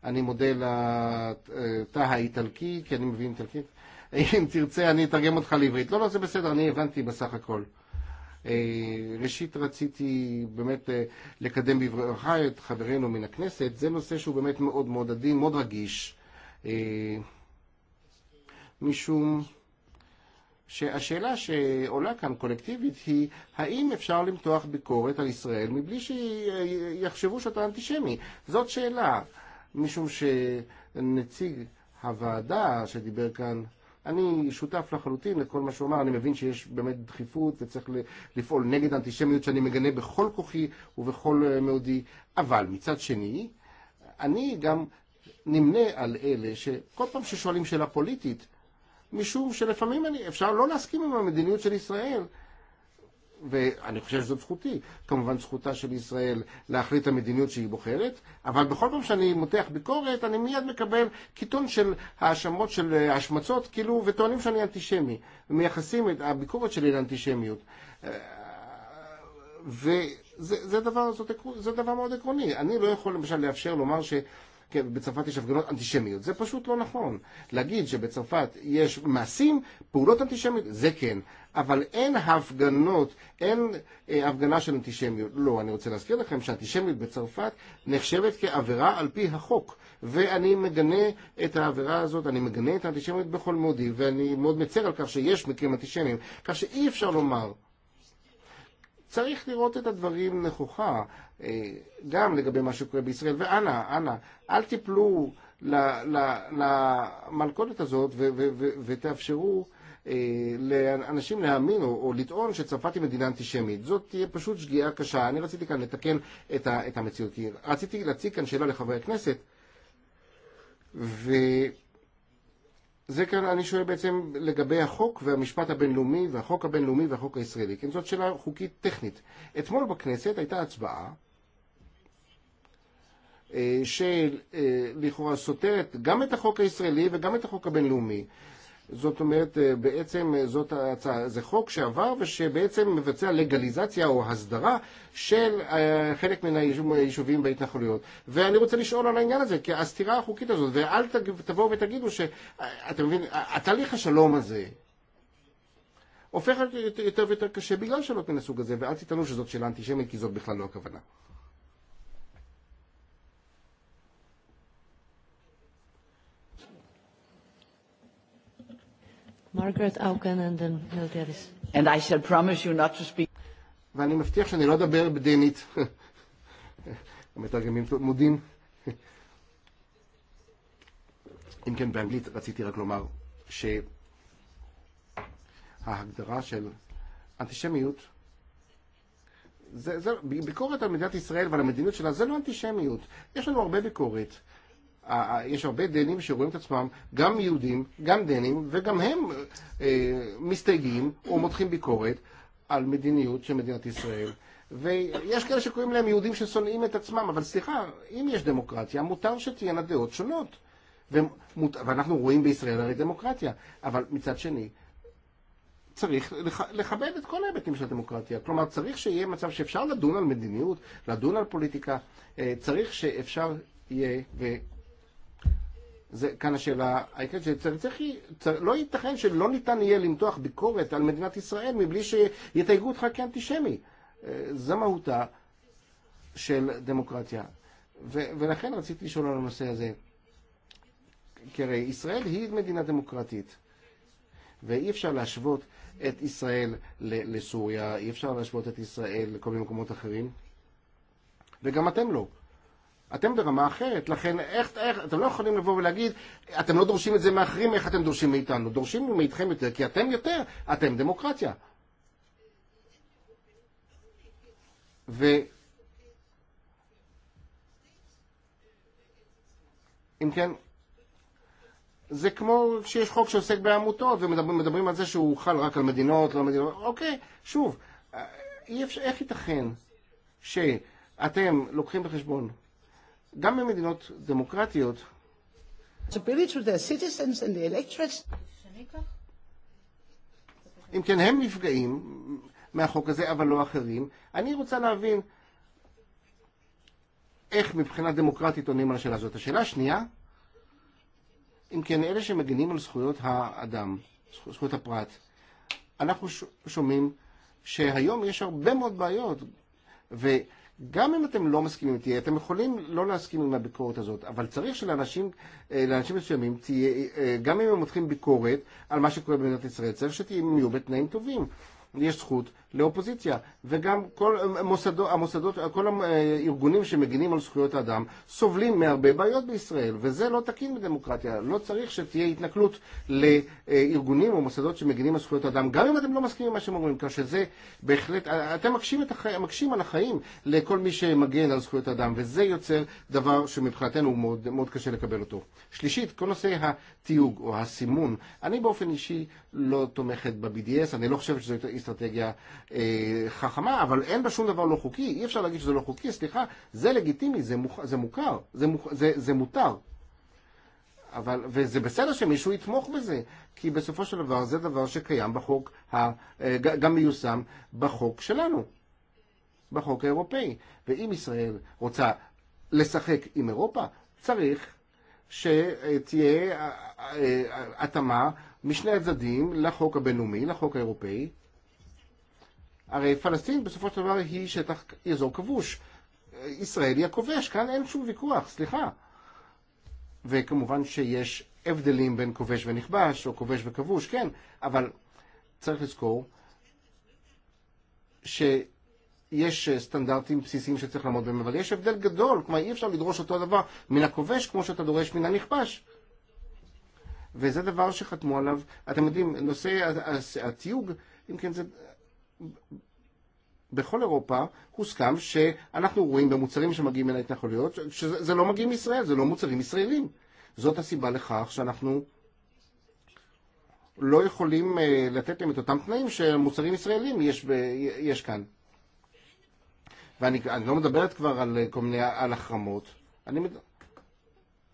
אני מודה לתא האיטלקי, כי אני מבין איטלקית. אם תרצה, אני אתרגם אותך לעברית. לא, לא, זה בסדר, אני הבנתי בסך הכל. ראשית רציתי באמת לקדם בברכה את חברינו מן הכנסת, זה נושא שהוא באמת מאוד מאוד עדין, מאוד רגיש, משום שהשאלה שעולה כאן קולקטיבית היא האם אפשר למתוח ביקורת על ישראל מבלי שיחשבו שאתה אנטישמי? זאת שאלה, משום שנציג הוועדה שדיבר כאן אני שותף לחלוטין לכל מה שהוא אמר, אני מבין שיש באמת דחיפות וצריך לפעול נגד אנטישמיות שאני מגנה בכל כוחי ובכל מאודי, אבל מצד שני, אני גם נמנה על אלה שכל פעם ששואלים שאלה פוליטית, משום שלפעמים אני, אפשר לא להסכים עם המדיניות של ישראל, ואני חושב שזאת זכותי, כמובן זכותה של ישראל להחליט המדיניות שהיא בוחרת, אבל בכל פעם שאני מותח ביקורת, אני מיד מקבל קיטון של האשמות, של השמצות, כאילו, וטוענים שאני אנטישמי, ומייחסים את הביקורת שלי לאנטישמיות. וזה זה דבר, זאת, זה דבר מאוד עקרוני. אני לא יכול למשל לאפשר לומר ש... בצרפת יש הפגנות אנטישמיות. זה פשוט לא נכון. להגיד שבצרפת יש מעשים, פעולות אנטישמיות, זה כן. אבל אין הפגנות, אין אה, הפגנה של אנטישמיות. לא, אני רוצה להזכיר לכם שהאנטישמיות בצרפת נחשבת כעבירה על פי החוק. ואני מגנה את העבירה הזאת, אני מגנה את האנטישמיות בכל מודי, ואני מאוד מצר על כך שיש מקרים אנטישמיים. כך שאי אפשר לומר צריך לראות את הדברים נכוחה, גם לגבי מה שקורה בישראל, ואנא, אנא, אל תיפלו למלכודת הזאת ותאפשרו לאנשים להאמין או או לטעון שצרפת היא מדינה אנטישמית. זאת תהיה פשוט שגיאה קשה. אני רציתי כאן לתקן את המציאות. רציתי להציג כאן שאלה לחברי הכנסת, ו... זה כאן, אני שואל בעצם לגבי החוק והמשפט הבינלאומי והחוק הבינלאומי והחוק הישראלי, כן זאת שאלה חוקית טכנית. אתמול בכנסת הייתה הצבעה שלכאורה סותרת גם את החוק הישראלי וגם את החוק הבינלאומי. זאת אומרת, בעצם זאת הצעה, זה חוק שעבר ושבעצם מבצע לגליזציה או הסדרה של חלק מן היישובים בהתנחלויות. ואני רוצה לשאול על העניין הזה, כי הסתירה החוקית הזאת, ואל תבואו ותגידו ש... אתה מבין, התהליך השלום הזה, הופך יותר ויותר קשה בגלל שאלות מן הסוג הזה, ואל תטענו שזאת שאלה אנטישמית, כי זאת בכלל לא הכוונה. Margaret Auken and then Hilderis. And I shall promise you not to speak. ואני מבטיח שאני לא אדבר בדנית. המתרגמים מודים. אם כן, באנגלית רציתי רק לומר שההגדרה של אנטישמיות זה, זה, ביקורת על מדינת ישראל ועל המדיניות שלה זה לא אנטישמיות. יש לנו הרבה ביקורת יש הרבה דנים שרואים את עצמם גם יהודים, גם דנים, וגם הם מסתייגים או מותחים ביקורת על מדיניות של מדינת ישראל. ויש כאלה שקוראים להם יהודים ששונאים את עצמם, אבל סליחה, אם יש דמוקרטיה, מותר שתהיינה דעות שונות. ומות... ואנחנו רואים בישראל הרי דמוקרטיה, אבל מצד שני, צריך לח... לכבד את כל ההיבטים של הדמוקרטיה. כלומר, צריך שיהיה מצב שאפשר לדון על מדיניות, לדון על פוליטיקה, צריך שאפשר יהיה, ו... זה כאן השאלה העיקרית שצריך, לא ייתכן שלא ניתן יהיה למתוח ביקורת על מדינת ישראל מבלי שיתייגו אותך כאנטישמי. זו מהותה של דמוקרטיה. ולכן רציתי לשאול על הנושא הזה. כי הרי ישראל היא מדינה דמוקרטית, ואי אפשר להשוות את ישראל לסוריה, אי אפשר להשוות את ישראל לכל מיני מקומות אחרים, וגם אתם לא. אתם ברמה אחרת, לכן איך, איך, אתם לא יכולים לבוא ולהגיד, אתם לא דורשים את זה מאחרים, איך אתם דורשים מאיתנו? דורשים מאיתכם יותר, כי אתם יותר, אתם דמוקרטיה. ו... אם כן, זה כמו שיש חוק שעוסק בעמותות, ומדברים על זה שהוא חל רק על מדינות, לא מדינות, אוקיי, שוב, אי אפשר, איך ייתכן שאתם לוקחים בחשבון גם במדינות דמוקרטיות. אם כן, הם נפגעים מהחוק הזה, אבל לא אחרים. אני רוצה להבין איך מבחינה דמוקרטית עונים על השאלה הזאת. השאלה השנייה, אם כן, אלה שמגנים על זכויות האדם, זכויות הפרט, אנחנו שומעים שהיום יש הרבה מאוד בעיות, ו... גם אם אתם לא מסכימים איתי, אתם יכולים לא להסכים עם הביקורת הזאת, אבל צריך שלאנשים לאנשים מסוימים תהיה, גם אם הם מותחים ביקורת על מה שקורה במדינת ישראל, צריך שתהיו בתנאים טובים. יש זכות לאופוזיציה, וגם כל המוסדות, המוסדות כל הארגונים שמגינים על זכויות האדם סובלים מהרבה בעיות בישראל, וזה לא תקין בדמוקרטיה. לא צריך שתהיה התנכלות לארגונים או מוסדות שמגינים על זכויות האדם, גם אם אתם לא מסכימים עם מה שהם אומרים, כאשר זה בהחלט, אתם מקשים, את החיים, מקשים על החיים לכל מי שמגן על זכויות האדם, וזה יוצר דבר שמבחינתנו הוא מאוד, מאוד קשה לקבל אותו. שלישית, כל נושא התיוג או הסימון, אני באופן אישי לא תומכת ב-BDS, אני לא שזו אסטרטגיה חכמה, אבל אין בה שום דבר לא חוקי, אי אפשר להגיד שזה לא חוקי, סליחה, זה לגיטימי, זה, מוכ, זה מוכר, זה, מוכ, זה, זה מותר. אבל, וזה בסדר שמישהו יתמוך בזה, כי בסופו של דבר זה דבר שקיים בחוק, ה... גם מיושם בחוק שלנו, בחוק האירופאי. ואם ישראל רוצה לשחק עם אירופה, צריך שתהיה התאמה משני הצדדים לחוק הבינלאומי, לחוק האירופאי, הרי פלסטין בסופו של דבר היא שטח אזור כבוש. ישראל היא הכובש, כאן אין שום ויכוח, סליחה. וכמובן שיש הבדלים בין כובש ונכבש, או כובש וכבוש, כן, אבל צריך לזכור שיש סטנדרטים בסיסיים שצריך לעמוד בהם, אבל יש הבדל גדול, כלומר אי אפשר לדרוש אותו הדבר מן הכובש כמו שאתה דורש מן הנכבש. וזה דבר שחתמו עליו, אתם יודעים, נושא התיוג, אם כן זה בכל אירופה הוסכם שאנחנו רואים במוצרים שמגיעים מן ההתנחלויות, שזה לא מגיעים מישראל, זה לא מוצרים ישראלים. זאת הסיבה לכך שאנחנו לא יכולים לתת להם את אותם תנאים שמוצרים ישראלים יש, ב, יש כאן. ואני לא מדברת כבר על כל מיני, על החרמות. אני,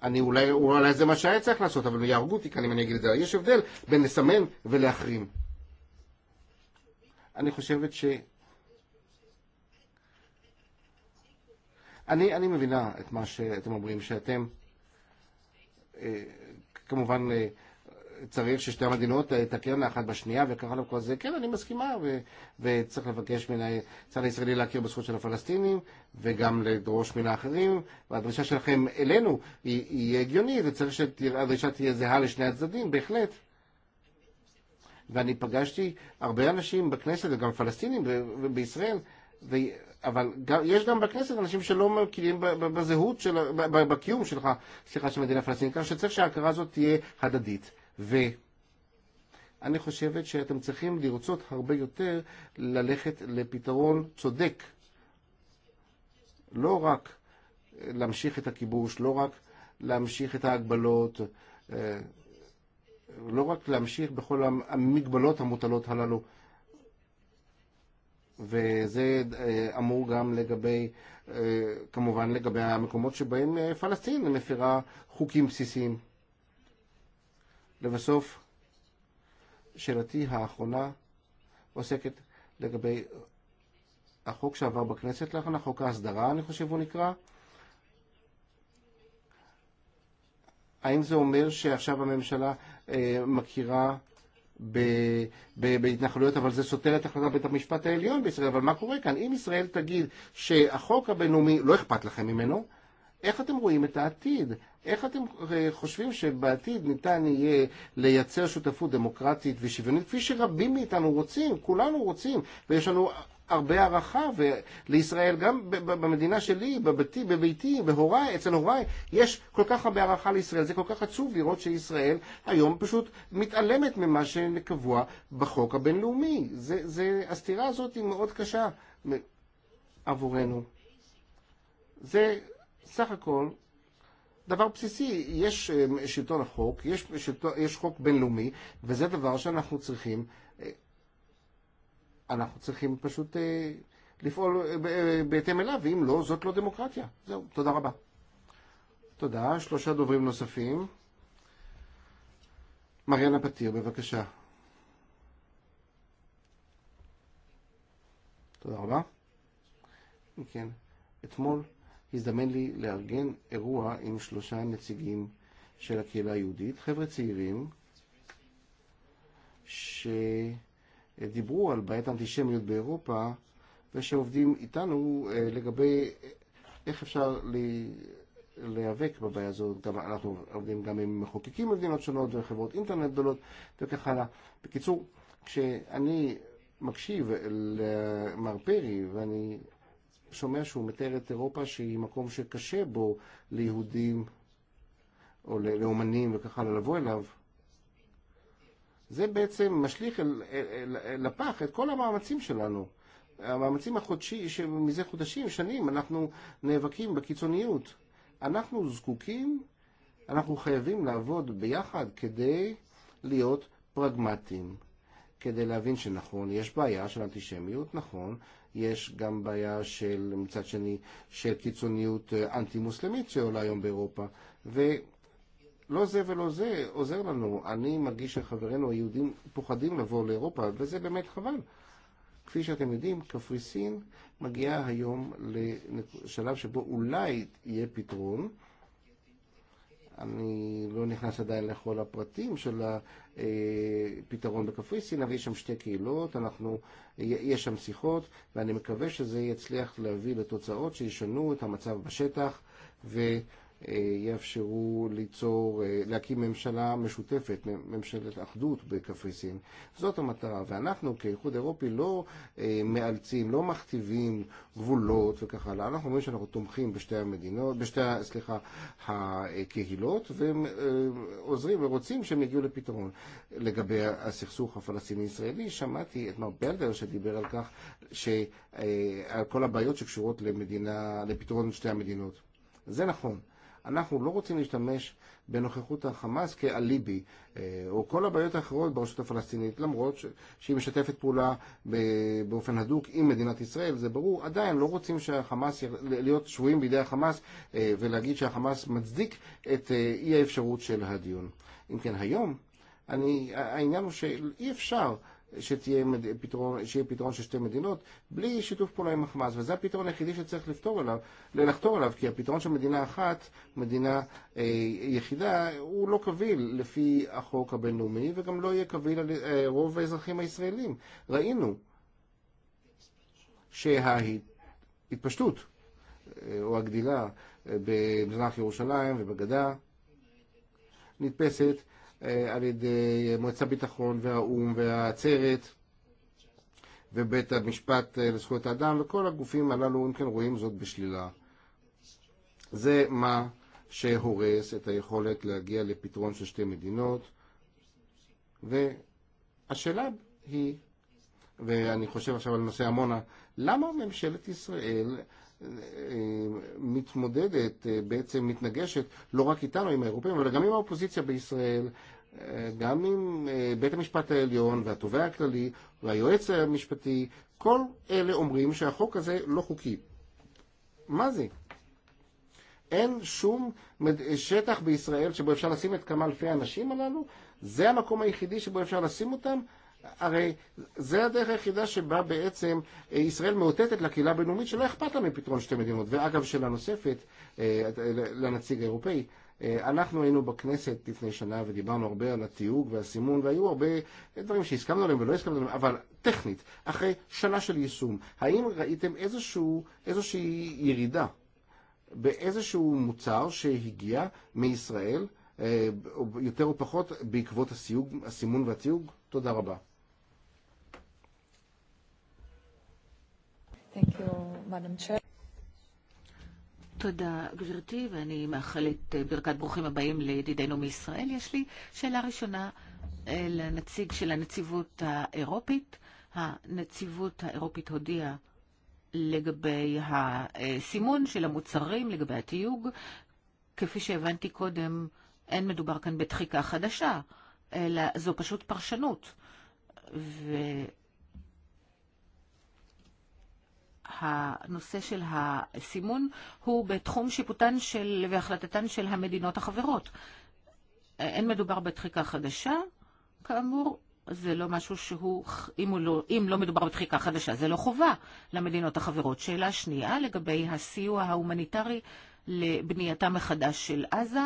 אני אולי, אולי זה מה שהיה צריך לעשות, אבל יהרגו אותי כאן אם אני אגיד את זה. יש הבדל בין לסמן ולהחרים. אני חושבת ש... אני, אני מבינה את מה שאתם אומרים, שאתם כמובן צריך ששתי המדינות תכרנה אחת בשנייה וככה לכל זה, כן, אני מסכימה ו, וצריך לבקש מן הצד הישראלי להכיר בזכות של הפלסטינים וגם לדרוש מן האחרים והדרישה שלכם אלינו היא, היא הגיונית וצריך שהדרישה תהיה זהה לשני הצדדים, בהחלט ואני פגשתי הרבה אנשים בכנסת, וגם פלסטינים בישראל, ו... אבל גם, יש גם בכנסת אנשים שלא מכירים בזהות, של, בקיום שלך, סליחה, של מדינה פלסטינית, כך שצריך שההכרה הזאת תהיה הדדית. ו... אני חושבת שאתם צריכים לרצות הרבה יותר ללכת לפתרון צודק. לא רק להמשיך את הכיבוש, לא רק להמשיך את ההגבלות. לא רק להמשיך בכל המגבלות המוטלות הללו. וזה אמור גם לגבי, כמובן לגבי המקומות שבהם פלסטין מפרה חוקים בסיסיים. לבסוף, שאלתי האחרונה עוסקת לגבי החוק שעבר בכנסת לאחרונה, חוק ההסדרה אני חושב הוא נקרא. האם זה אומר שעכשיו הממשלה מכירה בהתנחלויות, אבל זה סותר את החלטת בית המשפט העליון בישראל. אבל מה קורה כאן? אם ישראל תגיד שהחוק הבינלאומי, לא אכפת לכם ממנו, איך אתם רואים את העתיד? איך אתם חושבים שבעתיד ניתן יהיה לייצר שותפות דמוקרטית ושוויונית, כפי שרבים מאיתנו רוצים, כולנו רוצים, ויש לנו הרבה הערכה, ולישראל גם במדינה שלי, בביתי, בביתי, בהוריי, אצל הוריי, יש כל כך הרבה הערכה לישראל. זה כל כך עצוב לראות שישראל היום פשוט מתעלמת ממה שקבוע בחוק הבינלאומי. זה, זה, הסתירה הזאת היא מאוד קשה עבורנו. זה סך הכל דבר בסיסי, יש שלטון החוק, יש, שלטון, יש חוק בינלאומי, וזה דבר שאנחנו צריכים אנחנו צריכים פשוט לפעול בהתאם אליו, ואם לא, זאת לא דמוקרטיה. זהו, תודה רבה. תודה. שלושה דוברים נוספים. מריאנה פתיר, בבקשה. תודה רבה. כן, אתמול הזדמן לי לארגן אירוע עם שלושה נציגים של הקהילה היהודית, חבר'ה צעירים, ש... דיברו על בעיית האנטישמיות באירופה, ושעובדים איתנו לגבי איך אפשר להיאבק בבעיה הזאת. גם אנחנו עובדים גם עם מחוקקים במדינות שונות, וחברות אינטרנט גדולות, וכך הלאה. בקיצור, כשאני מקשיב למר פרי, ואני שומע שהוא מתאר את אירופה שהיא מקום שקשה בו ליהודים או לאומנים וכך הלאה לבוא אליו, זה בעצם משליך לפח את כל המאמצים שלנו. המאמצים החודשי, שמזה חודשים, שנים, אנחנו נאבקים בקיצוניות. אנחנו זקוקים, אנחנו חייבים לעבוד ביחד כדי להיות פרגמטיים. כדי להבין שנכון, יש בעיה של אנטישמיות, נכון, יש גם בעיה של, מצד שני, של קיצוניות אנטי-מוסלמית שעולה היום באירופה, ו... לא זה ולא זה עוזר לנו. אני מרגיש שחברינו היהודים פוחדים לבוא לאירופה, וזה באמת חבל. כפי שאתם יודעים, קפריסין מגיעה היום לשלב שבו אולי יהיה פתרון. אני לא נכנס עדיין לכל הפרטים של הפתרון בקפריסין, אבל יש שם שתי קהילות, אנחנו, יש שם שיחות, ואני מקווה שזה יצליח להביא לתוצאות שישנו את המצב בשטח, ו... יאפשרו ליצור, להקים ממשלה משותפת, ממשלת אחדות בקפריסין. זאת המטרה, ואנחנו כאיחוד אירופי לא מאלצים, לא מכתיבים גבולות וכך הלאה. אנחנו אומרים שאנחנו תומכים בשתי המדינות, בשתי, סליחה, הקהילות, ועוזרים ורוצים שהם יגיעו לפתרון. לגבי הסכסוך הפלסטיני-ישראלי, שמעתי את מר בלדר שדיבר על כך, שעל כל הבעיות שקשורות למדינה, לפתרון שתי המדינות. זה נכון. אנחנו לא רוצים להשתמש בנוכחות החמאס כאליבי, או כל הבעיות האחרות ברשות הפלסטינית, למרות שהיא משתפת פעולה באופן הדוק עם מדינת ישראל, זה ברור, עדיין לא רוצים שהחמאס, להיות שבויים בידי החמאס ולהגיד שהחמאס מצדיק את אי האפשרות של הדיון. אם כן, היום אני, העניין הוא שאי אפשר שתהיה פתרון, שיהיה פתרון של שתי מדינות, בלי שיתוף פעולה עם החמאס, וזה הפתרון היחידי שצריך לפתור עליו, לחתור עליו, כי הפתרון של מדינה אחת, מדינה אה, יחידה, הוא לא קביל לפי החוק הבינלאומי, וגם לא יהיה קביל על אה, רוב האזרחים הישראלים. ראינו שההתפשטות או הגדילה במזרח ירושלים ובגדה נתפסת על ידי מועצת הביטחון והאו"ם והעצרת ובית המשפט לזכויות האדם וכל הגופים הללו, אם כן רואים זאת בשלילה. זה מה שהורס את היכולת להגיע לפתרון של שתי מדינות והשאלה היא, ואני חושב עכשיו על נושא עמונה, למה ממשלת ישראל מתמודדת, בעצם מתנגשת, לא רק איתנו, עם האירופאים, אבל גם עם האופוזיציה בישראל, גם עם בית המשפט העליון והתובע הכללי והיועץ המשפטי, כל אלה אומרים שהחוק הזה לא חוקי. מה זה? אין שום שטח בישראל שבו אפשר לשים את כמה אלפי האנשים הללו? זה המקום היחידי שבו אפשר לשים אותם? הרי זה הדרך היחידה שבה בעצם ישראל מאותתת לקהילה הבינלאומית שלא אכפת לה מפתרון שתי מדינות. ואגב, שאלה נוספת לנציג האירופאי, אנחנו היינו בכנסת לפני שנה ודיברנו הרבה על התיוג והסימון והיו הרבה דברים שהסכמנו עליהם ולא הסכמנו עליהם, אבל טכנית, אחרי שנה של יישום, האם ראיתם איזשהו, איזושהי ירידה באיזשהו מוצר שהגיע מישראל, יותר או פחות, בעקבות הסיוג, הסימון והתיוג? תודה רבה. Thank you, Madam Chair. תודה, גברתי, ואני מאחלת ברכת ברוכים הבאים לידידינו מישראל. יש לי שאלה ראשונה לנציג של הנציבות האירופית. הנציבות האירופית הודיעה לגבי הסימון של המוצרים, לגבי התיוג. כפי שהבנתי קודם, אין מדובר כאן בתחיקה חדשה, אלא זו פשוט פרשנות. ו... הנושא של הסימון הוא בתחום שיפוטן של והחלטתן של המדינות החברות. אין מדובר בתחיקה חדשה, כאמור, זה לא משהו שהוא, אם, לא, אם לא מדובר בתחיקה חדשה, זה לא חובה למדינות החברות. שאלה שנייה לגבי הסיוע ההומניטרי לבנייתה מחדש של עזה.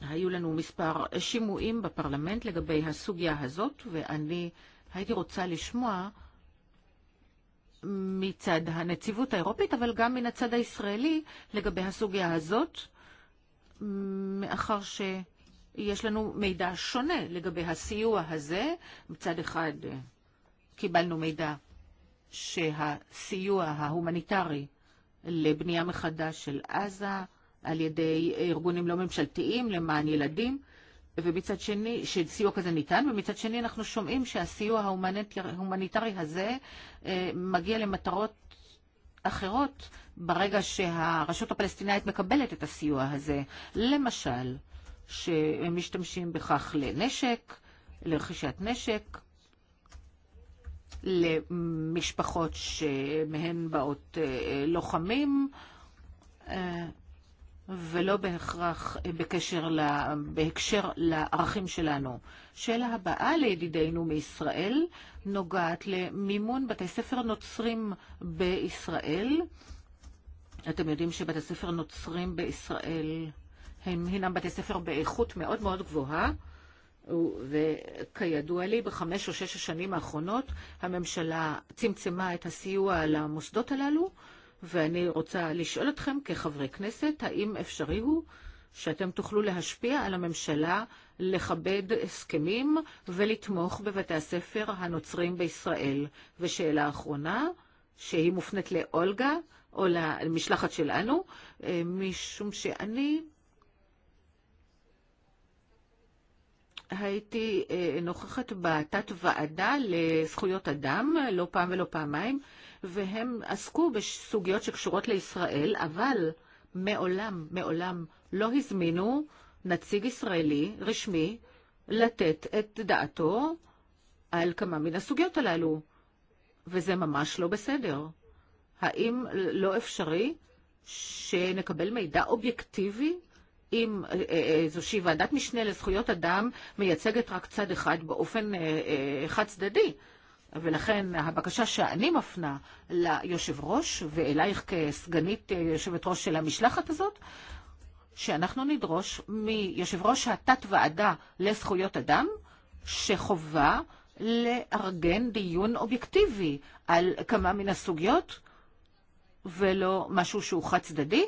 היו לנו מספר שימועים בפרלמנט לגבי הסוגיה הזאת, ואני הייתי רוצה לשמוע מצד הנציבות האירופית, אבל גם מן הצד הישראלי לגבי הסוגיה הזאת, מאחר שיש לנו מידע שונה לגבי הסיוע הזה. מצד אחד קיבלנו מידע שהסיוע ההומניטרי לבנייה מחדש של עזה על ידי ארגונים לא ממשלתיים למען ילדים, ומצד שני, שסיוע כזה ניתן, ומצד שני אנחנו שומעים שהסיוע ההומניטרי הזה מגיע למטרות אחרות ברגע שהרשות הפלסטינאית מקבלת את הסיוע הזה. למשל, שהם משתמשים בכך לנשק, לרכישת נשק, למשפחות שמהן באות לוחמים, ולא בהכרח בקשר לה, בהקשר לערכים שלנו. שאלה הבאה לידידינו מישראל נוגעת למימון בתי ספר נוצרים בישראל. אתם יודעים שבתי ספר נוצרים בישראל הם הינם בתי ספר באיכות מאוד מאוד גבוהה. וכידוע לי, בחמש או שש השנים האחרונות הממשלה צמצמה את הסיוע למוסדות הללו ואני רוצה לשאול אתכם כחברי כנסת, האם אפשרי הוא שאתם תוכלו להשפיע על הממשלה לכבד הסכמים ולתמוך בבתי הספר הנוצרים בישראל? ושאלה אחרונה, שהיא מופנית לאולגה או למשלחת שלנו, משום שאני הייתי נוכחת בתת ועדה לזכויות אדם, לא פעם ולא פעמיים, והם עסקו בסוגיות שקשורות לישראל, אבל מעולם, מעולם לא הזמינו נציג ישראלי רשמי לתת את דעתו על כמה מן הסוגיות הללו, וזה ממש לא בסדר. האם לא אפשרי שנקבל מידע אובייקטיבי אם איזושהי ועדת משנה לזכויות אדם מייצגת רק צד אחד באופן חד צדדי? ולכן הבקשה שאני מפנה ליושב ראש ואלייך כסגנית יושבת ראש של המשלחת הזאת, שאנחנו נדרוש מיושב ראש התת ועדה לזכויות אדם, שחובה לארגן דיון אובייקטיבי על כמה מן הסוגיות, ולא משהו שהוא חד צדדי,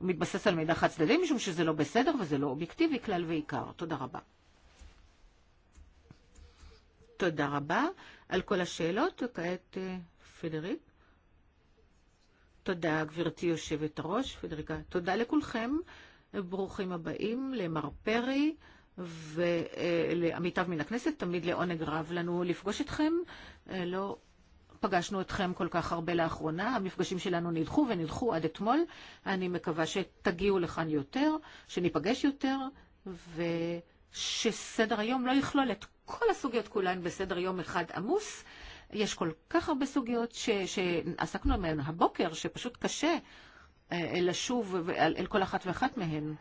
מתבסס על מידע חד צדדי, משום שזה לא בסדר וזה לא אובייקטיבי כלל ועיקר. תודה רבה. תודה רבה. על כל השאלות, וכעת פדריק. תודה, גברתי יושבת הראש, פדריקה. תודה לכולכם, ברוכים הבאים למר פרי. ולעמיתיו מן הכנסת, תמיד לעונג רב לנו לפגוש אתכם. לא פגשנו אתכם כל כך הרבה לאחרונה, המפגשים שלנו נדחו ונדחו עד אתמול. אני מקווה שתגיעו לכאן יותר, שניפגש יותר, ושסדר היום לא יכלול את כל הסוגיות כולן בסדר יום אחד עמוס. יש כל כך הרבה סוגיות ש, שעסקנו מהן הבוקר, שפשוט קשה לשוב אל, אל כל אחת ואחת מהן.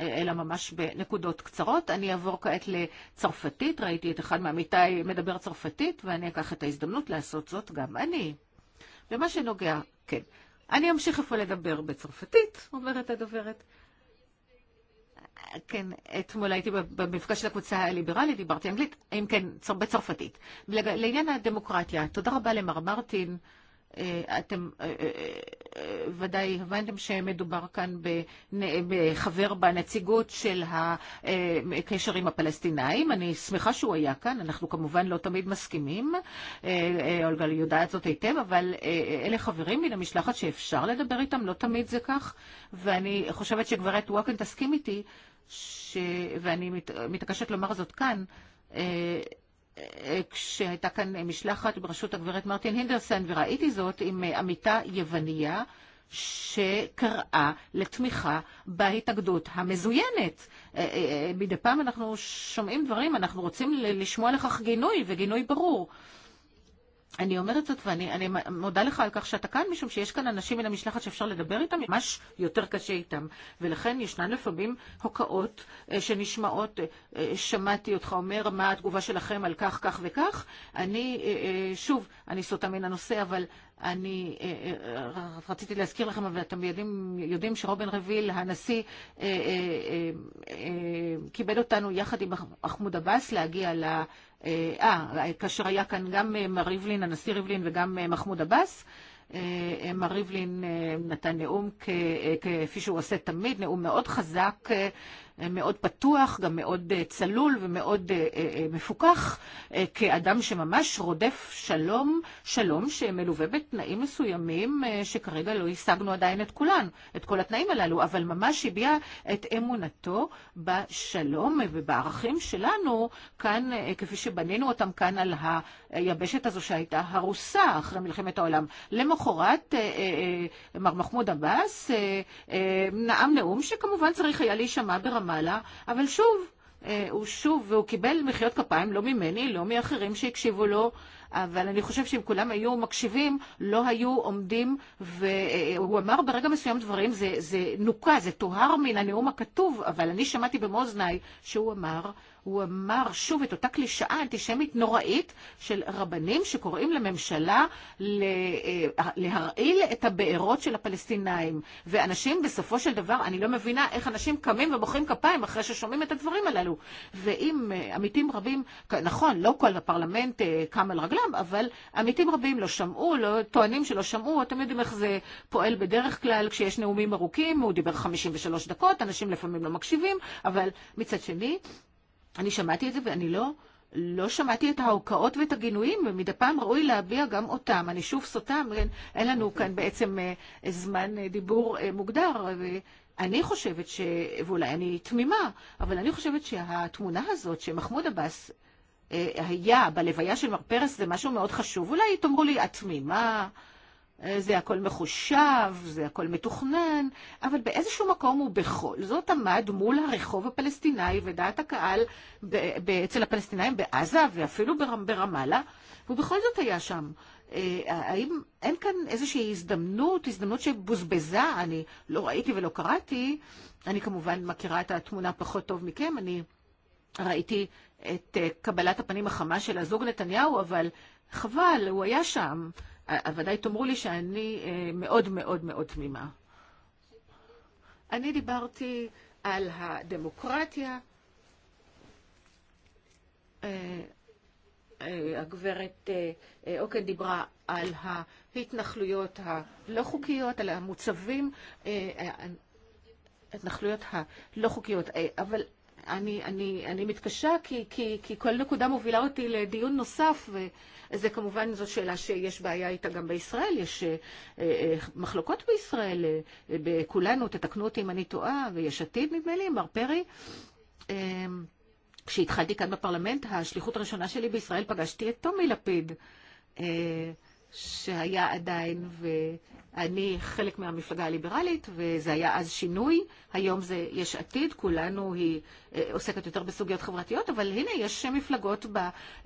אלא ממש בנקודות קצרות. אני אעבור כעת לצרפתית, ראיתי את אחד מעמיתיי מדבר צרפתית, ואני אקח את ההזדמנות לעשות זאת גם אני. במה שנוגע, כן. אני אמשיך איפה לדבר בצרפתית, אומרת הדוברת. كان אתמול הייתי במפגש של הקבוצה הליברלית, דיברתי אנגלית, אם כן בצרפתית. לעניין הדמוקרטיה, תודה רבה למר מרטין. אתם ודאי הבנתם שמדובר כאן בחבר בנציגות של הקשר עם הפלסטינאים. אני שמחה שהוא היה כאן, אנחנו כמובן לא תמיד מסכימים, אולגה יודעת זאת היטב, אבל אלה חברים מן המשלחת שאפשר לדבר איתם, לא תמיד זה כך, ואני חושבת שגברת ווקן תסכים איתי, ש... ואני מת... מתעקשת לומר זאת כאן, כשהייתה כאן משלחת בראשות הגברת מרטין הינדרסן, וראיתי זאת עם עמיתה יווניה שקראה לתמיכה בהתאגדות המזוינת. מדי פעם אנחנו שומעים דברים, אנחנו רוצים לשמוע לכך גינוי, וגינוי ברור. אני אומרת זאת ואני אני מודה לך על כך שאתה כאן, משום שיש כאן אנשים מן המשלחת שאפשר לדבר איתם, ממש יותר קשה איתם. ולכן ישנן לפעמים הוקעות אה, שנשמעות, אה, שמעתי אותך אומר מה התגובה שלכם על כך, כך וכך. אני, אה, אה, שוב, אני סוטה מן הנושא, אבל אני אה, אה, רציתי להזכיר לכם, אבל אתם יודעים, יודעים שרובן רביל, הנשיא, אה, אה, אה, אה, אה, כיבד אותנו יחד עם מחמוד עבאס להגיע ל... לה... אה, כאשר היה כאן גם מר ריבלין, הנשיא ריבלין וגם מחמוד עבאס, מר ריבלין נתן נאום כפי שהוא עושה תמיד, נאום מאוד חזק מאוד פתוח, גם מאוד צלול ומאוד מפוקח, כאדם שממש רודף שלום, שלום שמלווה בתנאים מסוימים שכרגע לא השגנו עדיין את כולן, את כל התנאים הללו, אבל ממש הביע את אמונתו בשלום ובערכים שלנו כאן, כפי שבנינו אותם כאן על היבשת הזו שהייתה הרוסה אחרי מלחמת העולם. למחרת, מר מחמוד עבאס נאם נאום שכמובן צריך היה להישמע ברמה מעלה, אבל שוב, הוא שוב, והוא קיבל מחיאות כפיים, לא ממני, לא מאחרים שהקשיבו לו, אבל אני חושב שאם כולם היו מקשיבים, לא היו עומדים, והוא אמר ברגע מסוים דברים, זה, זה נוקה, זה טוהר מן הנאום הכתוב, אבל אני שמעתי במו אוזניי שהוא אמר הוא אמר שוב את אותה קלישאה אנטישמית נוראית של רבנים שקוראים לממשלה להרעיל את הבארות של הפלסטינאים. ואנשים בסופו של דבר, אני לא מבינה איך אנשים קמים ומוחאים כפיים אחרי ששומעים את הדברים הללו. ואם עמיתים רבים, נכון, לא כל הפרלמנט קם על רגליו, אבל עמיתים רבים לא שמעו, לא, טוענים שלא שמעו, אתם יודעים איך זה פועל בדרך כלל כשיש נאומים ארוכים, הוא דיבר 53 דקות, אנשים לפעמים לא מקשיבים, אבל מצד שני, אני שמעתי את זה ואני לא, לא שמעתי את ההוקעות ואת הגינויים, ומדי פעם ראוי להביע גם אותם. אני שוב סוטה, אין לנו כאן בעצם זמן דיבור מוגדר. אני חושבת ש... ואולי אני תמימה, אבל אני חושבת שהתמונה הזאת שמחמוד עבאס היה בלוויה של מר פרס זה משהו מאוד חשוב. אולי תאמרו לי, את תמימה? זה הכל מחושב, זה הכל מתוכנן, אבל באיזשהו מקום הוא בכל זאת עמד מול הרחוב הפלסטיני ודעת הקהל אצל הפלסטינאים בעזה ואפילו ברמאללה, והוא בכל זאת היה שם. האם אין כאן איזושהי הזדמנות, הזדמנות שבוזבזה, אני לא ראיתי ולא קראתי, אני כמובן מכירה את התמונה פחות טוב מכם, אני ראיתי את קבלת הפנים החמה של הזוג נתניהו, אבל חבל, הוא היה שם. אז ודאי תאמרו לי שאני מאוד מאוד מאוד תמימה. אני דיברתי על הדמוקרטיה. הגברת אוקן דיברה על ההתנחלויות הלא חוקיות, על המוצבים, ההתנחלויות הלא חוקיות, אבל אני, אני, אני מתקשה כי, כי, כי כל נקודה מובילה אותי לדיון נוסף וזה כמובן זו שאלה שיש בעיה איתה גם בישראל, יש אה, אה, מחלוקות בישראל, אה, בכולנו, תתקנו אותי אם אני טועה, ויש עתיד נדמה לי, מר פרי. אה, כשהתחלתי כאן בפרלמנט, השליחות הראשונה שלי בישראל פגשתי את טומי לפיד. אה, שהיה עדיין ואני חלק מהמפלגה הליברלית וזה היה אז שינוי, היום זה יש עתיד, כולנו היא עוסקת יותר בסוגיות חברתיות, אבל הנה יש מפלגות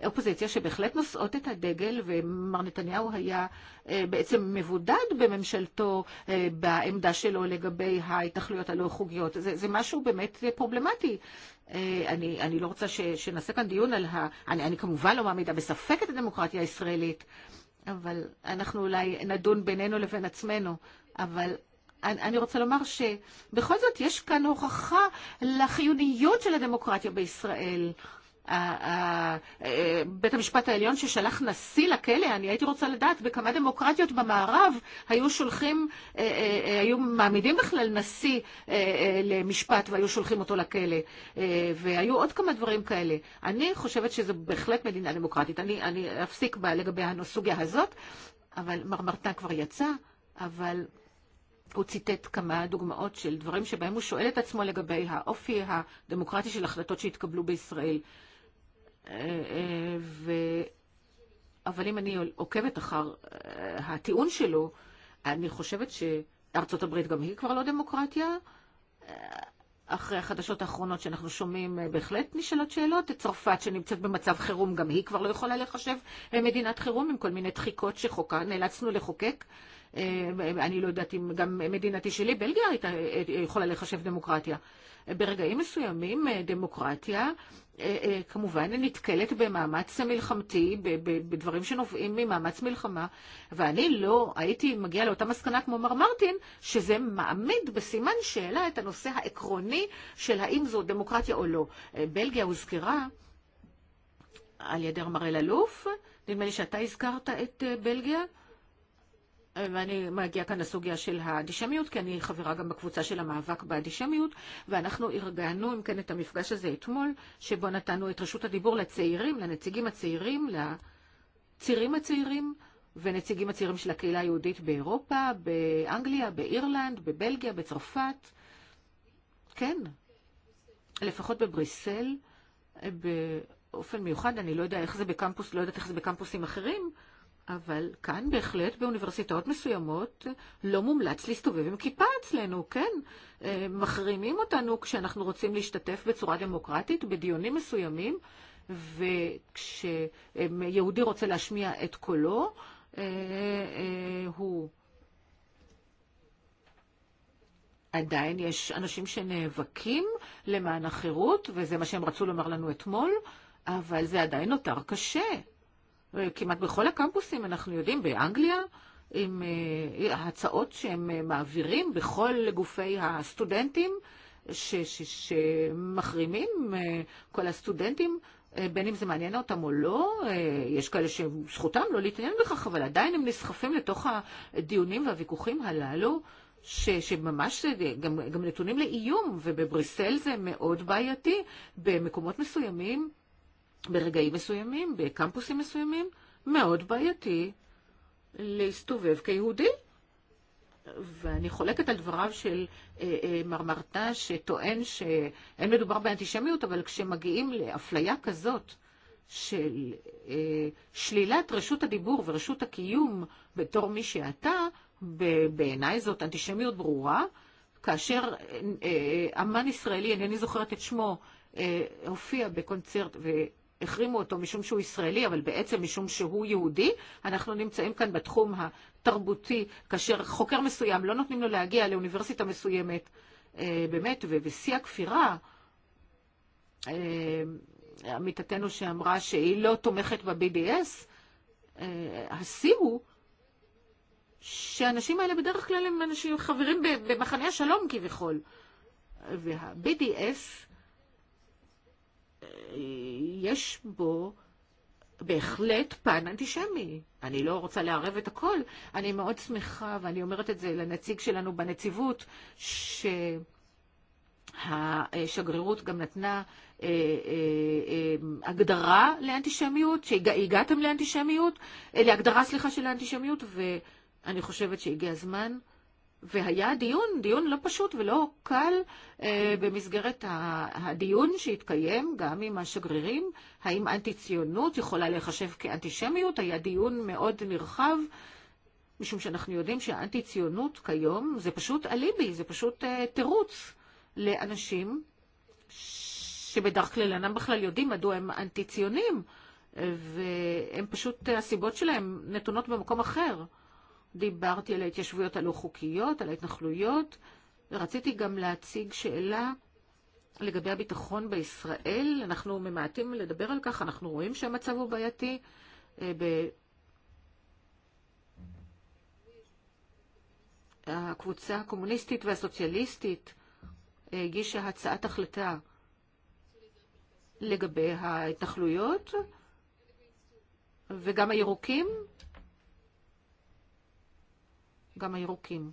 באופוזיציה שבהחלט נושאות את הדגל ומר נתניהו היה בעצם מבודד בממשלתו בעמדה שלו לגבי ההתנחלויות הלא חוגיות, זה, זה משהו באמת פרובלמטי. אני, אני לא רוצה ש, שנעשה כאן דיון על ה... אני, אני כמובן לא מעמידה בספק את הדמוקרטיה הישראלית. אבל אנחנו אולי נדון בינינו לבין עצמנו, אבל אני רוצה לומר שבכל זאת יש כאן הוכחה לחיוניות של הדמוקרטיה בישראל. בית המשפט העליון ששלח נשיא לכלא, אני הייתי רוצה לדעת בכמה דמוקרטיות במערב היו שולחים, היו מעמידים בכלל נשיא למשפט והיו שולחים אותו לכלא. והיו עוד כמה דברים כאלה. אני חושבת שזו בהחלט מדינה דמוקרטית. אני, אני אפסיק בה לגבי הסוגיה הזאת, אבל מר כבר יצא, אבל... הוא ציטט כמה דוגמאות של דברים שבהם הוא שואל את עצמו לגבי האופי הדמוקרטי של החלטות שהתקבלו בישראל. ו... אבל אם אני עוקבת אחר הטיעון שלו, אני חושבת שארצות הברית גם היא כבר לא דמוקרטיה. אחרי החדשות האחרונות שאנחנו שומעים, בהחלט נשאלות שאלות. צרפת שנמצאת במצב חירום, גם היא כבר לא יכולה לחשב מדינת חירום עם כל מיני דחיקות שנאלצנו לחוקק. אני לא יודעת אם גם מדינתי שלי, בלגיה, הייתה יכולה לחשב דמוקרטיה. ברגעים מסוימים דמוקרטיה כמובן אני נתקלת במאמץ מלחמתי, בדברים שנובעים ממאמץ מלחמה, ואני לא הייתי מגיעה לאותה מסקנה כמו מר מרטין, שזה מעמיד בסימן שאלה את הנושא העקרוני של האם זו דמוקרטיה או לא. בלגיה הוזכרה על ידי מר אלאלוף, נדמה לי שאתה הזכרת את בלגיה. ואני מגיעה כאן לסוגיה של האדישמיות, כי אני חברה גם בקבוצה של המאבק באדישמיות, ואנחנו ארגנו, אם כן, את המפגש הזה אתמול, שבו נתנו את רשות הדיבור לצעירים, לנציגים הצעירים, לצירים הצעירים, ונציגים הצעירים של הקהילה היהודית באירופה, באנגליה, באירלנד, בבלגיה, בצרפת, כן, לפחות בבריסל, באופן מיוחד, אני לא יודע איך זה בקמפוס, לא יודעת איך זה בקמפוסים אחרים, אבל כאן בהחלט באוניברסיטאות מסוימות לא מומלץ להסתובב עם כיפה אצלנו, כן? מחרימים אותנו כשאנחנו רוצים להשתתף בצורה דמוקרטית בדיונים מסוימים, וכשיהודי רוצה להשמיע את קולו, הוא... עדיין יש אנשים שנאבקים למען החירות, וזה מה שהם רצו לומר לנו אתמול, אבל זה עדיין נותר קשה. כמעט בכל הקמפוסים, אנחנו יודעים, באנגליה, עם הצעות שהם מעבירים בכל גופי הסטודנטים, שמחרימים כל הסטודנטים, בין אם זה מעניין אותם או לא, יש כאלה שזכותם לא להתעניין בכך, אבל עדיין הם נסחפים לתוך הדיונים והוויכוחים הללו. ש, שממש גם, גם נתונים לאיום, ובבריסל זה מאוד בעייתי. במקומות מסוימים ברגעים מסוימים, בקמפוסים מסוימים, מאוד בעייתי להסתובב כיהודי. ואני חולקת על דבריו של מרמרתה שטוען שאין מדובר באנטישמיות, אבל כשמגיעים לאפליה כזאת של שלילת רשות הדיבור ורשות הקיום בתור מי שאתה, בעיניי זאת אנטישמיות ברורה, כאשר אמן ישראלי, אינני זוכרת את שמו, הופיע בקונצרט החרימו אותו משום שהוא ישראלי, אבל בעצם משום שהוא יהודי. אנחנו נמצאים כאן בתחום התרבותי, כאשר חוקר מסוים לא נותנים לו להגיע לאוניברסיטה מסוימת, באמת, ובשיא הכפירה, עמיתתנו שאמרה שהיא לא תומכת ב-BDS, השיא הוא שהאנשים האלה בדרך כלל הם אנשים חברים במחנה השלום כביכול. וה-BDS יש בו בהחלט פן אנטישמי. אני לא רוצה לערב את הכל. אני מאוד שמחה, ואני אומרת את זה לנציג שלנו בנציבות, ש... השגרירות גם נתנה אה, אה, אה, הגדרה לאנטישמיות, שהגעתם לאנטישמיות, להגדרה, סליחה, של האנטישמיות, ואני חושבת שהגיע הזמן והיה דיון, דיון לא פשוט ולא קל אה, במסגרת הדיון שהתקיים גם עם השגרירים, האם אנטי-ציונות יכולה להיחשב כאנטישמיות, היה דיון מאוד נרחב, משום שאנחנו יודעים שהאנטי-ציונות כיום זה פשוט אליבי, זה פשוט אה, תירוץ לאנשים שבדרך כלל אינם בכלל יודעים מדוע הם אנטי-ציונים, והם פשוט, הסיבות שלהם נתונות במקום אחר. דיברתי על ההתיישבויות הלא חוקיות, על ההתנחלויות, ורציתי גם להציג שאלה לגבי הביטחון בישראל. אנחנו ממעטים לדבר על כך, אנחנו רואים שהמצב הוא בעייתי. ב... הקבוצה הקומוניסטית והסוציאליסטית הגישה הצעת החלטה לגבי ההתנחלויות וגם הירוקים גם הירוקים.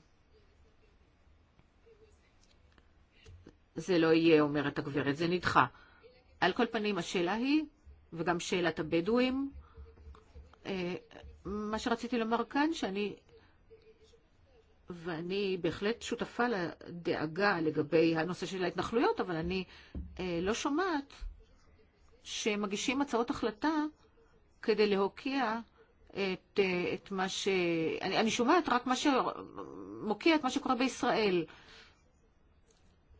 זה לא יהיה, אומרת הגברת, זה נדחה. על כל פנים, השאלה היא, וגם שאלת הבדואים, מה שרציתי לומר כאן, שאני, ואני בהחלט שותפה לדאגה לגבי הנושא של ההתנחלויות, אבל אני לא שומעת שמגישים הצעות החלטה כדי להוקיע את, את מה ש... אני, אני שומעת רק מה שמוקיע את מה שקורה בישראל.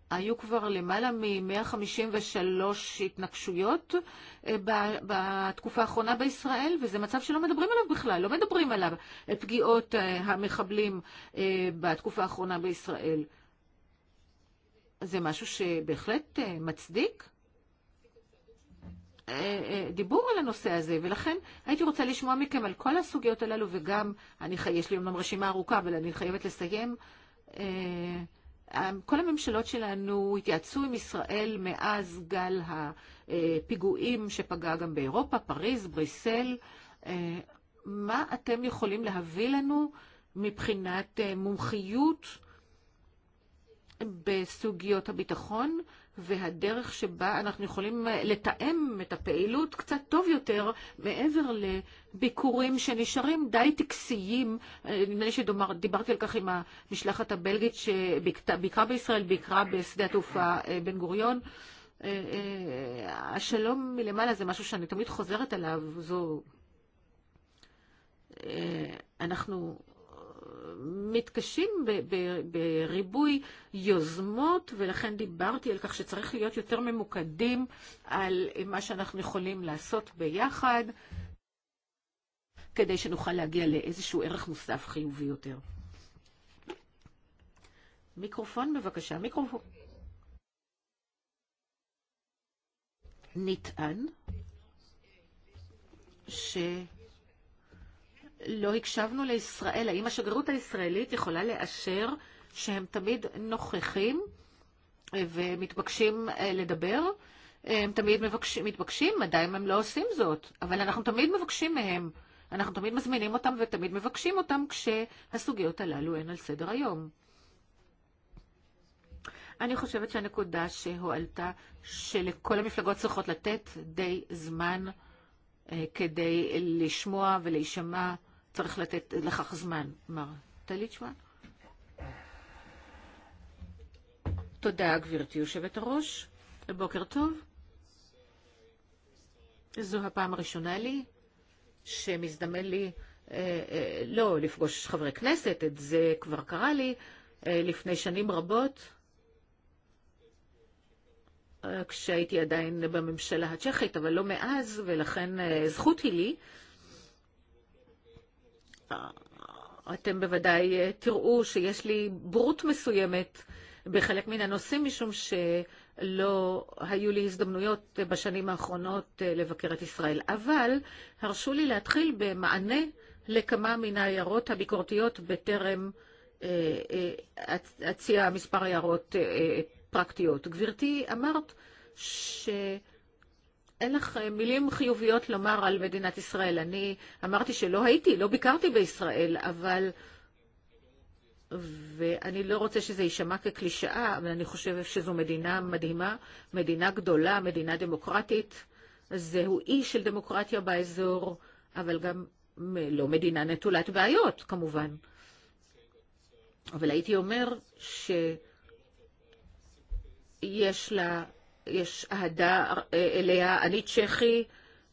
היו כבר למעלה מ-153 התנגשויות בתקופה האחרונה בישראל, וזה מצב שלא מדברים עליו בכלל, לא מדברים עליו, פגיעות המחבלים בתקופה האחרונה בישראל. זה משהו שבהחלט מצדיק דיבור על הנושא הזה, ולכן הייתי רוצה לשמוע מכם על כל הסוגיות הללו, וגם, אני, חי, יש לי אמנם רשימה ארוכה, אבל אני חייבת לסיים. כל הממשלות שלנו התייעצו עם ישראל מאז גל הפיגועים שפגע גם באירופה, פריז, בריסל. מה אתם יכולים להביא לנו מבחינת מומחיות בסוגיות הביטחון? והדרך שבה אנחנו יכולים לתאם את הפעילות קצת טוב יותר מעבר לביקורים שנשארים די טקסיים. נדמה לי שדיברתי על כך עם המשלחת הבלגית שביקרה בישראל, ביקרה בשדה התעופה בן גוריון. השלום מלמעלה זה משהו שאני תמיד חוזרת עליו, זו... אנחנו מתקשים בריבוי יוזמות, ולכן דיברתי על כך שצריך להיות יותר ממוקדים על מה שאנחנו יכולים לעשות ביחד, כדי שנוכל להגיע לאיזשהו ערך מוסף חיובי יותר. מיקרופון בבקשה, מיקרופון. נטען ש... לא הקשבנו לישראל, האם השגרירות הישראלית יכולה לאשר שהם תמיד נוכחים ומתבקשים לדבר? הם תמיד מבקשים, מתבקשים, עדיין הם לא עושים זאת, אבל אנחנו תמיד מבקשים מהם, אנחנו תמיד מזמינים אותם ותמיד מבקשים אותם כשהסוגיות הללו הן על סדר היום. אני חושבת שהנקודה שהועלתה, שלכל המפלגות צריכות לתת די זמן כדי לשמוע ולהישמע צריך לתת לכך זמן, מר טליצ'מן. תודה, גברתי יושבת-הראש. בוקר טוב. זו הפעם הראשונה לי שמזדמן לי אה, אה, לא לפגוש חברי כנסת, את זה כבר קרה לי אה, לפני שנים רבות, כשהייתי עדיין בממשלה הצ'כית, אבל לא מאז, ולכן זכות היא לי. אתם בוודאי תראו שיש לי בורות מסוימת בחלק מן הנושאים, משום שלא היו לי הזדמנויות בשנים האחרונות לבקר את ישראל. אבל הרשו לי להתחיל במענה לכמה מן ההערות הביקורתיות בטרם אציע מספר הערות פרקטיות. גברתי, אמרת ש... אין לך מילים חיוביות לומר על מדינת ישראל. אני אמרתי שלא הייתי, לא ביקרתי בישראל, אבל... ואני לא רוצה שזה יישמע כקלישאה, אבל אני חושבת שזו מדינה מדהימה, מדינה גדולה, מדינה דמוקרטית. זהו אי של דמוקרטיה באזור, אבל גם לא מדינה נטולת בעיות, כמובן. אבל הייתי אומר שיש לה יש אהדה אליה. אני צ'כי,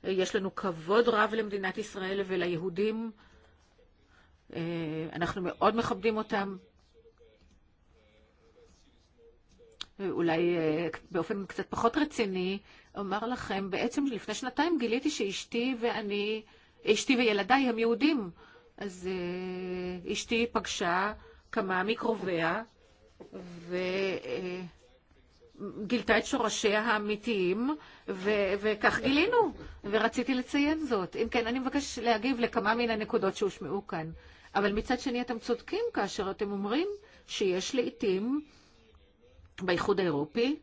יש לנו כבוד רב למדינת ישראל וליהודים. אנחנו מאוד מכבדים אותם. אולי באופן קצת פחות רציני, אומר לכם, בעצם לפני שנתיים גיליתי שאשתי ואני, אשתי וילדיי הם יהודים. אז אשתי פגשה כמה מקרוביה, ו... גילתה את שורשיה האמיתיים, וכך גילינו, ורציתי לציין זאת. אם כן, אני מבקש להגיב לכמה מן הנקודות שהושמעו כאן. אבל מצד שני, אתם צודקים כאשר אתם אומרים שיש לעתים באיחוד האירופי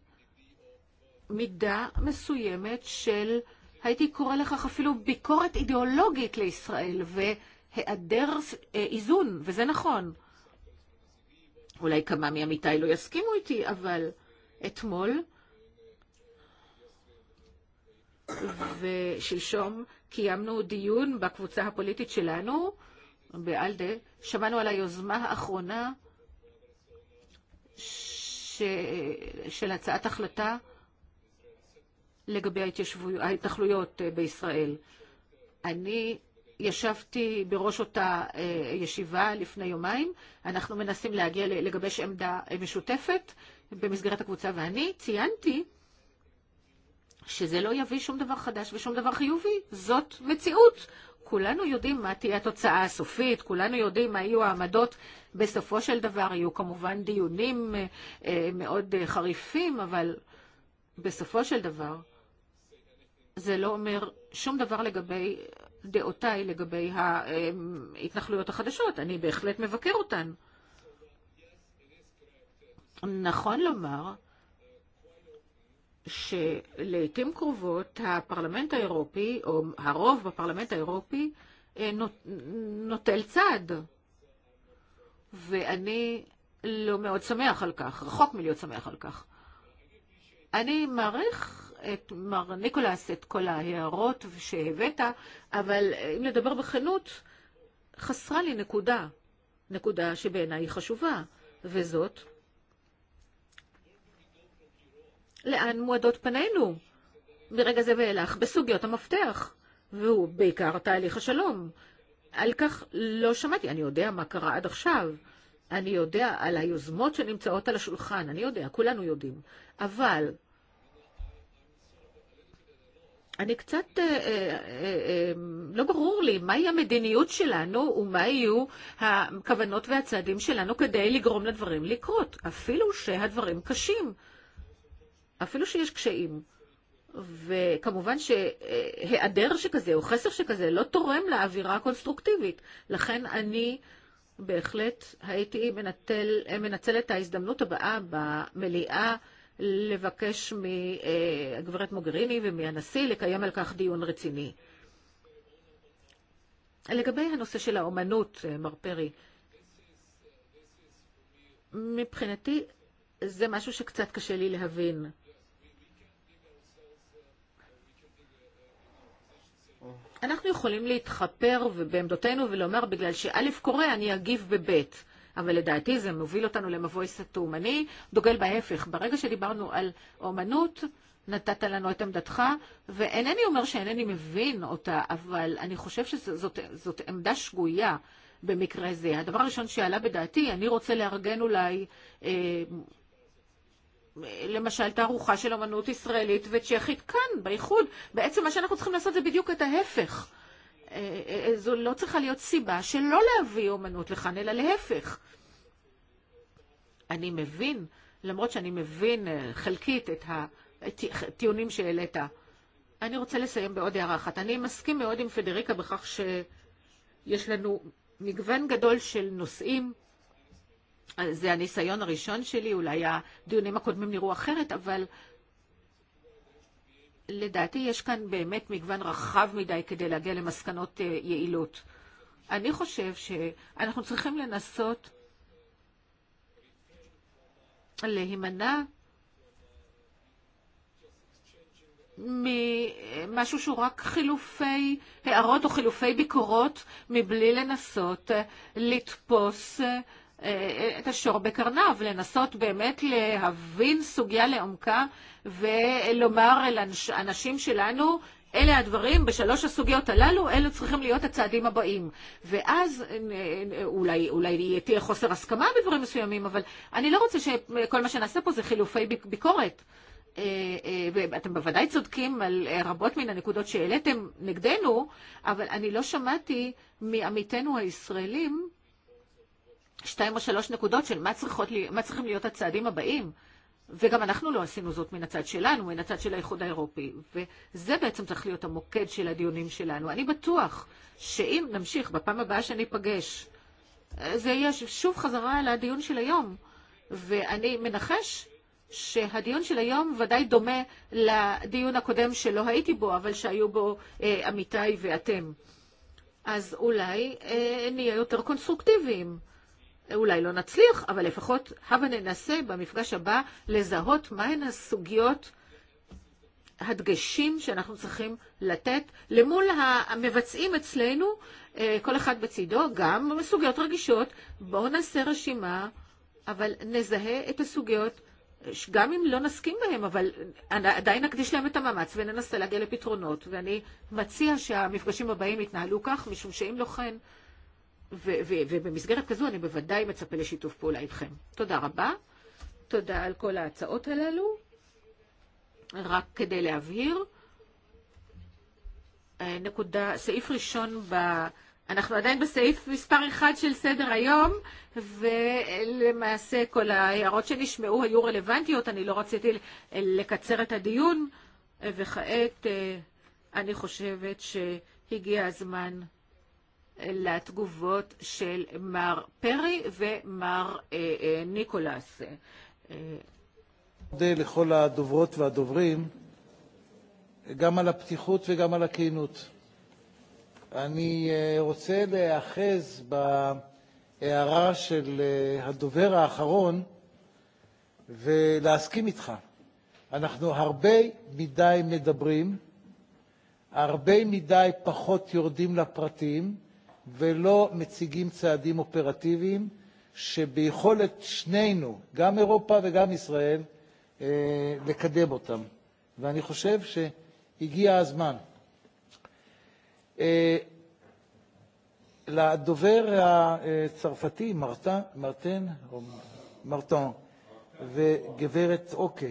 מידה מסוימת של, הייתי קורא לכך אפילו ביקורת אידיאולוגית לישראל, והיעדר איזון, וזה נכון. אולי כמה מעמיתיי לא יסכימו איתי, אבל... Etmol ושלשום קיימנו דיון בקבוצה הפוליטית שלנו, באלדה, שמענו על היוזמה האחרונה ש... של הצעת החלטה לגבי ההתנחלויות בישראל. אני ישבתי בראש אותה ישיבה לפני יומיים, אנחנו מנסים להגיע לגבש עמדה משותפת במסגרת הקבוצה, ואני ציינתי שזה לא יביא שום דבר חדש ושום דבר חיובי, זאת מציאות. כולנו יודעים מה תהיה התוצאה הסופית, כולנו יודעים מה יהיו העמדות בסופו של דבר, יהיו כמובן דיונים מאוד חריפים, אבל בסופו של דבר זה לא אומר שום דבר לגבי דעותיי לגבי ההתנחלויות החדשות, אני בהחלט מבקר אותן. נכון לומר שלעיתים קרובות הפרלמנט האירופי, או הרוב בפרלמנט האירופי, נוטל צד. ואני לא מאוד שמח על כך, רחוק מלהיות שמח על כך. אני מעריך את מר ניקולס, את כל ההערות שהבאת, אבל אם לדבר בכנות, חסרה לי נקודה, נקודה שבעיניי חשובה, וזאת לאן מועדות פנינו מרגע זה ואילך בסוגיות המפתח, והוא בעיקר תהליך השלום. על כך לא שמעתי, אני יודע מה קרה עד עכשיו, אני יודע על היוזמות שנמצאות על השולחן, אני יודע, כולנו יודעים, אבל אני קצת, אה, אה, אה, לא ברור לי מהי המדיניות שלנו ומה יהיו הכוונות והצעדים שלנו כדי לגרום לדברים לקרות, אפילו שהדברים קשים. אפילו שיש קשיים. וכמובן שהיעדר שכזה או חסר שכזה לא תורם לאווירה הקונסטרוקטיבית. לכן אני בהחלט הייתי מנצל, מנצל את ההזדמנות הבאה במליאה לבקש מהגברת מוגריני ומהנשיא לקיים על כך דיון רציני. לגבי הנושא של האומנות, מר פרי, מבחינתי זה משהו שקצת קשה לי להבין. אנחנו יכולים להתחפר בעמדותינו ולומר בגלל שא' קורה אני אגיב בב'. אבל לדעתי זה מוביל אותנו למבוי סתום. אני דוגל בהפך. ברגע שדיברנו על אומנות, נתת לנו את עמדתך, ואינני אומר שאינני מבין אותה, אבל אני חושב שזאת עמדה שגויה במקרה זה. הדבר הראשון שעלה בדעתי, אני רוצה לארגן אולי אה, למשל תערוכה של אמנות ישראלית וצ'כית כאן, בייחוד. בעצם מה שאנחנו צריכים לעשות זה בדיוק את ההפך. זו לא צריכה להיות סיבה שלא להביא אמנות לכאן, אלא להפך. אני מבין, למרות שאני מבין חלקית את הטיעונים שהעלית, אני רוצה לסיים בעוד הערה אחת. אני מסכים מאוד עם פדריקה בכך שיש לנו מגוון גדול של נושאים זה הניסיון הראשון שלי, אולי הדיונים הקודמים נראו אחרת, אבל לדעתי יש כאן באמת מגוון רחב מדי כדי להגיע למסקנות יעילות. אני חושב שאנחנו צריכים לנסות להימנע ממשהו שהוא רק חילופי הערות או חילופי ביקורות מבלי לנסות לתפוס אה, את השור בקרנב, לנסות באמת להבין סוגיה לעומקה ולומר לאנשים שלנו, אלה הדברים, בשלוש הסוגיות הללו, אלה צריכים להיות הצעדים הבאים. ואז אולי, אולי תהיה חוסר הסכמה בדברים מסוימים, אבל אני לא רוצה שכל מה שנעשה פה זה חילופי ביקורת. ואתם בוודאי צודקים על רבות מן הנקודות שהעליתם נגדנו, אבל אני לא שמעתי מעמיתינו הישראלים שתיים או שלוש נקודות של מה, צריכות, מה צריכים להיות הצעדים הבאים. וגם אנחנו לא עשינו זאת מן הצד שלנו, מן הצד של האיחוד האירופי. וזה בעצם צריך להיות המוקד של הדיונים שלנו. אני בטוח שאם נמשיך בפעם הבאה שאני אפגש, זה יהיה שוב חזרה על הדיון של היום. ואני מנחש שהדיון של היום ודאי דומה לדיון הקודם שלא הייתי בו, אבל שהיו בו אה, עמיתיי ואתם. אז אולי אה, נהיה יותר קונסטרוקטיביים. אולי לא נצליח, אבל לפחות הבה ננסה במפגש הבא לזהות מהן הסוגיות, הדגשים שאנחנו צריכים לתת למול המבצעים אצלנו, כל אחד בצידו, גם סוגיות רגישות. בואו נעשה רשימה, אבל נזהה את הסוגיות. גם אם לא נסכים בהם, אבל עדיין נקדיש להם את המאמץ וננסה להגיע לפתרונות. ואני מציע שהמפגשים הבאים יתנהלו כך, משום שאם לא כן, ובמסגרת כזו אני בוודאי מצפה לשיתוף פעולה איתכם. תודה רבה. תודה על כל ההצעות הללו. רק כדי להבהיר, נקודה, סעיף ראשון ב... אנחנו עדיין בסעיף מספר אחד של סדר היום, ולמעשה כל ההערות שנשמעו היו רלוונטיות, אני לא רציתי לקצר את הדיון, וכעת אני חושבת שהגיע הזמן לתגובות של מר פרי ומר ניקולס. תודה לכל הדוברות והדוברים, גם על הפתיחות וגם על הכנות. אני רוצה להיאחז בהערה של הדובר האחרון ולהסכים איתך. אנחנו הרבה מדי מדברים, הרבה מדי פחות יורדים לפרטים, ולא מציגים צעדים אופרטיביים שביכולת שנינו, גם אירופה וגם ישראל, לקדם אותם. ואני חושב שהגיע הזמן. לדובר הצרפתי, מרטן, מרטן, מרטן וגברת אוקה,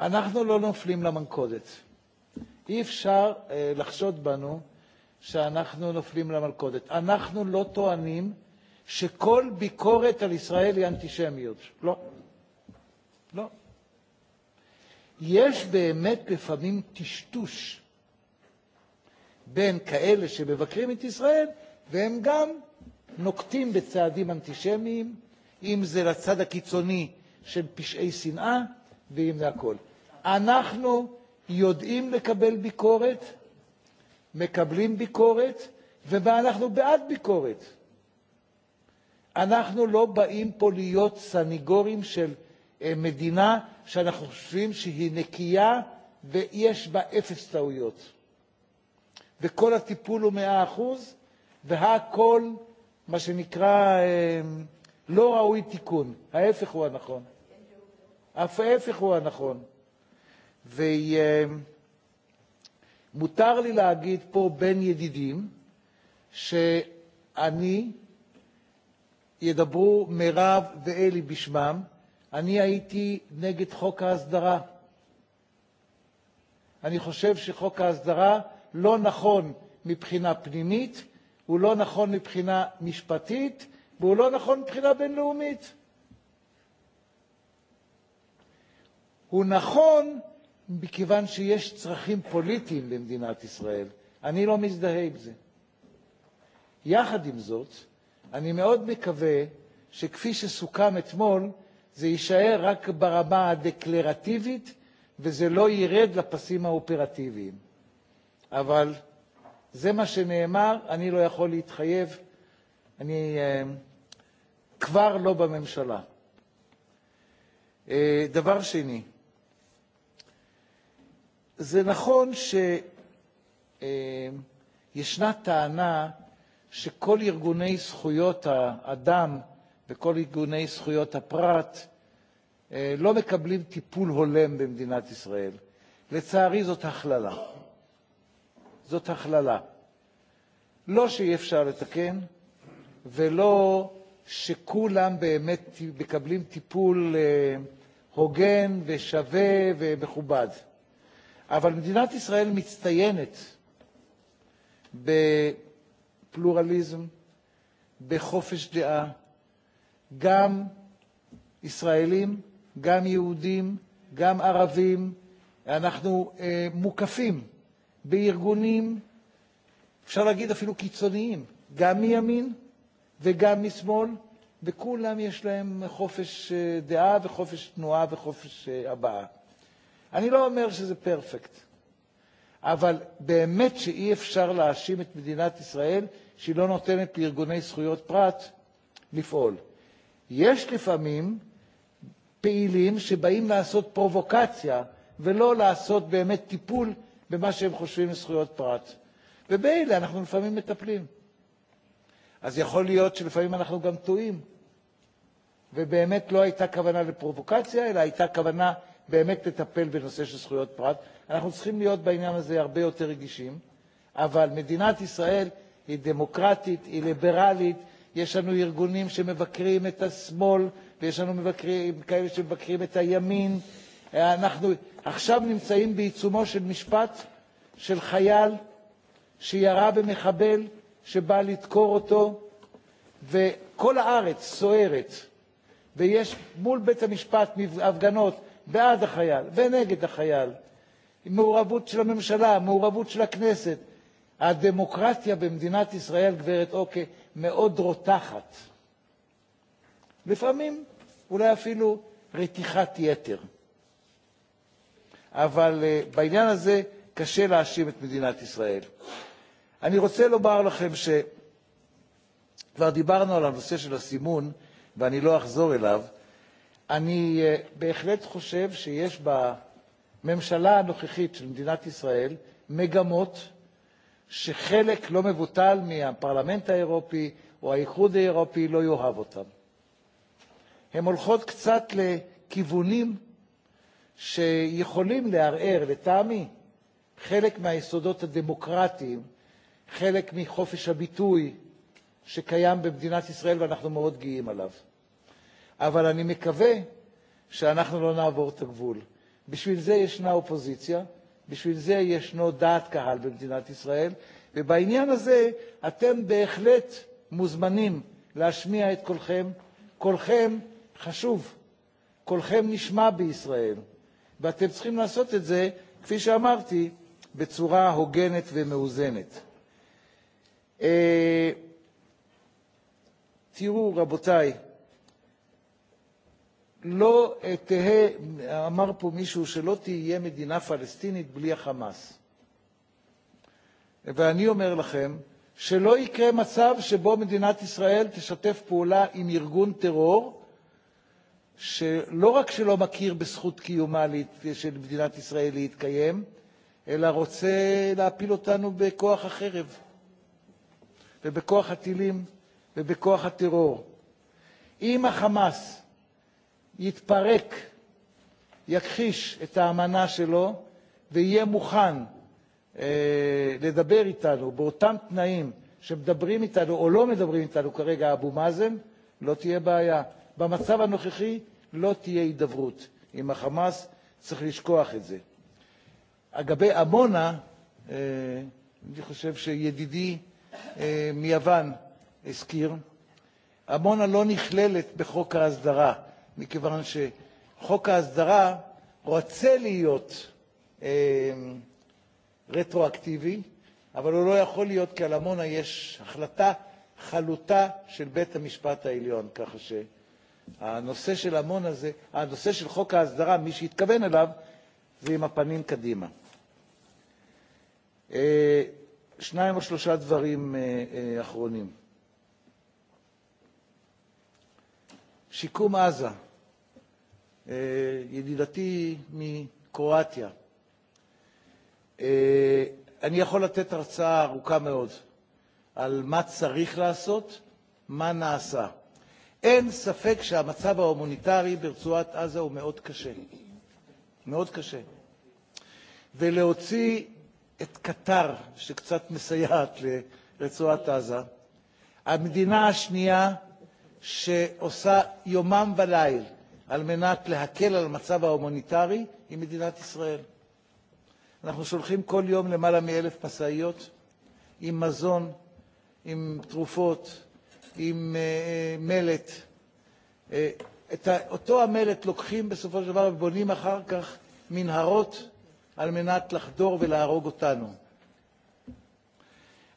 אנחנו לא נופלים למלכודת. אי אפשר לחשוד בנו שאנחנו נופלים למלכודת. אנחנו לא טוענים שכל ביקורת על ישראל היא אנטישמיות. לא. לא. יש באמת לפעמים טשטוש בין כאלה שמבקרים את ישראל, והם גם נוקטים בצעדים אנטישמיים, אם זה לצד הקיצוני של פשעי שנאה, ואם זה הכול. אנחנו יודעים לקבל ביקורת, מקבלים ביקורת, ומה אנחנו בעד ביקורת. אנחנו לא באים פה להיות סניגורים של מדינה שאנחנו חושבים שהיא נקייה ויש בה אפס טעויות. וכל הטיפול הוא מאה אחוז, והכל, מה שנקרא, לא ראוי תיקון. ההפך הוא הנכון. ההפך הוא הנכון. ו... מותר לי להגיד פה בין ידידים שאני, ידברו מירב ואלי בשמם, אני הייתי נגד חוק ההסדרה. אני חושב שחוק ההסדרה לא נכון מבחינה פנימית, הוא לא נכון מבחינה משפטית, והוא לא נכון מבחינה בינלאומית. הוא נכון מכיוון שיש צרכים פוליטיים במדינת ישראל. אני לא מזדהה עם זה. יחד עם זאת, אני מאוד מקווה שכפי שסוכם אתמול, זה יישאר רק ברמה הדקלרטיבית וזה לא ירד לפסים האופרטיביים. אבל זה מה שנאמר, אני לא יכול להתחייב, אני uh, כבר לא בממשלה. Uh, דבר שני, זה נכון שישנה טענה שכל ארגוני זכויות האדם וכל ארגוני זכויות הפרט לא מקבלים טיפול הולם במדינת ישראל. לצערי זאת הכללה. זאת הכללה. לא שאי אפשר לתקן, ולא שכולם באמת מקבלים טיפול הוגן ושווה ומכובד. אבל מדינת ישראל מצטיינת בפלורליזם, בחופש דעה, גם ישראלים, גם יהודים, גם ערבים, אנחנו אה, מוקפים בארגונים, אפשר להגיד אפילו קיצוניים, גם מימין וגם משמאל, וכולם יש להם חופש דעה וחופש תנועה וחופש הבעה. אני לא אומר שזה פרפקט, אבל באמת שאי אפשר להאשים את מדינת ישראל שהיא לא נותנת לארגוני זכויות פרט לפעול. יש לפעמים פעילים שבאים לעשות פרובוקציה ולא לעשות באמת טיפול במה שהם חושבים לזכויות פרט. ובאלה אנחנו לפעמים מטפלים. אז יכול להיות שלפעמים אנחנו גם טועים, ובאמת לא הייתה כוונה לפרובוקציה, אלא הייתה כוונה באמת לטפל בנושא של זכויות פרט. אנחנו צריכים להיות בעניין הזה הרבה יותר רגישים, אבל מדינת ישראל היא דמוקרטית, היא ליברלית, יש לנו ארגונים שמבקרים את השמאל, ויש לנו מבקרים, כאלה שמבקרים את הימין. אנחנו עכשיו נמצאים בעיצומו של משפט של חייל שירה במחבל שבא לדקור אותו, וכל הארץ סוערת, ויש מול בית המשפט הפגנות בעד החייל ונגד החייל, מעורבות של הממשלה, מעורבות של הכנסת. הדמוקרטיה במדינת ישראל, גברת אוקיי, מאוד רותחת. לפעמים אולי אפילו רתיחת יתר. אבל בעניין הזה קשה להאשים את מדינת ישראל. אני רוצה לומר לכם שכבר דיברנו על הנושא של הסימון, ואני לא אחזור אליו, אני בהחלט חושב שיש בממשלה הנוכחית של מדינת ישראל מגמות שחלק לא מבוטל מהפרלמנט האירופי או האיחוד האירופי לא יאהב אותן. הן הולכות קצת לכיוונים שיכולים לערער, לטעמי, חלק מהיסודות הדמוקרטיים, חלק מחופש הביטוי שקיים במדינת ישראל ואנחנו מאוד גאים עליו. אבל אני מקווה שאנחנו לא נעבור את הגבול. בשביל זה ישנה אופוזיציה, בשביל זה ישנו דעת קהל במדינת ישראל, ובעניין הזה אתם בהחלט מוזמנים להשמיע את קולכם. קולכם חשוב, קולכם נשמע בישראל, ואתם צריכים לעשות את זה, כפי שאמרתי, בצורה הוגנת ומאוזנת. תראו, רבותיי, לא תהא, אמר פה מישהו, שלא תהיה מדינה פלסטינית בלי החמאס. ואני אומר לכם, שלא יקרה מצב שבו מדינת ישראל תשתף פעולה עם ארגון טרור, שלא רק שלא מכיר בזכות קיומה של מדינת ישראל להתקיים, אלא רוצה להפיל אותנו בכוח החרב, ובכוח הטילים, ובכוח הטרור. אם החמאס יתפרק, יכחיש את האמנה שלו ויהיה מוכן אה, לדבר איתנו באותם תנאים שמדברים איתנו או לא מדברים איתנו כרגע אבו מאזן, לא תהיה בעיה. במצב הנוכחי לא תהיה הידברות עם החמאס, צריך לשכוח את זה. אגבי עמונה, אה, אני חושב שידידי אה, מיוון הזכיר, עמונה לא נכללת בחוק ההסדרה. מכיוון שחוק ההסדרה רוצה להיות אה, רטרואקטיבי, אבל הוא לא יכול להיות, כי על עמונה יש החלטה חלוטה של בית-המשפט העליון, ככה שהנושא של עמונה זה, הנושא של חוק ההסדרה, מי שהתכוון אליו, זה עם הפנים קדימה. שניים או שלושה דברים אחרונים. שיקום עזה. E, ידידתי מקרואטיה. E, אני יכול לתת הרצאה ארוכה מאוד על מה צריך לעשות, מה נעשה. אין ספק שהמצב ההומניטרי ברצועת עזה הוא מאוד קשה. מאוד קשה. ולהוציא את קטר, שקצת מסייעת לרצועת עזה, המדינה השנייה שעושה יומם וליל על מנת להקל על המצב ההומניטרי עם מדינת ישראל. אנחנו שולחים כל יום למעלה מאלף משאיות עם מזון, עם תרופות, עם uh, מלט. Uh, את אותו המלט לוקחים בסופו של דבר ובונים אחר כך מנהרות על מנת לחדור ולהרוג אותנו.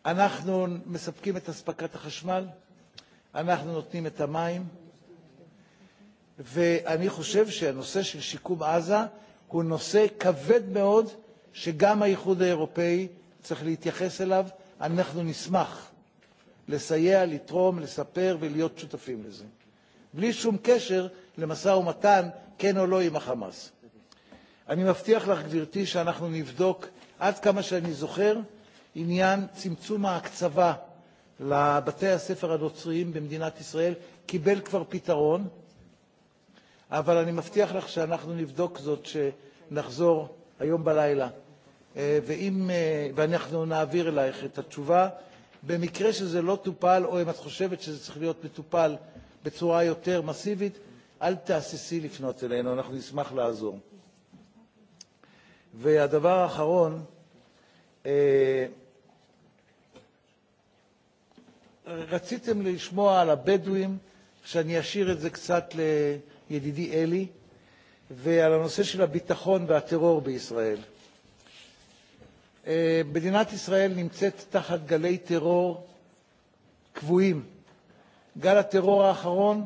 אנחנו מספקים את אספקת החשמל, אנחנו נותנים את המים, ואני חושב שהנושא של שיקום עזה הוא נושא כבד מאוד שגם האיחוד האירופאי צריך להתייחס אליו. אנחנו נשמח לסייע, לתרום, לספר ולהיות שותפים לזה, בלי שום קשר למשא ומתן, כן או לא, עם החמאס. אני מבטיח לך, גברתי, שאנחנו נבדוק, עד כמה שאני זוכר, עניין צמצום ההקצבה לבתי הספר הנוצריים במדינת ישראל קיבל כבר פתרון. אבל אני מבטיח לך שאנחנו נבדוק זאת, שנחזור היום בלילה. ואם, ואנחנו נעביר אלייך את התשובה. במקרה שזה לא טופל, או אם את חושבת שזה צריך להיות מטופל בצורה יותר מסיבית, אל תהססי לפנות אלינו, אנחנו נשמח לעזור. והדבר האחרון, רציתם לשמוע על הבדואים, שאני אשאיר את זה קצת ל... ידידי אלי, ועל הנושא של הביטחון והטרור בישראל. מדינת ישראל נמצאת תחת גלי טרור קבועים. גל הטרור האחרון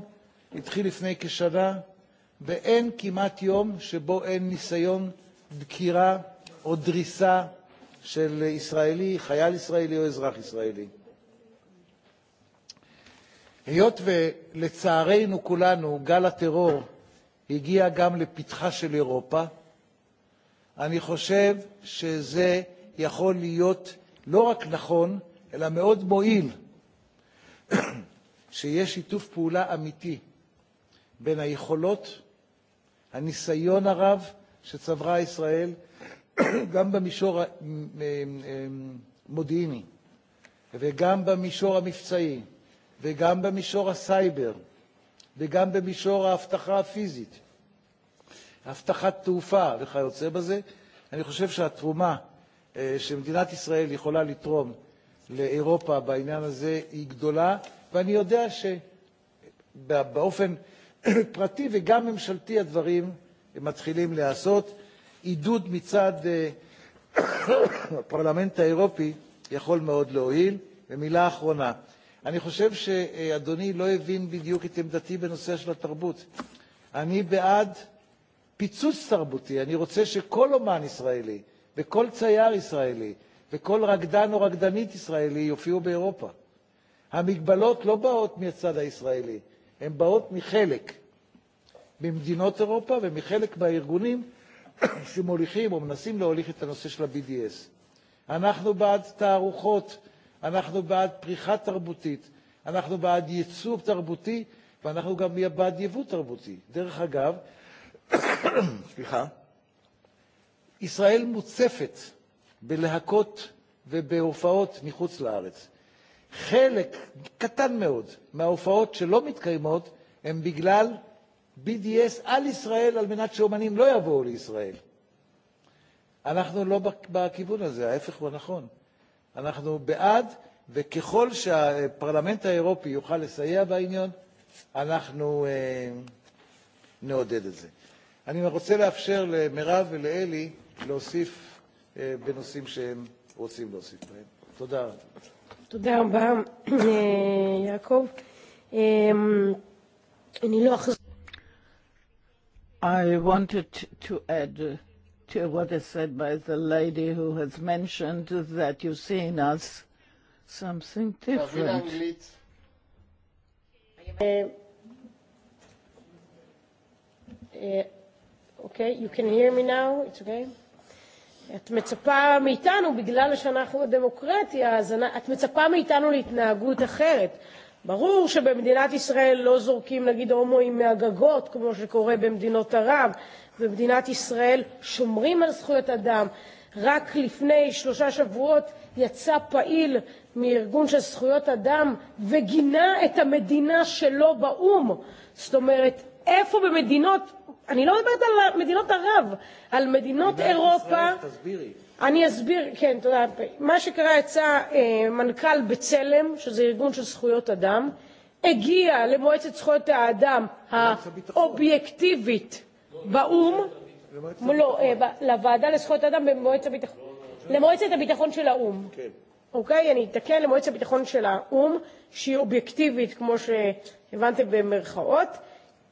התחיל לפני כשנה, ואין כמעט יום שבו אין ניסיון דקירה או דריסה של ישראלי, חייל ישראלי או אזרח ישראלי. היות ולצערנו כולנו גל הטרור הגיע גם לפתחה של אירופה, אני חושב שזה יכול להיות לא רק נכון, אלא מאוד מועיל שיש שיתוף פעולה אמיתי בין היכולות, הניסיון הרב שצברה ישראל, גם במישור המודיעיני וגם במישור המבצעי, וגם במישור הסייבר, וגם במישור האבטחה הפיזית, אבטחת תעופה וכיוצא בזה. אני חושב שהתרומה שמדינת ישראל יכולה לתרום לאירופה בעניין הזה היא גדולה, ואני יודע שבאופן פרטי וגם ממשלתי הדברים מתחילים להיעשות. עידוד מצד הפרלמנט האירופי יכול מאוד להועיל. ומילה אחרונה, אני חושב שאדוני לא הבין בדיוק את עמדתי בנושא של התרבות. אני בעד פיצוץ תרבותי, אני רוצה שכל אומן ישראלי וכל צייר ישראלי וכל רקדן או רקדנית ישראלי יופיעו באירופה. המגבלות לא באות מהצד הישראלי, הן באות מחלק ממדינות אירופה ומחלק מהארגונים שמוליכים או מנסים להוליך את הנושא של ה-BDS. אנחנו בעד תערוכות אנחנו בעד פריחה תרבותית, אנחנו בעד ייצוב תרבותי, ואנחנו גם בעד יבוא תרבותי. דרך אגב, סליחה, ישראל מוצפת בלהקות ובהופעות מחוץ לארץ. חלק קטן מאוד מההופעות שלא מתקיימות הם בגלל BDS על ישראל על מנת שאומנים לא יבואו לישראל. אנחנו לא בכיוון הזה, ההפך הוא הנכון. אנחנו בעד, וככל שהפרלמנט האירופי יוכל לסייע בעניין, אנחנו אה, נעודד את זה. אני רוצה לאפשר למירב ולאלי להוסיף אה, בנושאים שהם רוצים להוסיף בהם. תודה. תודה רבה, יעקב. אני לא אחזור. I wanted to add uh, to what is said by the lady who has mentioned that you see in us something different. Uh, uh, okay, you can hear me now, it's okay. את מצפה מאיתנו, בגלל שאנחנו דמוקרטיה, אז את מצפה מאיתנו להתנהגות אחרת. ברור שבמדינת ישראל לא זורקים נגיד הומואים מהגגות, כמו שקורה במדינות ערב, במדינת ישראל שומרים על זכויות אדם. רק לפני שלושה שבועות יצא פעיל מארגון של זכויות אדם וגינה את המדינה שלו באו"ם. זאת אומרת, איפה במדינות, אני לא מדברת על מדינות ערב, על מדינות אירופה... ישראל, אני אסביר, כן, תודה. מה שקרה, יצא אה, מנכ"ל בצלם, שזה ארגון של זכויות אדם, הגיע למועצת זכויות האדם האובייקטיבית באו"ם, לא, לוועדה לזכויות אדם במועצת הביטחון, למועצת הביטחון של האו"ם. כן. אוקיי? אני אתקן למועצת הביטחון של האו"ם, שהיא אובייקטיבית, כמו שהבנתם במרכאות,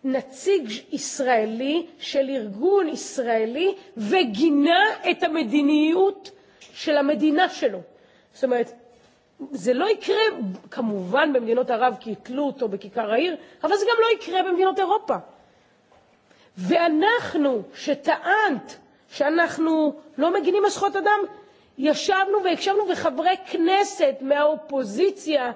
נציג ישראלי של ארגון ישראלי וגינה את המדיניות של המדינה שלו. זאת אומרת, זה לא יקרה כמובן במדינות ערב כי יתלו אותו בכיכר העיר, אבל זה גם לא יקרה במדינות אירופה. ואנחנו, שטענת שאנחנו לא מגינים על זכויות אדם, ישבנו והקשבנו, וחברי כנסת מהאופוזיציה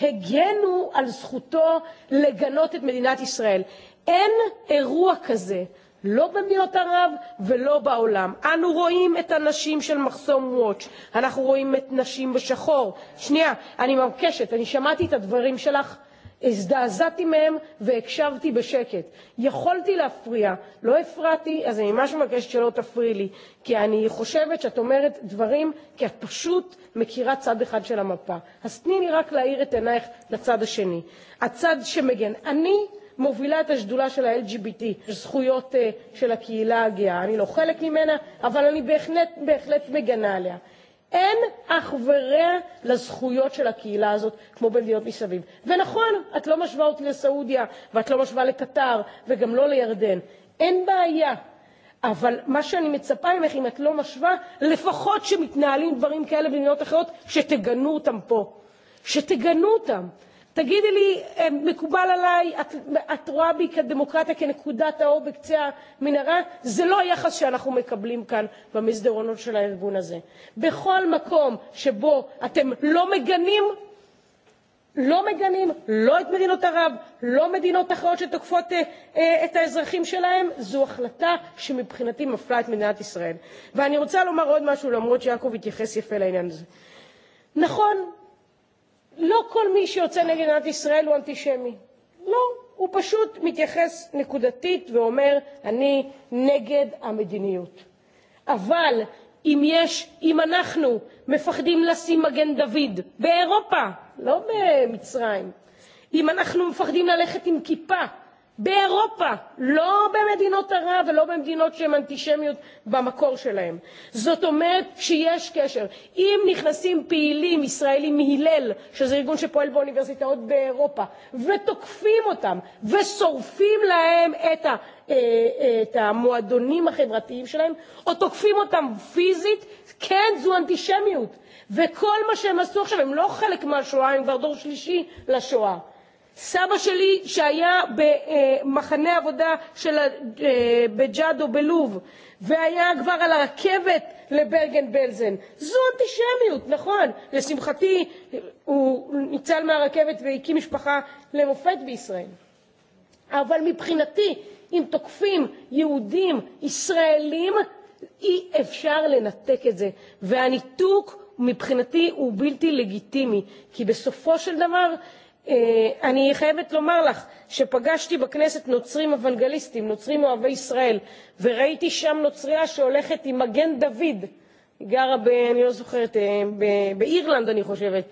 הגנו על זכותו לגנות את מדינת ישראל. אין אירוע כזה, לא במדינות ערב ולא בעולם. אנו רואים את הנשים של מחסום וואץ', אנחנו רואים את נשים בשחור. שנייה, אני מבקשת, אני שמעתי את הדברים שלך, הזדעזעתי מהם והקשבתי בשקט. יכולתי להפריע, לא הפרעתי, אז אני ממש מבקשת שלא תפריעי לי, כי אני חושבת שאת אומרת דברים כי את פשוט מכירה צד אחד של המפה. אז תני לי רק להאיר את עינייך לצד השני. הצד שמגן. אני מובילה את השדולה של ה-LGBT, זכויות של הקהילה הגאה. אני לא חלק ממנה, אבל אני בהחלט, בהחלט מגנה עליה. אין אך ורע לזכויות של הקהילה הזאת כמו במדינות מסביב. ונכון, את לא משווה אותי לסעודיה, ואת לא משווה לקטר, וגם לא לירדן. אין בעיה. אבל מה שאני מצפה ממך, אם את לא משווה, לפחות שמתנהלים דברים כאלה במדינות אחרות, שתגנו אותם פה. שתגנו אותם. תגידי לי, מקובל עליי, את, את רואה בי כדמוקרטיה כנקודת האור בקצה המנהרה? זה לא היחס שאנחנו מקבלים כאן במסדרונות של הארגון הזה. בכל מקום שבו אתם לא מגנים, לא מגנים לא את מדינות ערב, לא מדינות אחרות שתוקפות אה, את האזרחים שלהם, זו החלטה שמבחינתי מפלה את מדינת ישראל. ואני רוצה לומר עוד משהו, למרות שיעקב התייחס יפה לעניין הזה. נכון, לא כל מי שיוצא נגד מדינת ישראל הוא אנטישמי. לא, הוא פשוט מתייחס נקודתית ואומר, אני נגד המדיניות. אבל אם יש, אם אנחנו מפחדים לשים מגן דוד באירופה, לא במצרים, אם אנחנו מפחדים ללכת עם כיפה, באירופה, לא במדינות ערב ולא במדינות שהן אנטישמיות במקור שלהן. זאת אומרת שיש קשר. אם נכנסים פעילים ישראלים מהלל, שזה ארגון שפועל באוניברסיטאות באירופה, ותוקפים אותם ושורפים להם את, ה, את המועדונים החברתיים שלהם, או תוקפים אותם פיזית, כן, זו אנטישמיות. וכל מה שהם עשו עכשיו, הם לא חלק מהשואה, הם כבר דור שלישי לשואה. סבא שלי שהיה במחנה עבודה של, בג'אדו בלוב והיה כבר על הרכבת לברגן בלזן. זו אנטישמיות, נכון. לשמחתי הוא ניצל מהרכבת והקים משפחה למופת בישראל. אבל מבחינתי, אם תוקפים יהודים ישראלים, אי אפשר לנתק את זה. והניתוק מבחינתי הוא בלתי לגיטימי, כי בסופו של דבר אני חייבת לומר לך שפגשתי בכנסת נוצרים אוונגליסטים, נוצרים אוהבי ישראל, וראיתי שם נוצריה שהולכת עם מגן דוד, היא גרה, ב, אני לא זוכרת, ב, באירלנד אני חושבת,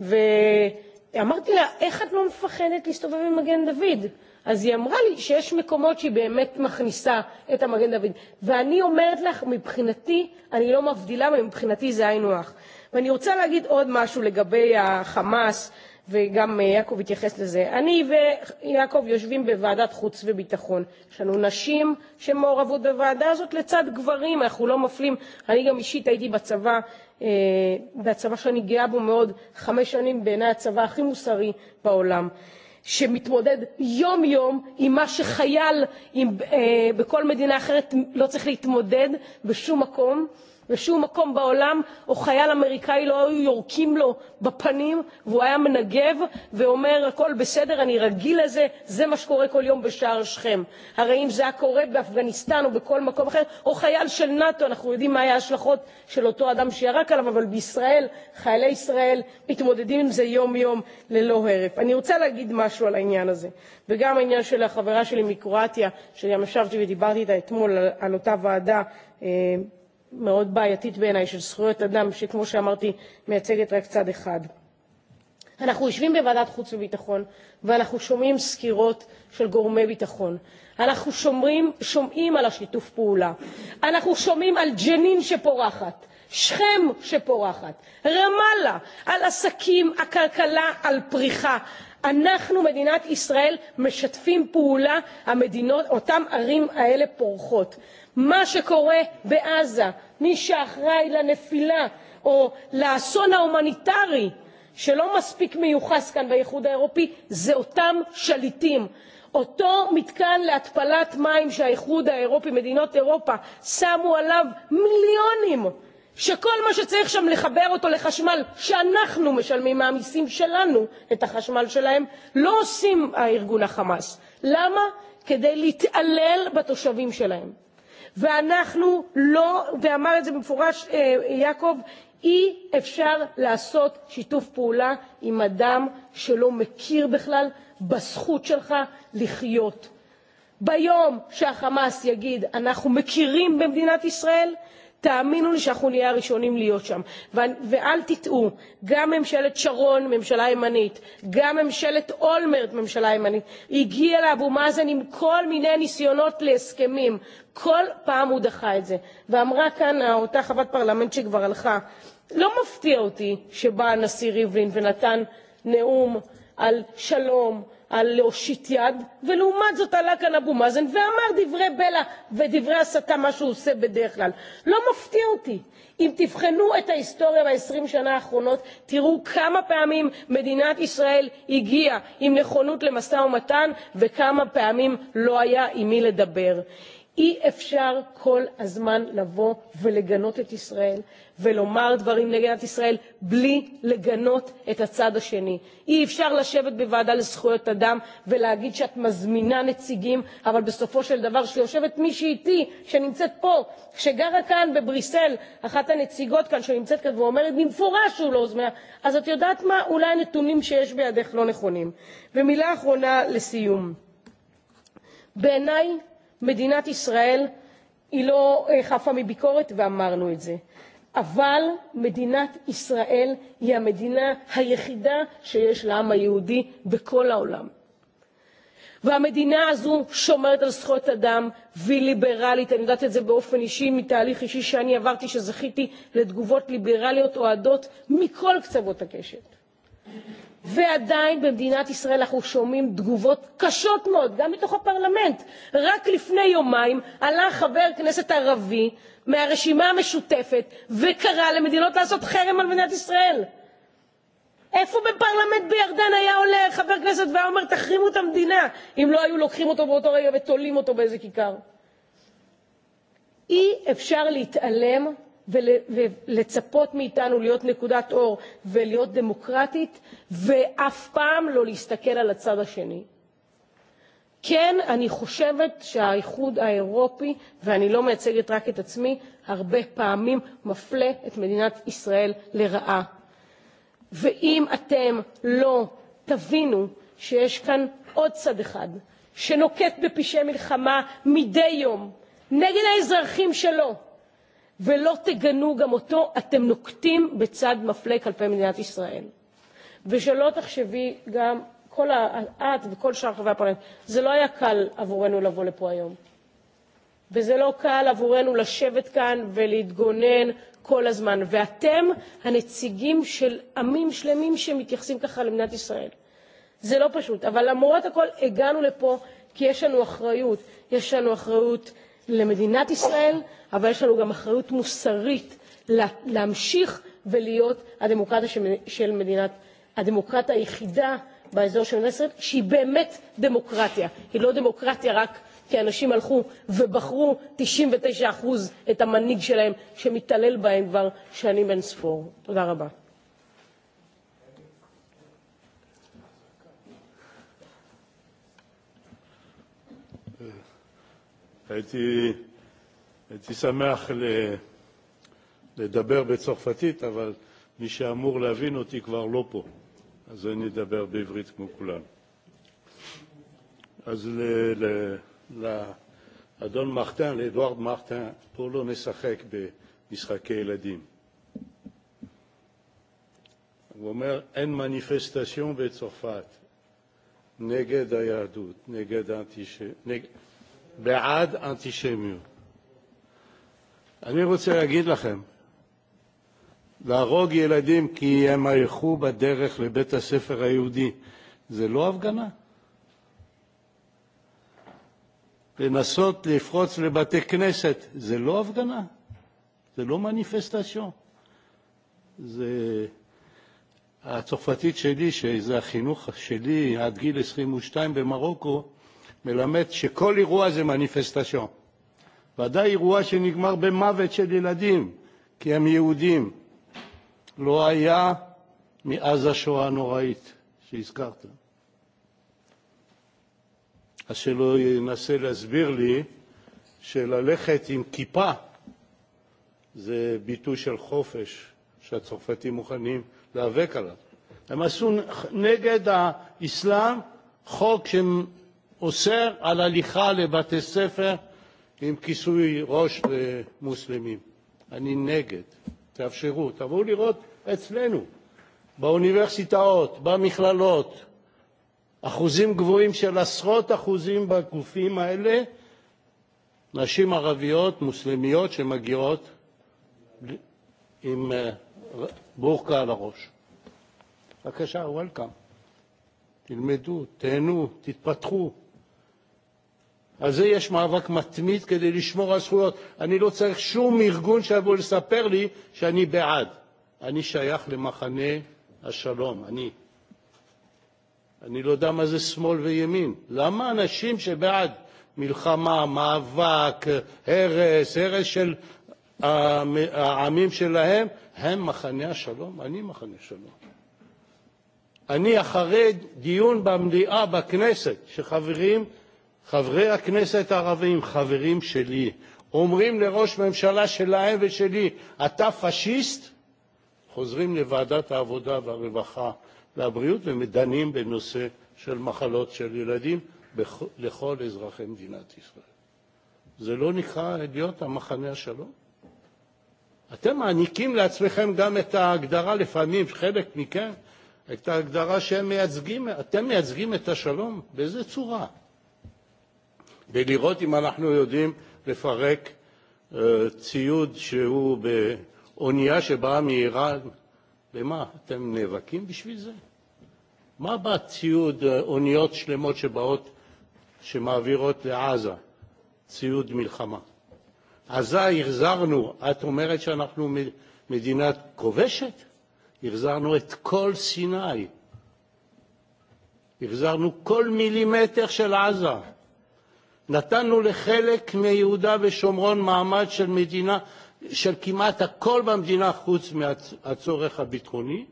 ואמרתי לה, איך את לא מפחדת להסתובב עם מגן דוד? אז היא אמרה לי שיש מקומות שהיא באמת מכניסה את המגן דוד. ואני אומרת לך, מבחינתי, אני לא מבדילה, ומבחינתי זה היינו הך. ואני רוצה להגיד עוד משהו לגבי החמאס. וגם יעקב התייחס לזה. אני ויעקב יושבים בוועדת חוץ וביטחון. יש לנו נשים שמעורבות בוועדה הזאת לצד גברים, אנחנו לא מפלים. אני גם אישית הייתי בצבא, בצבא שאני גאה בו מאוד, חמש שנים בעיני הצבא הכי מוסרי בעולם. שמתמודד יום-יום עם מה שחייל עם, בכל מדינה אחרת לא צריך להתמודד בשום מקום. בשום מקום בעולם, או חייל אמריקאי לא היו יורקים לו בפנים, והוא היה מנגב ואומר, הכל בסדר, אני רגיל לזה, זה מה שקורה כל יום בשער שכם. הרי אם זה היה קורה באפגניסטן או בכל מקום אחר, או חייל של נאט"ו, אנחנו יודעים מה היה ההשלכות של אותו אדם שירק עליו, אבל בישראל, חיילי ישראל מתמודדים עם זה יום-יום ללא הרף. אני רוצה להגיד משהו על העניין הזה, וגם העניין של החברה שלי מקרואטיה, שגם ישבתי ודיברתי איתה אתמול על, על אותה ועדה, מאוד בעייתית בעיניי של זכויות אדם, שכמו שאמרתי, מייצגת רק צד אחד. אנחנו יושבים בוועדת חוץ וביטחון, ואנחנו שומעים סקירות של גורמי ביטחון. אנחנו שומרים, שומעים על השיתוף פעולה. אנחנו שומעים על ג'נין שפורחת, שכם שפורחת, רמאללה, על עסקים, הכלכלה על פריחה. אנחנו, מדינת ישראל, משתפים פעולה, המדינות, אותן ערים האלה פורחות. מה שקורה בעזה, מי שאחראי לנפילה או לאסון ההומניטרי שלא מספיק מיוחס כאן באיחוד האירופי, זה אותם שליטים. אותו מתקן להתפלת מים שהאיחוד האירופי, מדינות אירופה, שמו עליו מיליונים, שכל מה שצריך שם לחבר אותו לחשמל, שאנחנו משלמים מהמיסים שלנו את החשמל שלהם, לא עושים הארגון החמאס. למה? כדי להתעלל בתושבים שלהם. ואנחנו לא, ואמר את זה במפורש יעקב, אי אפשר לעשות שיתוף פעולה עם אדם שלא מכיר בכלל בזכות שלך לחיות. ביום שהחמאס יגיד אנחנו מכירים במדינת ישראל, תאמינו לי שאנחנו נהיה הראשונים להיות שם. ו- ואל תטעו, גם ממשלת שרון, ממשלה ימנית, גם ממשלת אולמרט, ממשלה ימנית, הגיע לאבו מאזן עם כל מיני ניסיונות להסכמים. כל פעם הוא דחה את זה. ואמרה כאן אותה חברת פרלמנט שכבר הלכה, לא מפתיע אותי שבא הנשיא ריבלין ונתן נאום על שלום, על להושיט יד, ולעומת זאת עלה כאן אבו מאזן ואמר דברי בלע ודברי הסתה, מה שהוא עושה בדרך כלל. לא מפתיע אותי. אם תבחנו את ההיסטוריה ב-20 שנה האחרונות, תראו כמה פעמים מדינת ישראל הגיעה עם נכונות למשא ומתן וכמה פעמים לא היה עם מי לדבר. אי אפשר כל הזמן לבוא ולגנות את ישראל ולומר דברים נגד ישראל בלי לגנות את הצד השני. אי אפשר לשבת בוועדה לזכויות אדם ולהגיד שאת מזמינה נציגים, אבל בסופו של דבר שיושבת מישהי איתי, שנמצאת פה, שגרה כאן בבריסל, אחת הנציגות כאן שנמצאת כאן ואומרת במפורש שהוא לא הוזמנה, אז את יודעת מה? אולי הנתונים שיש בידך לא נכונים. ומילה אחרונה לסיום. בעיניי מדינת ישראל היא לא חפה מביקורת, ואמרנו את זה. אבל מדינת ישראל היא המדינה היחידה שיש לעם היהודי בכל העולם. והמדינה הזו שומרת על זכויות אדם והיא ליברלית, אני יודעת את זה באופן אישי, מתהליך אישי שאני עברתי, שזכיתי לתגובות ליברליות אוהדות מכל קצוות הקשת. ועדיין במדינת ישראל אנחנו שומעים תגובות קשות מאוד, גם מתוך הפרלמנט. רק לפני יומיים עלה חבר כנסת ערבי מהרשימה המשותפת וקרא למדינות לעשות חרם על מדינת ישראל. איפה בפרלמנט בירדן היה עולה חבר כנסת והיה אומר תחרימו את המדינה אם לא היו לוקחים אותו באותו רגע ותולים אותו באיזה כיכר? אי אפשר להתעלם ולצפות מאיתנו להיות נקודת אור ולהיות דמוקרטית, ואף פעם לא להסתכל על הצד השני. כן, אני חושבת שהאיחוד האירופי, ואני לא מייצגת רק את עצמי, הרבה פעמים מפלה את מדינת ישראל לרעה. ואם אתם לא תבינו שיש כאן עוד צד אחד שנוקט בפשעי מלחמה מדי יום נגד האזרחים שלו, ולא תגנו גם אותו, אתם נוקטים בצד מפלה כלפי מדינת ישראל. ושלא תחשבי גם, כל ה, את וכל שאר חברי הפרלמנט, זה לא היה קל עבורנו לבוא לפה היום. וזה לא קל עבורנו לשבת כאן ולהתגונן כל הזמן. ואתם הנציגים של עמים שלמים שמתייחסים ככה למדינת ישראל. זה לא פשוט, אבל למרות הכל הגענו לפה כי יש לנו אחריות. יש לנו אחריות למדינת ישראל, אבל יש לנו גם אחריות מוסרית להמשיך ולהיות הדמוקרטיה של מדינת, הדמוקרטיה היחידה באזור של מדינת ישראל, שהיא באמת דמוקרטיה. היא לא דמוקרטיה רק כי אנשים הלכו ובחרו 99% את המנהיג שלהם שמתעלל בהם כבר שנים אין ספור. תודה רבה. הייתי, הייתי שמח ל, לדבר בצרפתית, אבל מי שאמור להבין אותי כבר לא פה, אז אני אדבר בעברית כמו כולם. אז ל, ל, לאדון מרטין, לאדוארד מרטין, פה לא נשחק במשחקי ילדים. הוא אומר, אין מניפסטציון בצרפת נגד היהדות, נגד, אנטיש... נגד, בעד אנטישמיות. אני רוצה להגיד לכם, להרוג ילדים כי הם הלכו בדרך לבית הספר היהודי, זה לא הפגנה? לנסות לפרוץ לבתי כנסת, זה לא הפגנה, זה לא מניפסטציון. זה הצרפתית שלי, שזה החינוך שלי עד גיל 22 במרוקו, מלמד שכל אירוע זה מניפסטציון. ודאי אירוע שנגמר במוות של ילדים, כי הם יהודים. לא היה מאז השואה הנוראית שהזכרת. אז שלא ינסה להסביר לי שללכת עם כיפה זה ביטוי של חופש שהצרפתים מוכנים להיאבק עליו. הם עשו נגד האסלאם חוק אוסר על הליכה לבתי ספר עם כיסוי ראש למוסלמים. אני נגד. תאפשרו, תבואו לראות אצלנו, באוניברסיטאות, במכללות, אחוזים גבוהים של עשרות אחוזים בגופים האלה, נשים ערביות, מוסלמיות, שמגיעות עם בורקה על הראש. בבקשה, וולקאם. תלמדו, תהנו, תתפתחו. על זה יש מאבק מתמיד כדי לשמור על זכויות. אני לא צריך שום ארגון שיבוא לספר לי שאני בעד. אני שייך למחנה השלום, אני. אני לא יודע מה זה שמאל וימין. למה אנשים שבעד מלחמה, מאבק, הרס, הרס של העמים שלהם, הם מחנה השלום? אני מחנה שלום. אני אחרי דיון במליאה, בכנסת, שחברים חברי הכנסת הערבים, חברים שלי, אומרים לראש ממשלה שלהם ושלי, אתה פשיסט? חוזרים לוועדת העבודה והרווחה והבריאות ומדנים בנושא של מחלות של ילדים לכל אזרחי מדינת ישראל. זה לא נקרא להיות המחנה השלום? אתם מעניקים לעצמכם גם את ההגדרה, לפעמים חלק מכם, את ההגדרה שהם מייצגים, אתם מייצגים את השלום? באיזה צורה? ולראות אם אנחנו יודעים לפרק ציוד שהוא באונייה שבאה מאיראן. למה, אתם נאבקים בשביל זה? מה בציוד אוניות שלמות שבאות, שמעבירות לעזה? ציוד מלחמה. עזה החזרנו, את אומרת שאנחנו מדינה כובשת? החזרנו את כל סיני. החזרנו כל מילימטר של עזה. נתנו לחלק מיהודה ושומרון מעמד של מדינה, של כמעט הכל במדינה חוץ מהצורך הביטחוני,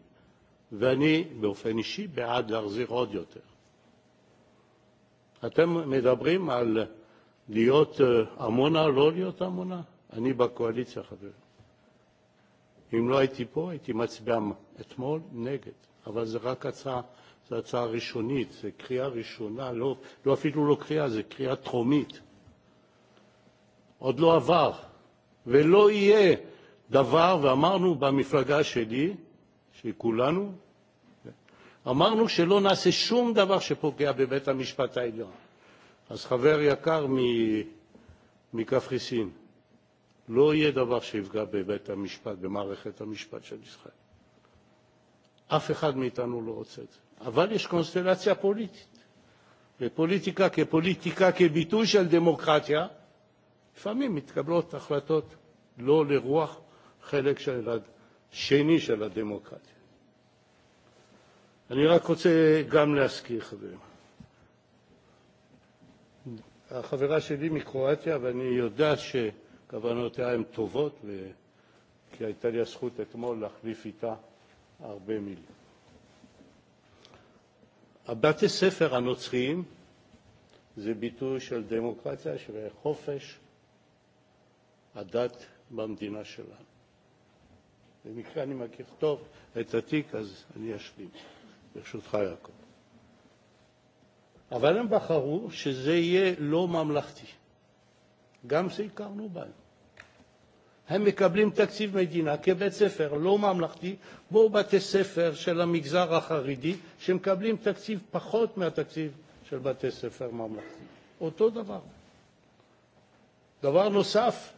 ואני באופן אישי בעד להחזיר עוד יותר. אתם מדברים על להיות עמונה, לא להיות עמונה? אני בקואליציה, חברים. אם לא הייתי פה, הייתי מצביע אתמול נגד. אבל זו רק הצעה, זו הצעה ראשונית, זו קריאה ראשונה, לא, לא אפילו לא קריאה, זו קריאה טרומית. עוד לא עבר, ולא יהיה דבר, ואמרנו במפלגה שלי, של כולנו, אמרנו שלא נעשה שום דבר שפוגע בבית המשפט העליון. אז חבר יקר מקפריסין, לא יהיה דבר שיפגע בבית המשפט, במערכת המשפט של ישראל. אף אחד מאיתנו לא רוצה את זה. אבל יש קונסטלציה פוליטית. ופוליטיקה כפוליטיקה, כביטוי של דמוקרטיה, לפעמים מתקבלות החלטות לא לרוח חלק של השני של הדמוקרטיה. אני רק רוצה גם להזכיר, חברים. החברה שלי מקרואטיה, ואני יודע ש... כוונותיה הן טובות, כי הייתה לי הזכות אתמול להחליף איתה הרבה מילים. הבתי ספר הנוצריים זה ביטוי של דמוקרטיה וחופש הדת במדינה שלנו. במקרה אני מכיר טוב את התיק, אז אני אשלים, ברשותך יעקב. אבל הם בחרו שזה יהיה לא ממלכתי. גם שהכרנו בהם. הם מקבלים תקציב מדינה כבית ספר לא ממלכתי, כמו בתי ספר של המגזר החרדי, שמקבלים תקציב פחות מהתקציב של בתי ספר ממלכתי. אותו דבר. דבר נוסף,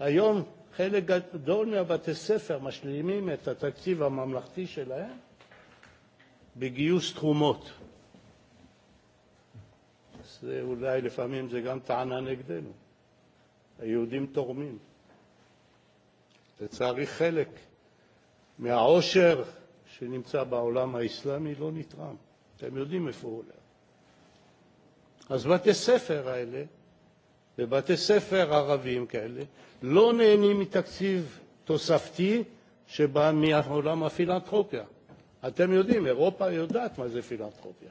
היום חלק גדול מהבתי ספר משלימים את התקציב הממלכתי שלהם בגיוס תרומות. אולי לפעמים זה גם טענה נגדנו. היהודים תורמים. לצערי חלק מהעושר שנמצא בעולם האסלאמי לא נתרם. אתם יודעים איפה הוא עולה. אז בתי ספר האלה, ובתי ספר ערבים כאלה, לא נהנים מתקציב תוספתי שבא מעולם הפילנטרופיה. אתם יודעים, אירופה יודעת מה זה פילנטרופיה.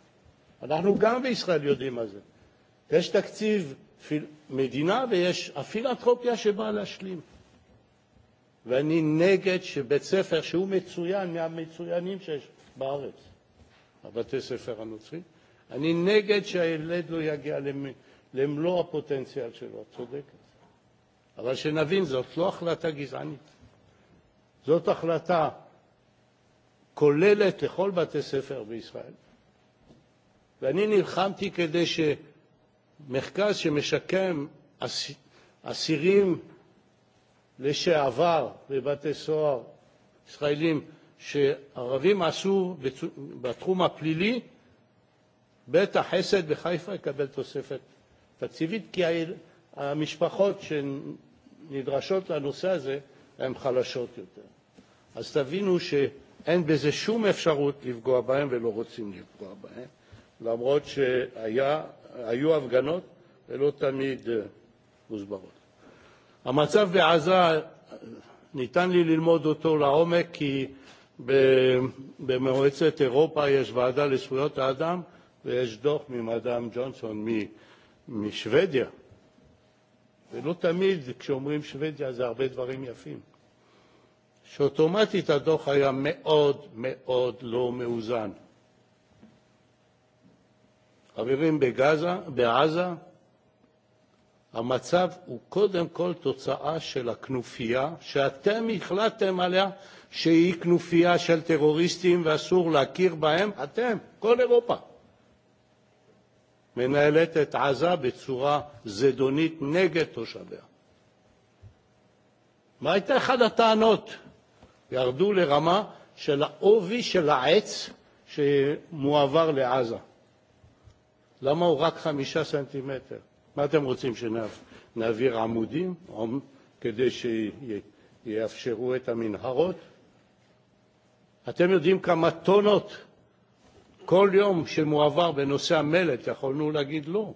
אנחנו גם בישראל יודעים מה זה. יש תקציב מדינה ויש הפילנטרופיה שבאה להשלים. ואני נגד שבית ספר שהוא מצוין מהמצוינים שיש בארץ, הבתי ספר הנוצרים, אני נגד שהילד לא יגיע למלוא הפוטנציאל שלו, את צודקת. אבל שנבין, זאת לא החלטה גזענית. זאת החלטה כוללת לכל בתי ספר בישראל. ואני נלחמתי כדי ש... מחקר שמשקם אסירים לשעבר בבתי סוהר ישראלים שערבים עשו בתחום הפלילי, בית החסד בחיפה יקבל תוספת תקציבית, כי המשפחות שנדרשות לנושא הזה הן חלשות יותר. אז תבינו שאין בזה שום אפשרות לפגוע בהם ולא רוצים לפגוע בהם, למרות שהיה היו הפגנות ולא תמיד מוסברות. המצב בעזה, ניתן לי ללמוד אותו לעומק כי במועצת אירופה יש ועדה לזכויות האדם ויש דוח ממאדם ג'ונסון משוודיה. ולא תמיד כשאומרים שוודיה זה הרבה דברים יפים. שאוטומטית הדוח היה מאוד מאוד לא מאוזן. חברים, בגזה, בעזה המצב הוא קודם כל תוצאה של הכנופיה שאתם החלטתם עליה שהיא כנופיה של טרוריסטים ואסור להכיר בהם, אתם, כל אירופה. מנהלת את עזה בצורה זדונית נגד תושביה. מה הייתה אחת הטענות? ירדו לרמה של העובי של העץ שמועבר לעזה. למה הוא רק חמישה סנטימטר? מה אתם רוצים, שנעביר עמודים כדי שיאפשרו את המנהרות? אתם יודעים כמה טונות כל יום שמועבר בנושא המלט יכולנו להגיד לא.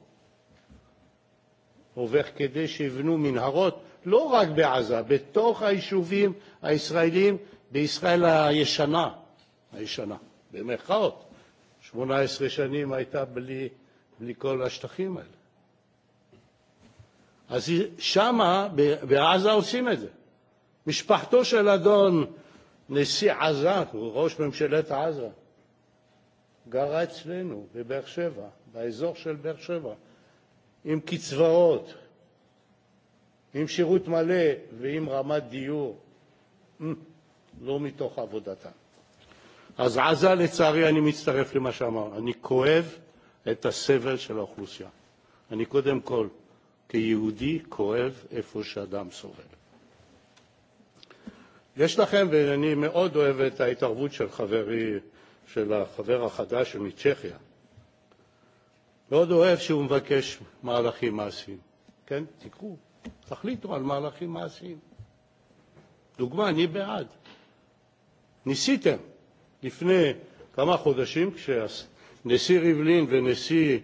עובר כדי שיבנו מנהרות לא רק בעזה, בתוך היישובים הישראלים בישראל הישנה, הישנה, במרכאות. 18 שנים הייתה בלי לכל השטחים האלה. אז שמה, בעזה עושים את זה. משפחתו של אדון נשיא עזה, הוא ראש ממשלת עזה, גרה אצלנו בבאר שבע, באזור של באר שבע, עם קצבאות, עם שירות מלא ועם רמת דיור, לא מתוך עבודתה. אז עזה, לצערי, אני מצטרף למה שאמר. אני כואב את הסבל של האוכלוסייה. אני קודם כל, כיהודי, כואב איפה שאדם סובל. יש לכם, ואני מאוד אוהב את ההתערבות של חברי, של החבר החדש מצ'כיה. מאוד אוהב שהוא מבקש מהלכים מעשיים. כן, תיקחו, תחליטו על מהלכים מעשיים. דוגמה, אני בעד. ניסיתם לפני כמה חודשים, כשעש... נשיא ריבלין ונשיא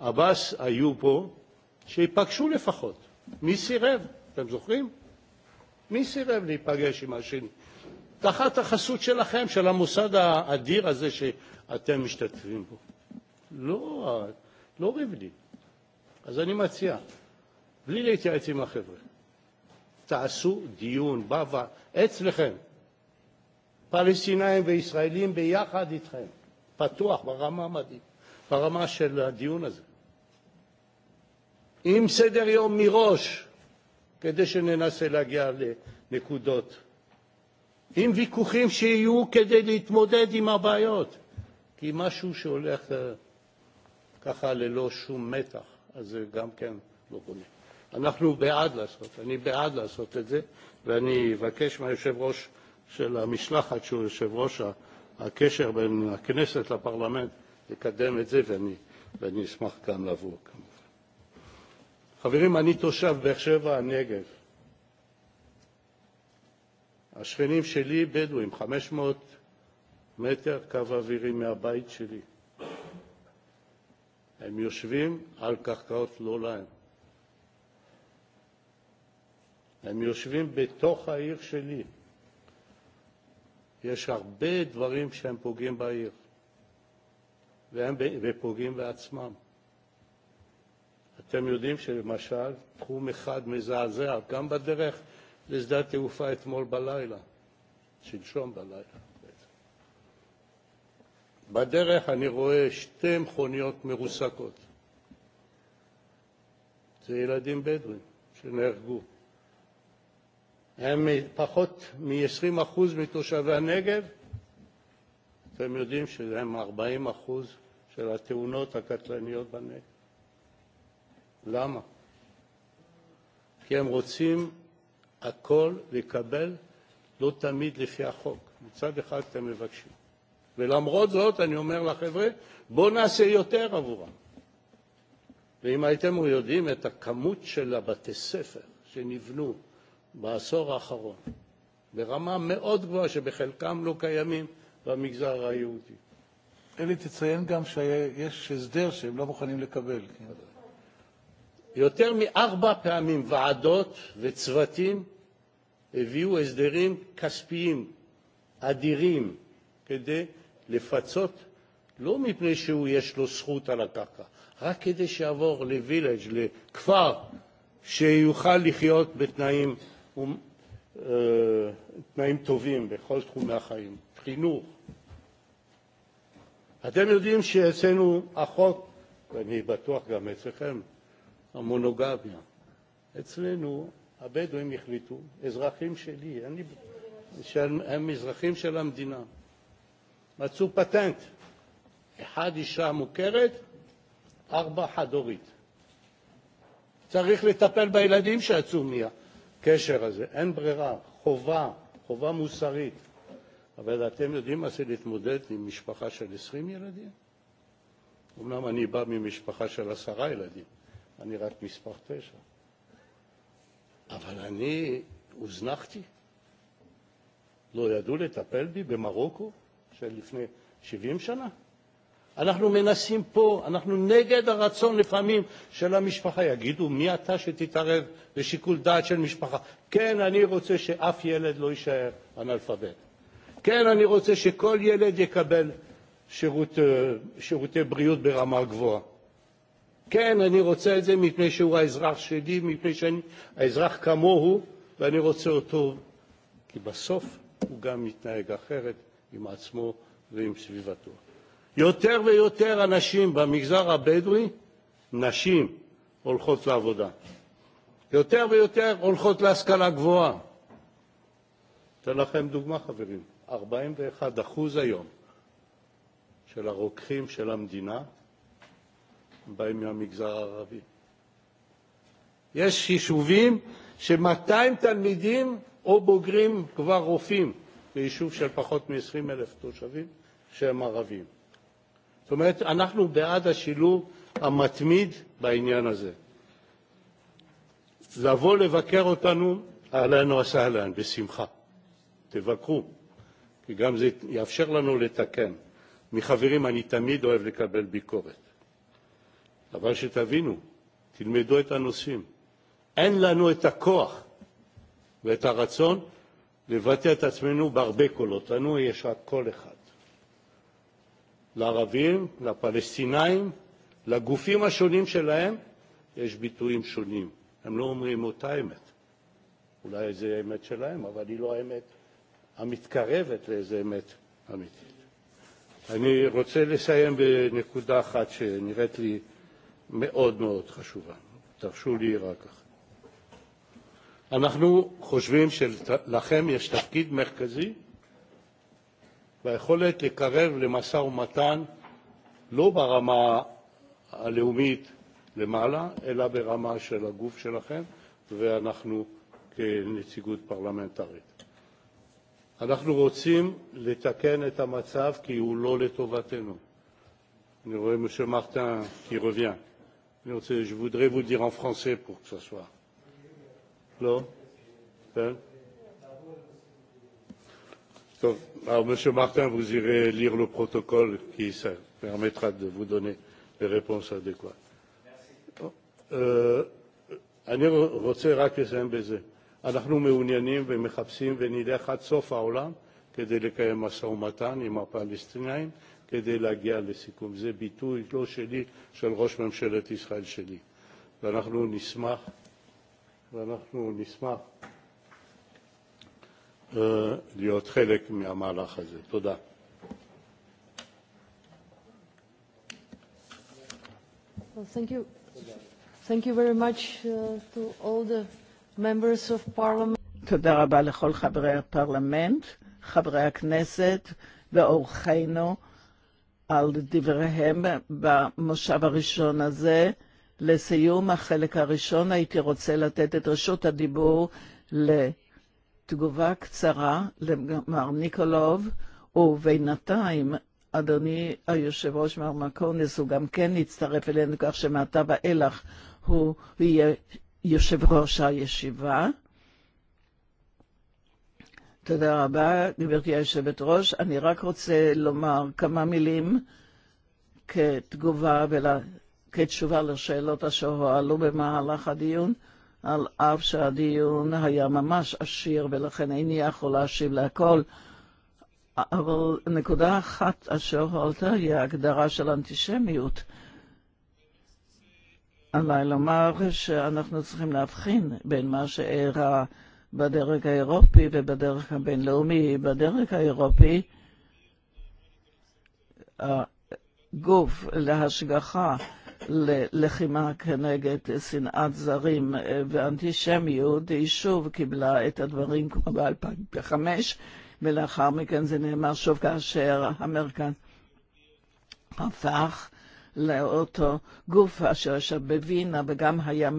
עבאס היו פה, שייפגשו לפחות. מי סירב? אתם זוכרים? מי סירב להיפגש עם השני? תחת החסות שלכם, של המוסד האדיר הזה שאתם משתתפים בו. לא, לא ריבלין. אז אני מציע, בלי להתייעץ עם החבר'ה, תעשו דיון בא אצלכם, פלסטינאים וישראלים ביחד איתכם. פתוח ברמה המדהים, ברמה של הדיון הזה. עם סדר יום מראש, כדי שננסה להגיע לנקודות. עם ויכוחים שיהיו כדי להתמודד עם הבעיות. כי משהו שהולך ככה ללא שום מתח, אז זה גם כן לא בונה. אנחנו בעד לעשות, אני בעד לעשות את זה, ואני אבקש מהיושב-ראש של המשלחת, שהוא יושב-ראש הקשר בין הכנסת לפרלמנט לקדם את זה, ואני, ואני אשמח כאן לבוא כמובן. חברים, אני תושב באר שבע, הנגב. השכנים שלי בדואים, 500 מטר קו אווירי מהבית שלי. הם יושבים על קרקעות לא להם. הם יושבים בתוך העיר שלי. יש הרבה דברים שהם פוגעים בעיר, והם, פוגעים בעצמם. אתם יודעים שלמשל, תחום אחד מזעזע, גם בדרך לשדה התעופה אתמול בלילה, שלשום בלילה. בדרך אני רואה שתי מכוניות מרוסקות. זה ילדים בדואים שנהרגו. הם פחות מ-20% מתושבי הנגב, אתם יודעים שהם 40% של התאונות הקטלניות בנגב. למה? כי הם רוצים הכל לקבל לא תמיד לפי החוק. מצד אחד אתם מבקשים. ולמרות זאת, אני אומר לחבר'ה, בואו נעשה יותר עבורם. ואם הייתם יודעים את הכמות של הבתי ספר שנבנו בעשור האחרון, ברמה מאוד גבוהה שבחלקם לא קיימים במגזר היהודי. אלי, תציין גם שיש הסדר שהם לא מוכנים לקבל. יותר מארבע פעמים ועדות וצוותים הביאו הסדרים כספיים אדירים כדי לפצות, לא מפני שהוא יש לו זכות על הקרקע, רק כדי שיעבור לווילג', לכפר, שיוכל לחיות בתנאים ותנאים טובים בכל תחומי החיים, חינוך. אתם יודעים שאצלנו החוק, ואני בטוח גם אצלכם, המונוגמיה. אצלנו הבדואים החליטו, אזרחים שלי, אני, שהם אזרחים של המדינה, מצאו פטנט, אחד אישה מוכרת, ארבע חד-הורית. צריך לטפל בילדים שיצאו הקשר הזה. אין ברירה, חובה, חובה מוסרית. אבל אתם יודעים מה זה להתמודד עם משפחה של 20 ילדים? אמנם אני בא ממשפחה של עשרה ילדים, אני רק מספר תשע. אבל אני הוזנחתי. לא ידעו לטפל בי במרוקו של לפני 70 שנה. אנחנו מנסים פה, אנחנו נגד הרצון לפעמים של המשפחה. יגידו, מי אתה שתתערב בשיקול דעת של משפחה? כן, אני רוצה שאף ילד לא יישאר אנאלפבית. כן, אני רוצה שכל ילד יקבל שירות, שירותי בריאות ברמה גבוהה. כן, אני רוצה את זה מפני שהוא האזרח שלי, מפני שאני האזרח כמוהו, ואני רוצה אותו, כי בסוף הוא גם מתנהג אחרת עם עצמו ועם סביבתו. יותר ויותר אנשים במגזר הבדואי, נשים, הולכות לעבודה. יותר ויותר הולכות להשכלה גבוהה. אתן לכם דוגמה, חברים. 41 היום של הרוקחים של המדינה באים מהמגזר הערבי. יש יישובים ש-200 תלמידים או בוגרים כבר רופאים, ביישוב של פחות מ 20000 תושבים שהם ערבים. זאת אומרת, אנחנו בעד השילוב המתמיד בעניין הזה. לבוא לבקר אותנו, אהלן וסהלן, בשמחה. תבקרו, כי גם זה יאפשר לנו לתקן. מחברים אני תמיד אוהב לקבל ביקורת. אבל שתבינו, תלמדו את הנושאים. אין לנו את הכוח ואת הרצון לבטא את עצמנו בהרבה קולות. לנו יש רק קול אחד. לערבים, לפלסטינאים, לגופים השונים שלהם, יש ביטויים שונים. הם לא אומרים אותה אמת. אולי זו האמת שלהם, אבל היא לא האמת המתקרבת לאיזו אמת אמיתית. אני רוצה לסיים בנקודה אחת שנראית לי מאוד מאוד חשובה. תרשו לי רק אחת. אנחנו חושבים שלכם יש תפקיד מרכזי והיכולת לקרב למשא ומתן לא ברמה הלאומית למעלה, אלא ברמה של הגוף שלכם, ואנחנו כנציגות פרלמנטרית. אנחנו רוצים לתקן את המצב כי הוא לא לטובתנו. אני רואה M. Martin qui revient. Je voudrais vous dire en français pour que ce soit. Non? Ben? Sauf, alors, Monsieur Martin, vous irez lire le protocole qui ça permettra de vous donner les réponses adéquates. Oh, euh, אני רוצה רק לסיים בזה. אנחנו מעוניינים ומחפשים ונלך עד סוף העולם כדי לקיים משא ומתן עם הפלסטינאים, כדי להגיע לסיכום. זה ביטוי לא שלי, של ראש ממשלת ישראל שלי. ואנחנו נשמח, ואנחנו נשמח להיות חלק מהמהלך הזה. תודה. thank you. Thank you very much uh, to all the members of parliament. תודה רבה לכל חברי הפרלמנט, חברי הכנסת ואורחינו על דבריהם במושב הראשון הזה. לסיום החלק הראשון הייתי רוצה לתת את רשות הדיבור ל... תגובה קצרה למר ניקולוב, ובינתיים, אדוני היושב ראש מר מקונס, הוא גם כן יצטרף אלינו כך שמעתה ואילך הוא יהיה יושב ראש הישיבה. תודה רבה, גברתי היושבת ראש. אני רק רוצה לומר כמה מילים כתגובה וכתשובה לשאלות אשר הועלו במהלך הדיון. על אף שהדיון היה ממש עשיר ולכן איני יכול להשיב להכל. אבל נקודה אחת אשר הועלתה היא ההגדרה של אנטישמיות. עליי לומר שאנחנו צריכים להבחין בין מה שאירע בדרג האירופי ובדרג הבינלאומי. בדרג האירופי הגוף להשגחה ללחימה כנגד שנאת זרים ואנטישמיות, היא שוב קיבלה את הדברים כמו ב-2005, ולאחר מכן זה נאמר שוב כאשר המרכז הפך לאותו גוף אשר ישב בווינה וגם היה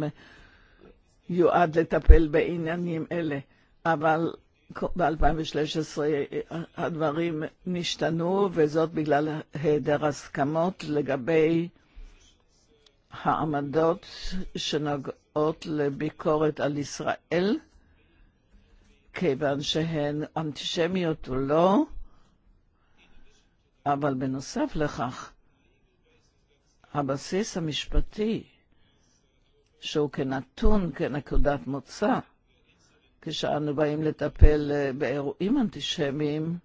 יועד לטפל בעניינים אלה. אבל ב-2013 הדברים נשתנו, וזאת בגלל היעדר הסכמות לגבי העמדות שנוגעות לביקורת על ישראל, כיוון שהן אנטישמיות או לא, אבל בנוסף לכך, הבסיס המשפטי, שהוא כנתון, כנקודת מוצא, כשאנו באים לטפל באירועים אנטישמיים,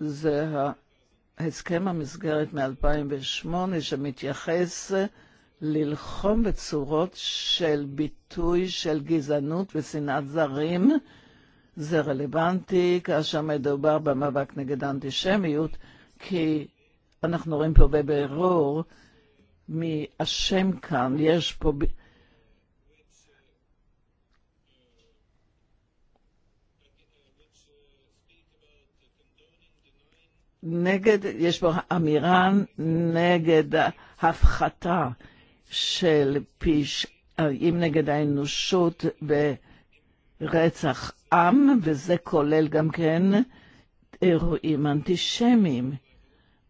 זה הסכם המסגרת מ-2008 שמתייחס ללחום בצורות של ביטוי של גזענות ושנאת זרים. זה רלוונטי כאשר מדובר במאבק נגד האנטישמיות, כי אנחנו רואים פה בבירור מי אשם כאן, יש פה... נגד, יש בו אמירה נגד הפחתה של פשעים נגד האנושות ברצח עם, וזה כולל גם כן אירועים אנטישמיים.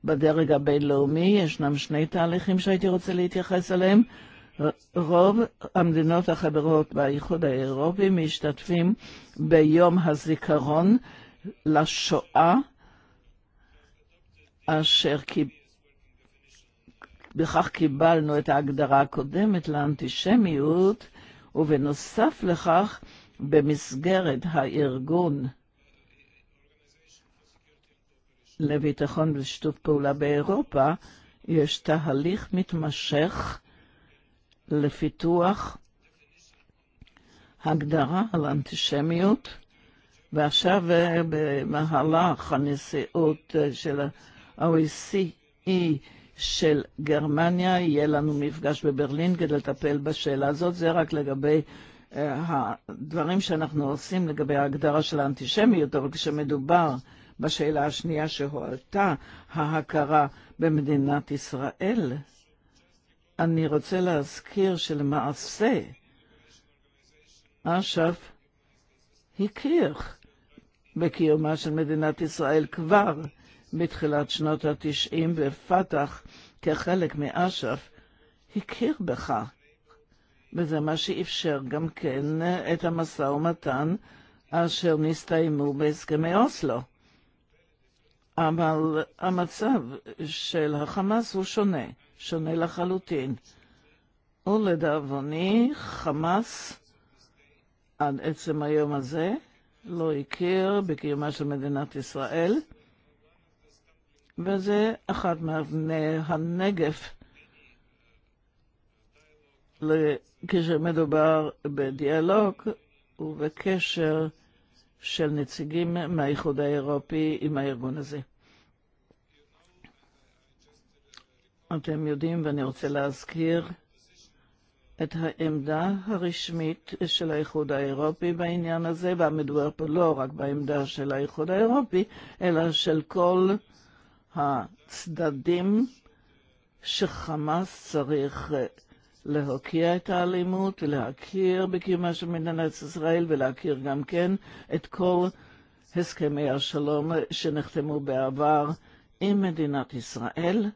בדרג הבינלאומי ישנם שני תהליכים שהייתי רוצה להתייחס אליהם. רוב המדינות החברות באיחוד האירופי משתתפים ביום הזיכרון לשואה אשר בכך קיבלנו את ההגדרה הקודמת לאנטישמיות, ובנוסף לכך, במסגרת הארגון לביטחון ושיתוף פעולה באירופה, יש תהליך מתמשך לפיתוח הגדרה על אנטישמיות, ועכשיו במהלך הנשיאות של ה-OECE של גרמניה, יהיה לנו מפגש בברלין כדי לטפל בשאלה הזאת, זה רק לגבי הדברים שאנחנו עושים לגבי ההגדרה של האנטישמיות, אבל כשמדובר בשאלה השנייה שהועלתה, ההכרה במדינת ישראל, אני רוצה להזכיר שלמעשה אש"ף הכיר בקיומה של מדינת ישראל כבר בתחילת שנות ה-90 ופתח כחלק מאש"ף הכיר בכך, וזה מה שאפשר גם כן את המשא ומתן אשר נסתיימו בהסכמי אוסלו. אבל המצב של החמאס הוא שונה, שונה לחלוטין. ולדאבוני, חמאס עד עצם היום הזה לא הכיר בקיומה של מדינת ישראל, וזה אחד מאבני הנגף כשמדובר בדיאלוג ובקשר של נציגים מהאיחוד האירופי עם הארגון הזה. אתם יודעים, ואני רוצה להזכיר את העמדה הרשמית של האיחוד האירופי בעניין הזה, והמדובר פה לא רק בעמדה של האיחוד האירופי, אלא של כל הצדדים שחמאס צריך להוקיע את האלימות ולהכיר בקיומה של מדינת ישראל ולהכיר גם כן את כל הסכמי השלום שנחתמו בעבר עם מדינת ישראל.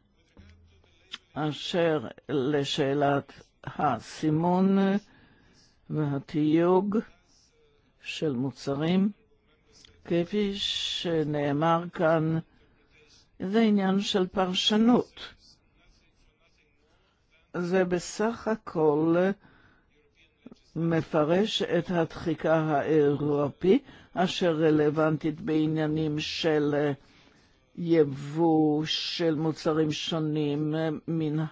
אשר לשאלת הסימון והתיוג של מוצרים, כפי שנאמר כאן, זה עניין של פרשנות. זה בסך הכל מפרש את הדחיקה האירופי, אשר רלוונטית בעניינים של יבוא של מוצרים שונים מן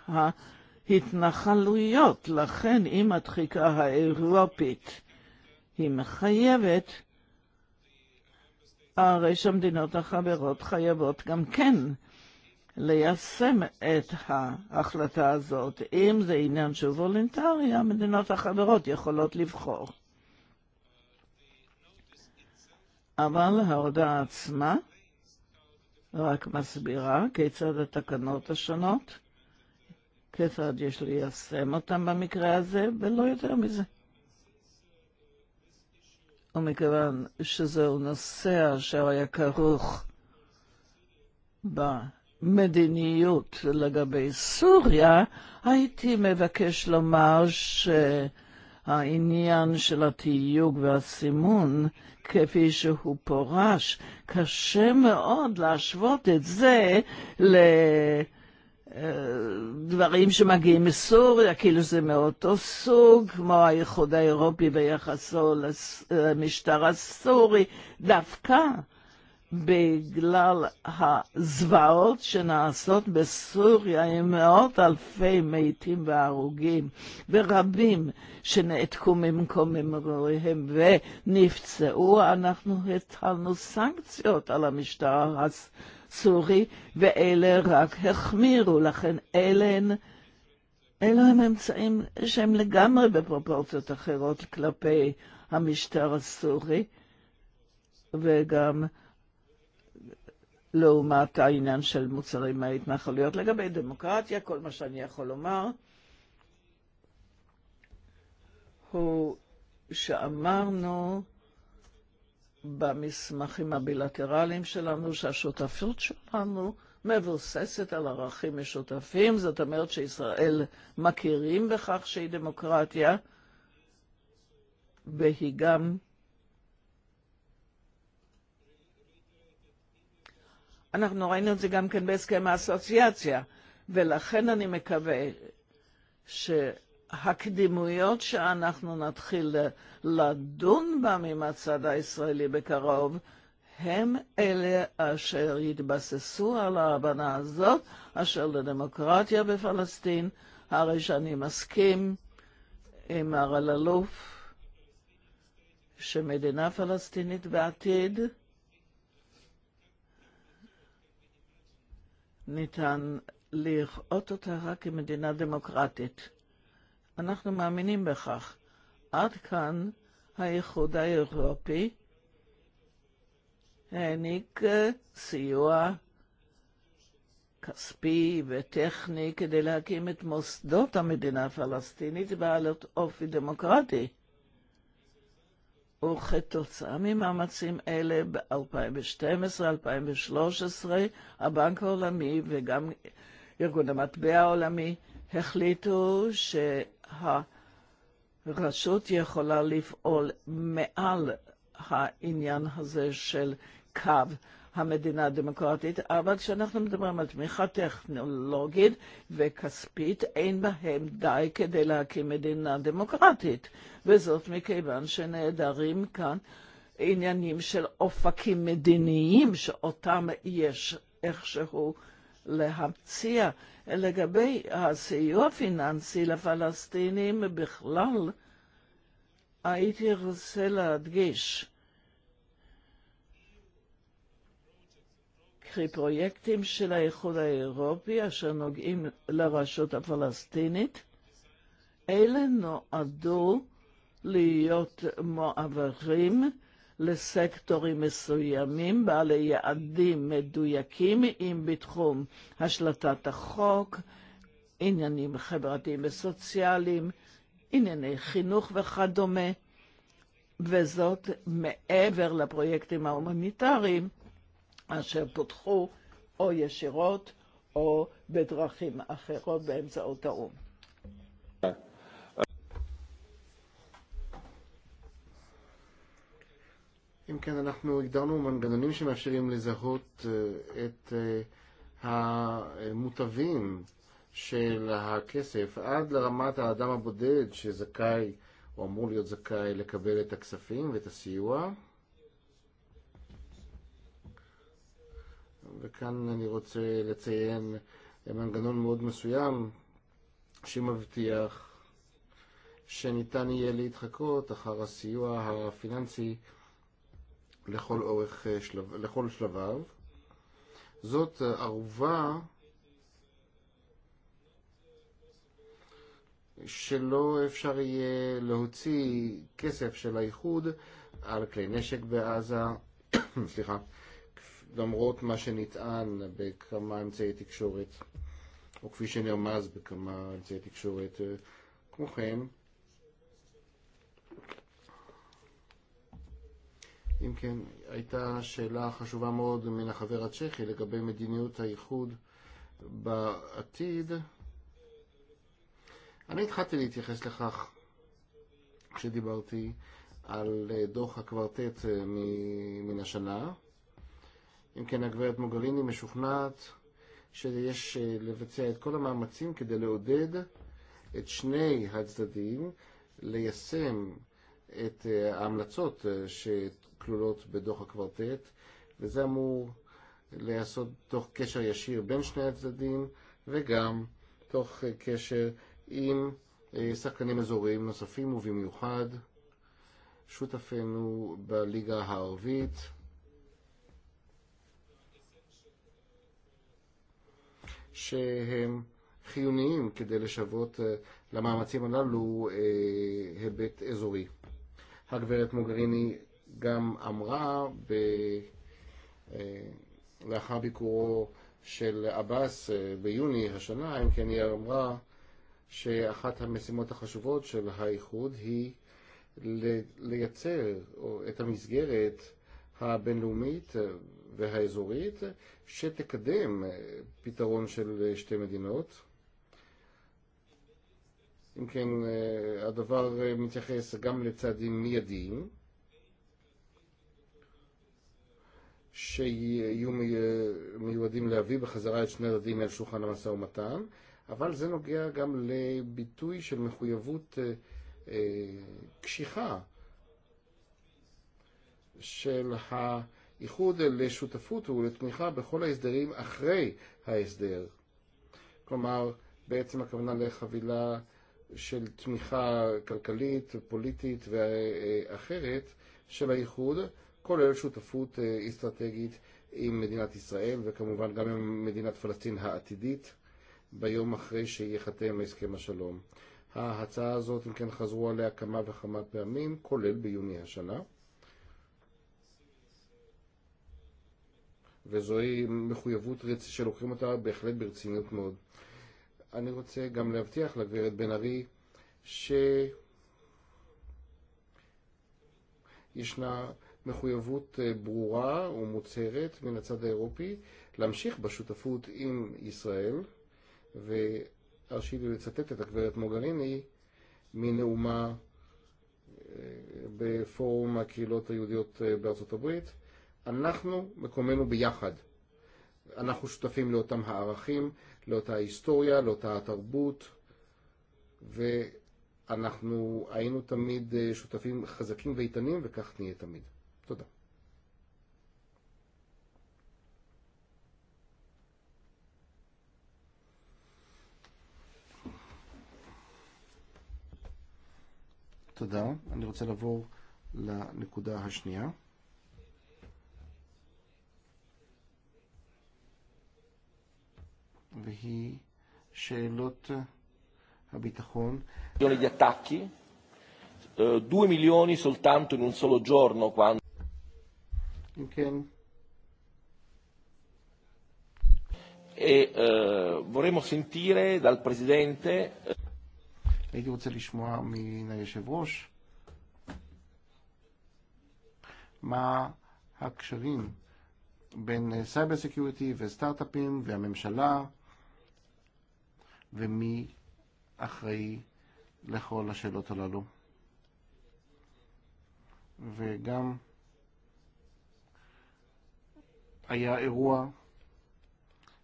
ההתנחלויות. לכן, אם הדחיקה האירופית היא מחייבת, הרי שהמדינות החברות חייבות גם כן ליישם את ההחלטה הזאת. אם זה עניין שהוא וולונטרי, המדינות החברות יכולות לבחור. אבל ההודעה עצמה רק מסבירה כיצד התקנות השונות, כיצד יש ליישם אותן במקרה הזה, ולא יותר מזה. ומכיוון שזהו נושא אשר היה כרוך במדיניות לגבי סוריה, הייתי מבקש לומר שהעניין של התיוג והסימון, כפי שהוא פורש, קשה מאוד להשוות את זה ל... דברים שמגיעים מסוריה, כאילו זה מאותו סוג, כמו האיחוד האירופי ביחסו למשטר הסורי, דווקא בגלל הזוועות שנעשות בסוריה עם מאות אלפי מתים והרוגים ורבים שנעתקו ממקום מגוריהם ונפצעו, אנחנו הטלנו סנקציות על המשטר הסורי. צורי, ואלה רק החמירו, לכן אלה הן... אלה הם אמצעים שהם לגמרי בפרופורציות אחרות כלפי המשטר הסורי, וגם לעומת העניין של מוצרים מההתנחלויות. לגבי דמוקרטיה, כל מה שאני יכול לומר הוא שאמרנו במסמכים הבילטרליים שלנו, שהשותפות שלנו מבוססת על ערכים משותפים, זאת אומרת שישראל מכירים בכך שהיא דמוקרטיה, והיא גם אנחנו ראינו את זה גם כן בהסכם האסוציאציה, ולכן אני מקווה ש... הקדימויות שאנחנו נתחיל לדון בהן עם הצד הישראלי בקרוב, הם אלה אשר יתבססו על ההבנה הזאת, אשר לדמוקרטיה בפלסטין, הרי שאני מסכים עם מר אלאלוף, שמדינה פלסטינית בעתיד ניתן לראות אותה רק כמדינה דמוקרטית. אנחנו מאמינים בכך. עד כאן האיחוד האירופי העניק סיוע כספי וטכני כדי להקים את מוסדות המדינה הפלסטינית בעלות אופי דמוקרטי. וכתוצאה ממאמצים אלה ב-2012-2013 הבנק העולמי וגם ארגון המטבע העולמי החליטו ש... הרשות יכולה לפעול מעל העניין הזה של קו המדינה הדמוקרטית, אבל כשאנחנו מדברים על תמיכה טכנולוגית וכספית, אין בהם די כדי להקים מדינה דמוקרטית, וזאת מכיוון שנעדרים כאן עניינים של אופקים מדיניים שאותם יש איכשהו להמציע. לגבי הסיוע הפיננסי לפלסטינים בכלל, הייתי רוצה להדגיש כי פרויקטים של האיחוד האירופי אשר נוגעים לרשות הפלסטינית, אלה נועדו להיות מועברים לסקטורים מסוימים בעלי יעדים מדויקים, אם בתחום השלטת החוק, עניינים חברתיים וסוציאליים, ענייני חינוך וכדומה, וזאת מעבר לפרויקטים ההומניטריים אשר פותחו או ישירות או בדרכים אחרות באמצעות האו"ם. אם אנחנו הגדרנו מנגנונים שמאפשרים לזהות את המוטבים של הכסף עד לרמת האדם הבודד שזכאי או אמור להיות זכאי לקבל את הכספים ואת הסיוע. וכאן אני רוצה לציין מנגנון מאוד מסוים שמבטיח שניתן יהיה להתחקות אחר הסיוע הפיננסי לכל אורך, שלב, לכל שלביו. זאת ערובה שלא אפשר יהיה להוציא כסף של האיחוד על כלי נשק בעזה, סליחה, למרות מה שנטען בכמה אמצעי תקשורת, או כפי שנרמז בכמה אמצעי תקשורת. כמו כן, אם כן, הייתה שאלה חשובה מאוד מן החבר הצ'כי לגבי מדיניות האיחוד בעתיד. אני התחלתי להתייחס לכך כשדיברתי על דוח הקוורטט מן השנה. אם כן, הגברת מוגליני משוכנעת שיש לבצע את כל המאמצים כדי לעודד את שני הצדדים ליישם את ההמלצות כלולות בדוח הקוורטט, וזה אמור להיעשות תוך קשר ישיר בין שני הצדדים, וגם תוך קשר עם שחקנים אזוריים נוספים, ובמיוחד שותפינו בליגה הערבית. שהם חיוניים כדי לשוות למאמצים הללו היבט אזורי. הגברת מוגריני גם אמרה ב... לאחר ביקורו של עבאס ביוני השנה, אם כן היא אמרה שאחת המשימות החשובות של האיחוד היא לייצר את המסגרת הבינלאומית והאזורית שתקדם פתרון של שתי מדינות. אם כן, הדבר מתייחס גם לצעדים מיידיים. שיהיו מיועדים להביא בחזרה את שני הדדים אל שולחן המשא ומתן, אבל זה נוגע גם לביטוי של מחויבות קשיחה של האיחוד לשותפות ולתמיכה בכל ההסדרים אחרי ההסדר. כלומר, בעצם הכוונה לחבילה של תמיכה כלכלית, פוליטית ואחרת של האיחוד, כל אלה שותפות אסטרטגית עם מדינת ישראל וכמובן גם עם מדינת פלסטין העתידית ביום אחרי שייחתם הסכם השלום. ההצעה הזאת, אם כן, חזרו עליה כמה וכמה פעמים, כולל ביוני השנה. וזוהי מחויבות רצ... שלוקחים אותה בהחלט ברצינות מאוד. אני רוצה גם להבטיח לגברת בן ארי שישנה מחויבות ברורה ומוצהרת מן הצד האירופי להמשיך בשותפות עם ישראל, והרשי לי לצטט את הגברת מוגריני מנאומה בפורום הקהילות היהודיות בארצות הברית, אנחנו מקומנו ביחד. אנחנו שותפים לאותם הערכים, לאותה היסטוריה, לאותה התרבות, ואנחנו היינו תמיד שותפים חזקים ואיתנים, וכך נהיה תמיד. תודה. תודה. אני רוצה לעבור לנקודה השנייה. והיא שאלות הביטחון. di attacchi, 2 eh, milioni soltanto in un solo giorno quando Imkien. E uh, vorremmo sentire dal Presidente... הייתי רוצה לשמוע מהיושב-ראש מה הקשרים בין סייבר סקיוריטי וסטארט-אפים והממשלה ומי אחראי לכל השאלות הללו. וגם היה אירוע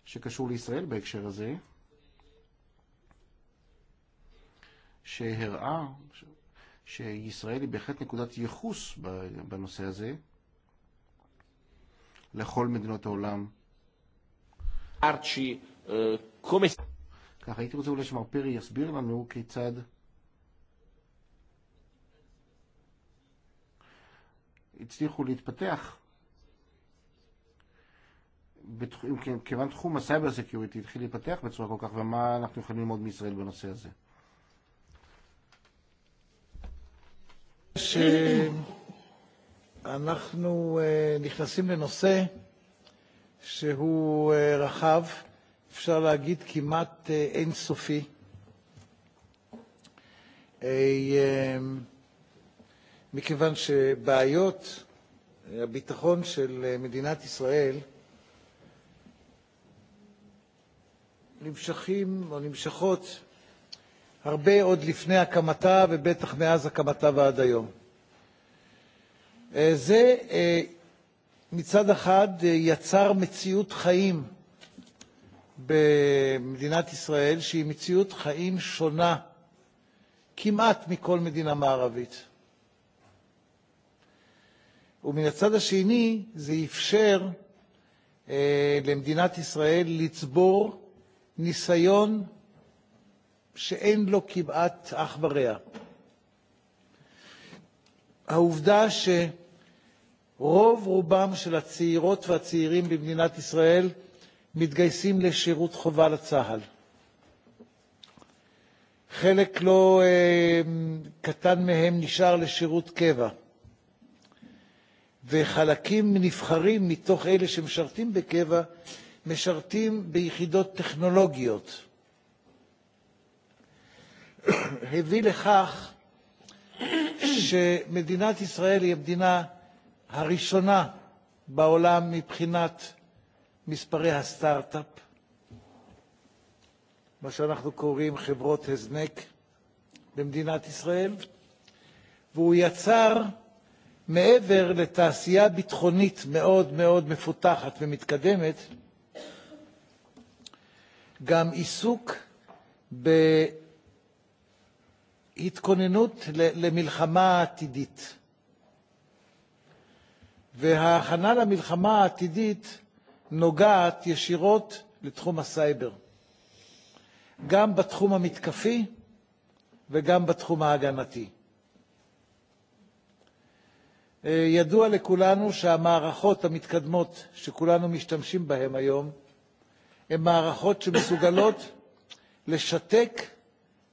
שקשור לישראל בהקשר הזה, שהראה שישראל היא בהחלט נקודת ייחוס בנושא הזה לכל מדינות העולם. ככה הייתי רוצה אולי שמר פרי יסביר לנו כיצד הצליחו להתפתח כיוון תחום הסייבר סקיוריטי התחיל להיפתח בצורה כל כך, ומה אנחנו יכולים ללמוד מישראל בנושא הזה? שאנחנו נכנסים לנושא שהוא רחב, אפשר להגיד כמעט אינסופי. מכיוון שבעיות הביטחון של מדינת ישראל נמשכים או נמשכות הרבה עוד לפני הקמתה ובטח מאז הקמתה ועד היום. זה מצד אחד יצר מציאות חיים במדינת ישראל שהיא מציאות חיים שונה כמעט מכל מדינה מערבית. ומן הצד השני זה אפשר למדינת ישראל לצבור ניסיון שאין לו כמעט אח ורע. העובדה שרוב רובם של הצעירות והצעירים במדינת ישראל מתגייסים לשירות חובה לצה"ל. חלק לא אה, קטן מהם נשאר לשירות קבע, וחלקים נבחרים מתוך אלה שמשרתים בקבע משרתים ביחידות טכנולוגיות. הביא לכך שמדינת ישראל היא המדינה הראשונה בעולם מבחינת מספרי הסטארט-אפ, מה שאנחנו קוראים חברות הזנק במדינת ישראל, והוא יצר, מעבר לתעשייה ביטחונית מאוד מאוד מפותחת ומתקדמת, גם עיסוק בהתכוננות למלחמה עתידית. וההכנה למלחמה העתידית נוגעת ישירות לתחום הסייבר, גם בתחום המתקפי וגם בתחום ההגנתי. ידוע לכולנו שהמערכות המתקדמות שכולנו משתמשים בהן היום הן מערכות שמסוגלות לשתק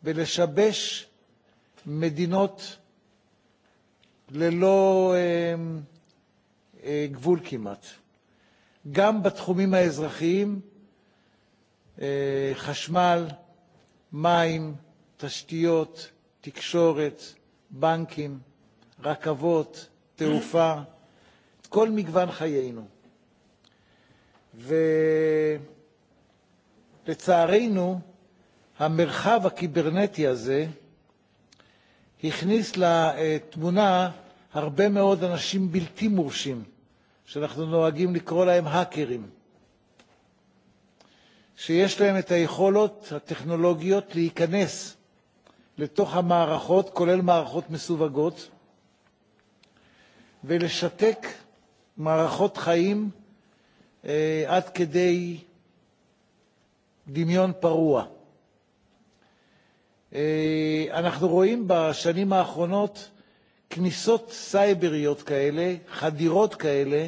ולשבש מדינות ללא גבול כמעט. גם בתחומים האזרחיים, חשמל, מים, תשתיות, תקשורת, בנקים, רכבות, תעופה, את כל מגוון חיינו. ו... לצערנו, המרחב הקיברנטי הזה הכניס לתמונה הרבה מאוד אנשים בלתי מורשים, שאנחנו נוהגים לקרוא להם האקרים, שיש להם את היכולות הטכנולוגיות להיכנס לתוך המערכות, כולל מערכות מסווגות, ולשתק מערכות חיים עד כדי דמיון פרוע. אנחנו רואים בשנים האחרונות כניסות סייבריות כאלה, חדירות כאלה,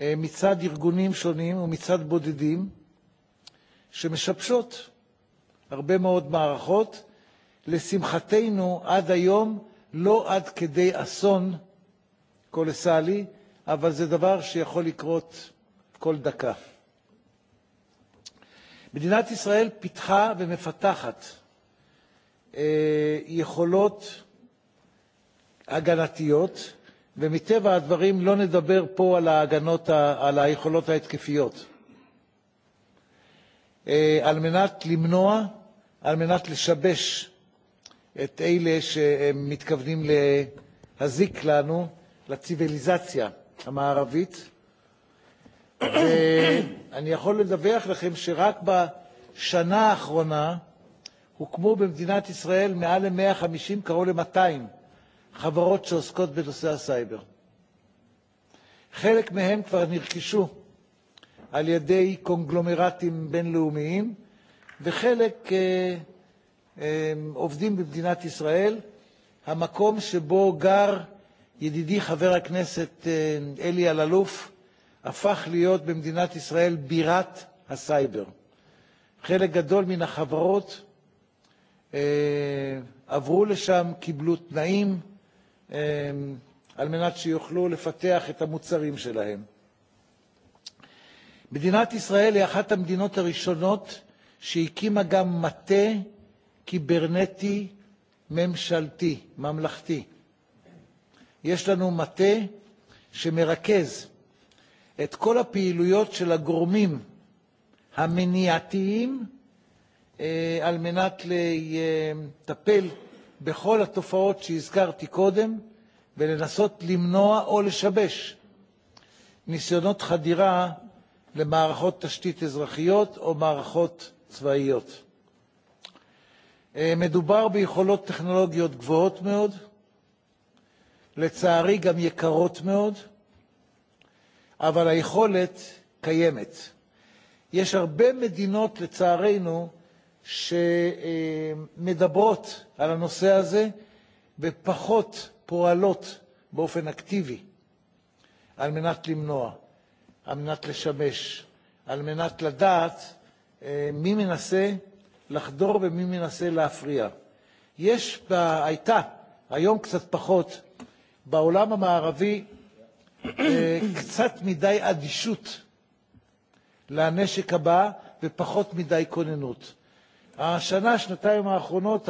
מצד ארגונים שונים ומצד בודדים, שמשבשות הרבה מאוד מערכות. לשמחתנו, עד היום, לא עד כדי אסון קולסלי, אבל זה דבר שיכול לקרות כל דקה. מדינת ישראל פיתחה ומפתחת אה, יכולות הגנתיות, ומטבע הדברים לא נדבר פה על, ההגנות, על היכולות ההתקפיות. אה, על מנת למנוע, על מנת לשבש את אלה שהם מתכוונים להזיק לנו, לציוויליזציה המערבית, ואני יכול לדווח לכם שרק בשנה האחרונה הוקמו במדינת ישראל מעל ל-150, קרוב ל-200 חברות שעוסקות בנושא הסייבר. חלק מהם כבר נרכשו על ידי קונגלומרטים בינלאומיים, וחלק אה, אה, עובדים במדינת ישראל, המקום שבו גר ידידי חבר הכנסת אלי אלאלוף, הפך להיות במדינת ישראל בירת הסייבר. חלק גדול מן החברות אה, עברו לשם, קיבלו תנאים אה, על מנת שיוכלו לפתח את המוצרים שלהם. מדינת ישראל היא אחת המדינות הראשונות שהקימה גם מטה קיברנטי ממשלתי, ממלכתי. יש לנו מטה שמרכז את כל הפעילויות של הגורמים המניעתיים על מנת לטפל בכל התופעות שהזכרתי קודם ולנסות למנוע או לשבש ניסיונות חדירה למערכות תשתית אזרחיות או מערכות צבאיות. מדובר ביכולות טכנולוגיות גבוהות מאוד, לצערי גם יקרות מאוד, אבל היכולת קיימת. יש הרבה מדינות, לצערנו, שמדברות על הנושא הזה ופחות פועלות באופן אקטיבי על מנת למנוע, על מנת לשמש, על מנת לדעת מי מנסה לחדור ומי מנסה להפריע. יש, הייתה, היום קצת פחות, בעולם המערבי קצת מדי אדישות לנשק הבא ופחות מדי כוננות. השנה, שנתיים האחרונות,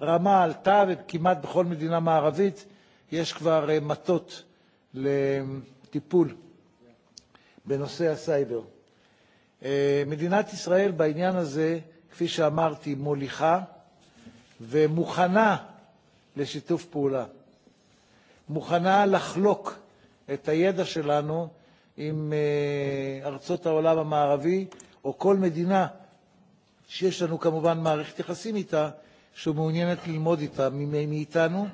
הרמה עלתה, וכמעט בכל מדינה מערבית יש כבר מטות לטיפול בנושא הסייבר. מדינת ישראל בעניין הזה, כפי שאמרתי, מוליכה ומוכנה לשיתוף פעולה, מוכנה לחלוק את הידע שלנו עם ארצות העולם המערבי, או כל מדינה שיש לנו כמובן מערכת יחסים איתה, שמעוניינת ללמוד איתה, מאיתנו,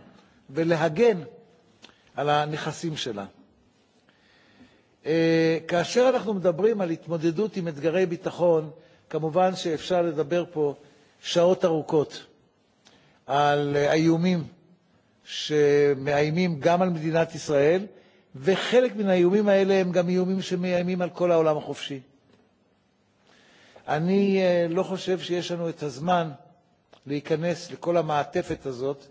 ולהגן על הנכסים שלה. כאשר אנחנו מדברים על התמודדות עם אתגרי ביטחון, כמובן שאפשר לדבר פה שעות ארוכות על האיומים שמאיימים גם על מדינת ישראל, וחלק מן האיומים האלה הם גם איומים שמאיימים על כל העולם החופשי. אני לא חושב שיש לנו את הזמן להיכנס לכל המעטפת הזאת,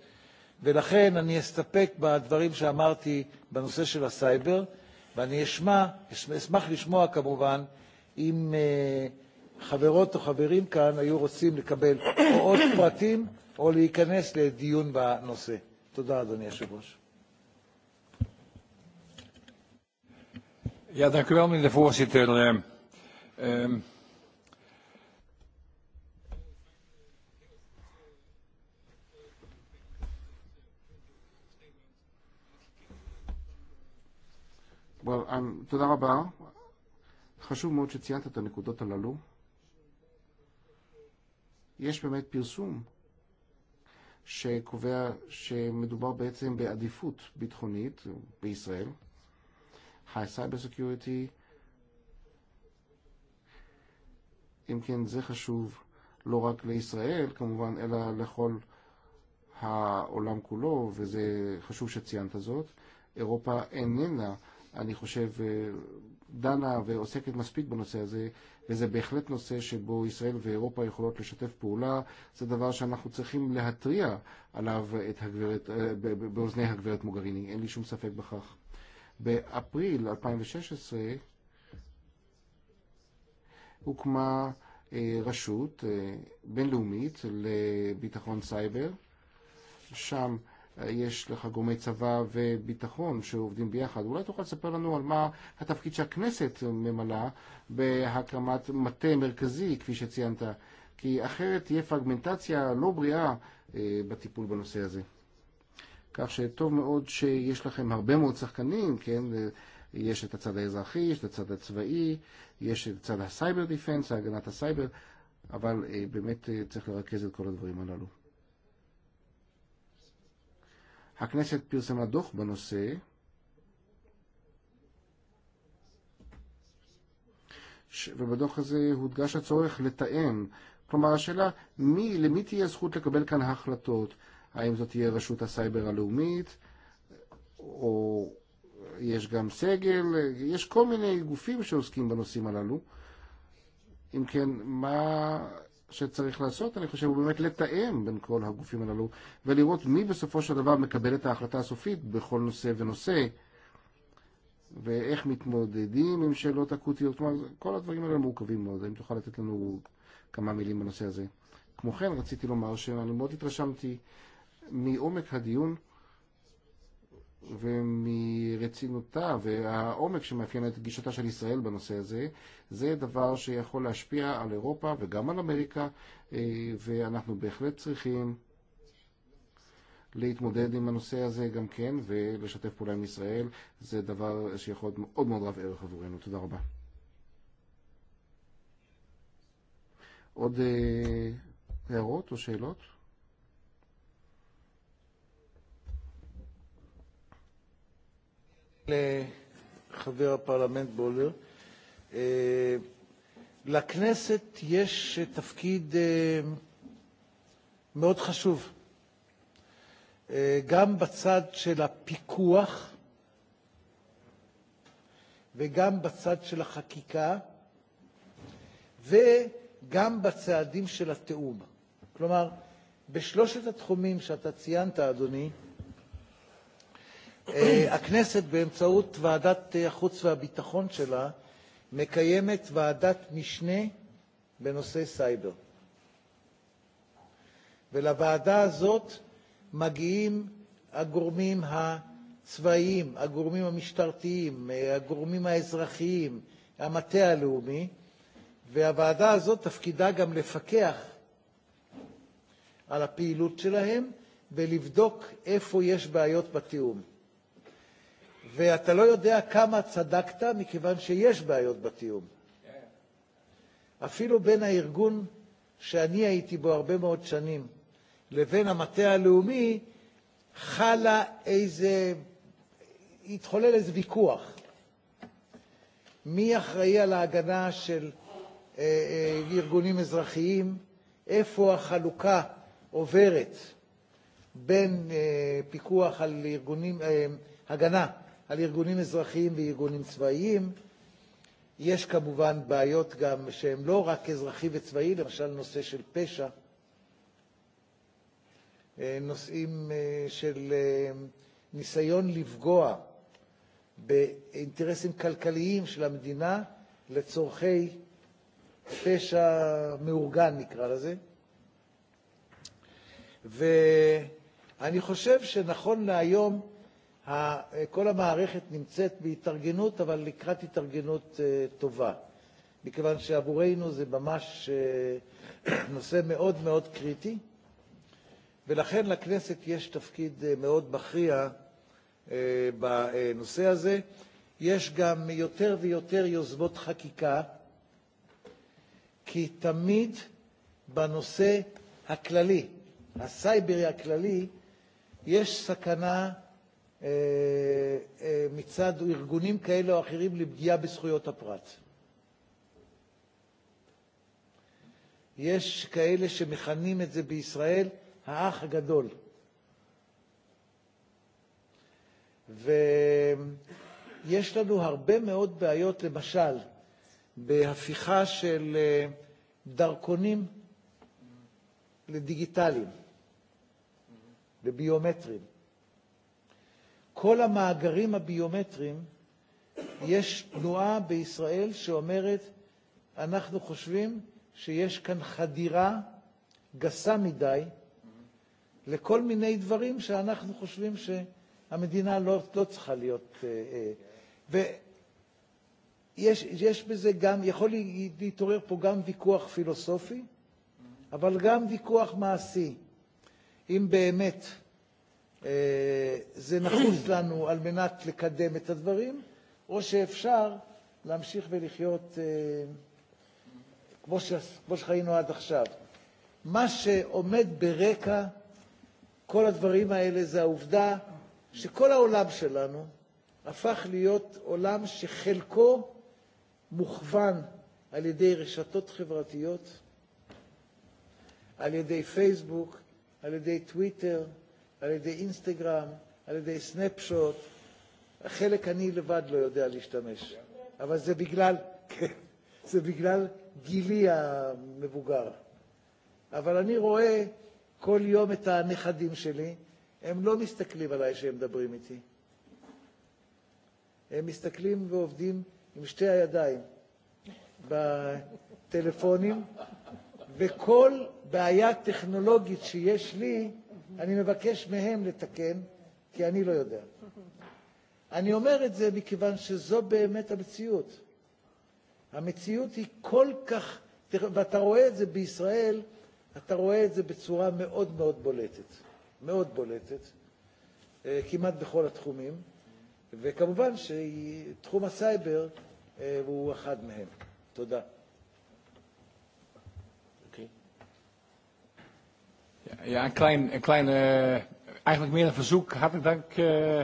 ולכן אני אסתפק בדברים שאמרתי בנושא של הסייבר, ואני אשמע, אשמח לשמוע כמובן אם חברות או חברים כאן היו רוצים לקבל או עוד פרטים או להיכנס לדיון בנושא. תודה, אדוני היושב-ראש. Ja, dank u wel, meneer de voorzitter. Uh, um, Well, um, תודה רבה. חשוב מאוד שציינת את הנקודות הללו. יש באמת פרסום שקובע שמדובר בעצם בעדיפות ביטחונית בישראל high cyber security, imkien זה חשוב לא רק לישראל, כמובן, אלא לכל העולם כולו, וזה חשוב שציינת זאת. אירופה איננה, אני חושב, דנה ועוסקת מספיק בנושא הזה, וזה בהחלט נושא שבו ישראל ואירופה יכולות לשתף פעולה. זה דבר שאנחנו צריכים להתריע עליו את הגברת, באוזני הגברת מוגריני, אין לי שום ספק בכך. באפריל 2016 הוקמה רשות בינלאומית לביטחון סייבר, שם יש לך גורמי צבא וביטחון שעובדים ביחד. אולי תוכל לספר לנו על מה התפקיד שהכנסת ממלאה בהקמת מטה מרכזי, כפי שציינת, כי אחרת תהיה פרגמנטציה לא בריאה בטיפול בנושא הזה. כך שטוב מאוד שיש לכם הרבה מאוד שחקנים, כן? יש את הצד האזרחי, יש את הצד הצבאי, יש את צד הסייבר דיפנס, הגנת הסייבר, אבל אה, באמת אה, צריך לרכז את כל הדברים הללו. הכנסת פרסמה דוח בנושא, ובדוח הזה הודגש הצורך לתאם, כלומר השאלה מי, למי תהיה זכות לקבל כאן החלטות, האם זאת תהיה רשות הסייבר הלאומית, או יש גם סגל, יש כל מיני גופים שעוסקים בנושאים הללו. אם כן, מה שצריך לעשות, אני חושב, הוא באמת לתאם בין כל הגופים הללו, ולראות מי בסופו של דבר מקבל את ההחלטה הסופית בכל נושא ונושא, ואיך מתמודדים עם שאלות אקוטיות. כלומר, כל הדברים האלה מורכבים מאוד, אם תוכל לתת לנו כמה מילים בנושא הזה. כמו כן, רציתי לומר שאני מאוד התרשמתי מעומק הדיון ומרצינותה והעומק שמאפיין את גישתה של ישראל בנושא הזה, זה דבר שיכול להשפיע על אירופה וגם על אמריקה, ואנחנו בהחלט צריכים להתמודד עם הנושא הזה גם כן, ולשתף פעולה עם ישראל, זה דבר שיכול להיות מאוד מאוד רב ערך עבורנו. תודה רבה. עוד הערות או שאלות? לחבר הפרלמנט בולר. לכנסת יש תפקיד מאוד חשוב, גם בצד של הפיקוח וגם בצד של החקיקה וגם בצעדים של התיאום. כלומר, בשלושת התחומים שאתה ציינת, אדוני, הכנסת באמצעות ועדת החוץ והביטחון שלה מקיימת ועדת משנה בנושא סייבר. ולוועדה הזאת מגיעים הגורמים הצבאיים, הגורמים המשטרתיים, הגורמים האזרחיים, המטה הלאומי, והוועדה הזאת תפקידה גם לפקח על הפעילות שלהם ולבדוק איפה יש בעיות בתיאום. ואתה לא יודע כמה צדקת, מכיוון שיש בעיות בתיאום. Yeah. אפילו בין הארגון שאני הייתי בו הרבה מאוד שנים לבין המטה הלאומי, חלה איזה, התחולל איזה ויכוח. מי אחראי על ההגנה של אה, אה, ארגונים אזרחיים? איפה החלוקה עוברת בין אה, פיקוח על ארגונים, אה, הגנה על ארגונים אזרחיים וארגונים צבאיים. יש כמובן בעיות גם שהם לא רק אזרחי וצבאי, למשל נושא של פשע, נושאים של ניסיון לפגוע באינטרסים כלכליים של המדינה לצורכי פשע מאורגן, נקרא לזה. ואני חושב שנכון להיום, כל המערכת נמצאת בהתארגנות, אבל לקראת התארגנות טובה, מכיוון שעבורנו זה ממש נושא מאוד מאוד קריטי, ולכן לכנסת יש תפקיד מאוד מכריע בנושא הזה. יש גם יותר ויותר יוזמות חקיקה, כי תמיד בנושא הכללי, הסייברי הכללי, יש סכנה מצד ארגונים כאלה או אחרים לפגיעה בזכויות הפרט. יש כאלה שמכנים את זה בישראל האח הגדול. ויש לנו הרבה מאוד בעיות, למשל, בהפיכה של דרכונים לדיגיטליים, לביומטרים. כל המאגרים הביומטריים, יש תנועה בישראל שאומרת, אנחנו חושבים שיש כאן חדירה גסה מדי לכל מיני דברים שאנחנו חושבים שהמדינה לא, לא צריכה להיות... ויש יש בזה גם, יכול להתעורר פה גם ויכוח פילוסופי, אבל גם ויכוח מעשי, אם באמת זה נחוץ לנו על מנת לקדם את הדברים, או שאפשר להמשיך ולחיות כמו, שחיינו עד עכשיו. מה שעומד ברקע כל הדברים האלה זה העובדה שכל העולם שלנו הפך להיות עולם שחלקו מוכוון על ידי רשתות חברתיות, על ידי פייסבוק, על ידי טוויטר, על ידי אינסטגרם, על ידי סנפשוט. חלק אני לבד לא יודע להשתמש, אבל זה בגלל, כן, זה בגלל גילי המבוגר. אבל אני רואה כל יום את הנכדים שלי, הם לא מסתכלים עליי כשהם מדברים איתי. הם מסתכלים ועובדים עם שתי הידיים בטלפונים, וכל בעיה טכנולוגית שיש לי, אני מבקש מהם לתקן, כי אני לא יודע. אני אומר את זה מכיוון שזו באמת המציאות. המציאות היא כל כך, ואתה רואה את זה בישראל, אתה רואה את זה בצורה מאוד מאוד בולטת, מאוד בולטת, כמעט בכל התחומים, וכמובן שתחום הסייבר הוא אחד מהם. תודה. Ja, een klein, een klein uh, eigenlijk meer een verzoek. Hartelijk dank, uh,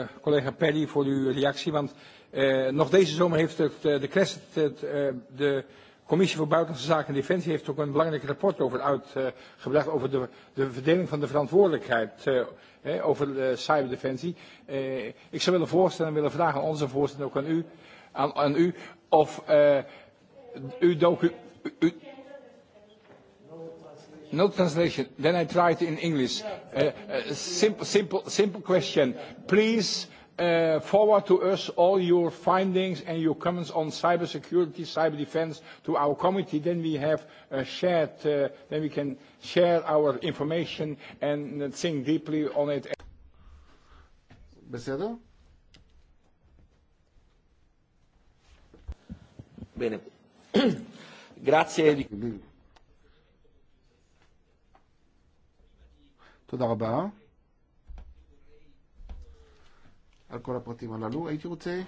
uh, collega Perry, voor uw reactie. Want uh, nog deze zomer heeft het, uh, de CREST, het, uh, de Commissie voor Buitenlandse Zaken en Defensie, heeft ook een belangrijk rapport over uitgebracht, uh, over de, de verdeling van de verantwoordelijkheid uh, eh, over uh, cyberdefensie. Uh, ik zou willen voorstellen en willen vragen aan onze voorzitter, ook aan u, aan, aan u of uh, u, docu u, u no translation. Then I it in English. Uh, uh, simple, simple, simple question. Please uh, forward to us all your findings and your comments on cybersecurity, cyber defense to our committee. Then we have uh, shared, uh, then we can share our information and uh, think deeply on it. Beseda? Bene. Grazie. תודה רבה. על כל הפרטים הללו. הייתי רוצה...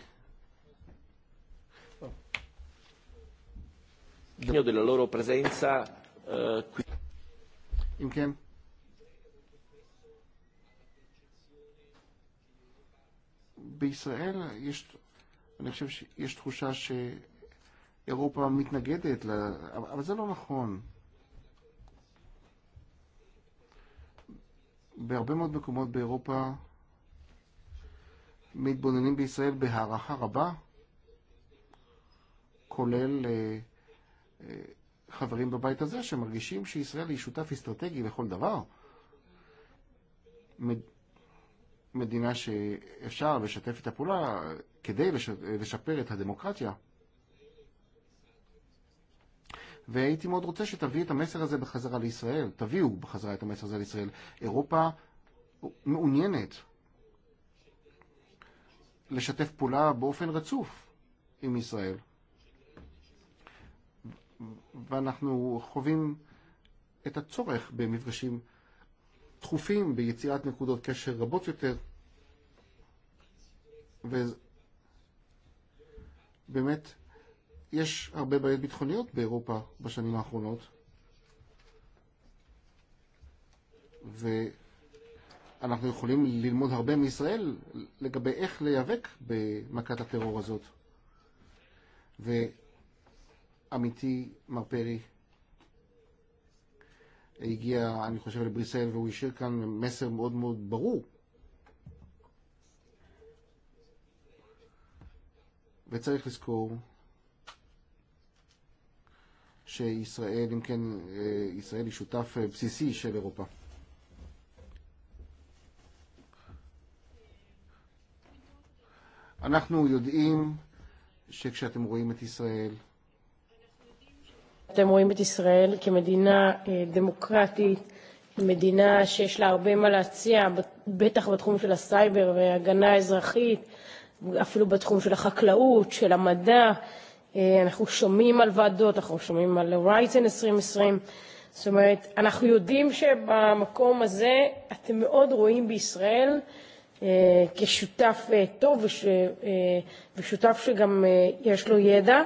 della loro presenza eh, qui. אם כן. בישראל יש, אני חושב שיש תחושה שאירופה מתנגדת, אבל זה לא נכון. בהרבה מאוד מקומות באירופה מתבוננים בישראל בהערכה רבה, כולל חברים בבית הזה שמרגישים שישראל היא שותף אסטרטגי לכל דבר. מדינה שאפשר לשתף את הפעולה כדי לשפר את הדמוקרטיה. והייתי מאוד רוצה שתביא את המסר הזה בחזרה לישראל, תביאו בחזרה את המסר הזה לישראל. אירופה מעוניינת לשתף פעולה באופן רצוף עם ישראל. ואנחנו חווים את הצורך במפגשים דחופים, ביצירת נקודות קשר רבות יותר. ובאמת, יש הרבה בעיות ביטחוניות באירופה בשנים האחרונות, ואנחנו יכולים ללמוד הרבה מישראל לגבי איך להיאבק במכת הטרור הזאת. ועמיתי מר פרי הגיע, אני חושב, לבריסל והוא השאיר כאן מסר מאוד מאוד ברור. וצריך לזכור שישראל, אם כן, ישראל היא שותף בסיסי של אירופה. אנחנו יודעים שכשאתם רואים את ישראל, אתם רואים את ישראל כמדינה דמוקרטית, מדינה שיש לה הרבה מה להציע, בטח בתחום של הסייבר והגנה האזרחית, אפילו בתחום של החקלאות, של המדע, Eh, אנחנו שומעים על ועדות, אנחנו שומעים על הורייזן 2020. זאת אומרת, אנחנו יודעים שבמקום הזה אתם מאוד רואים בישראל אה, כשותף אה, טוב וש, אה, ושותף שגם אה, יש לו ידע.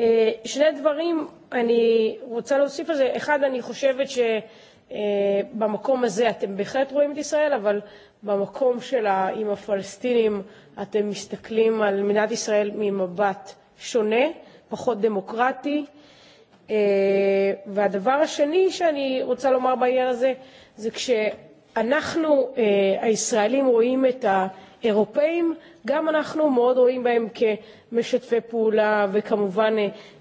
אה, שני דברים אני רוצה להוסיף על זה. אחד, אני חושבת שבמקום אה, הזה אתם בהחלט רואים את ישראל, אבל במקום שלה עם הפלסטינים אתם מסתכלים על מדינת ישראל ממבט שונה, פחות דמוקרטי. והדבר השני שאני רוצה לומר בעניין הזה, זה כשאנחנו, הישראלים, רואים את האירופאים, גם אנחנו מאוד רואים בהם כמשתפי פעולה, וכמובן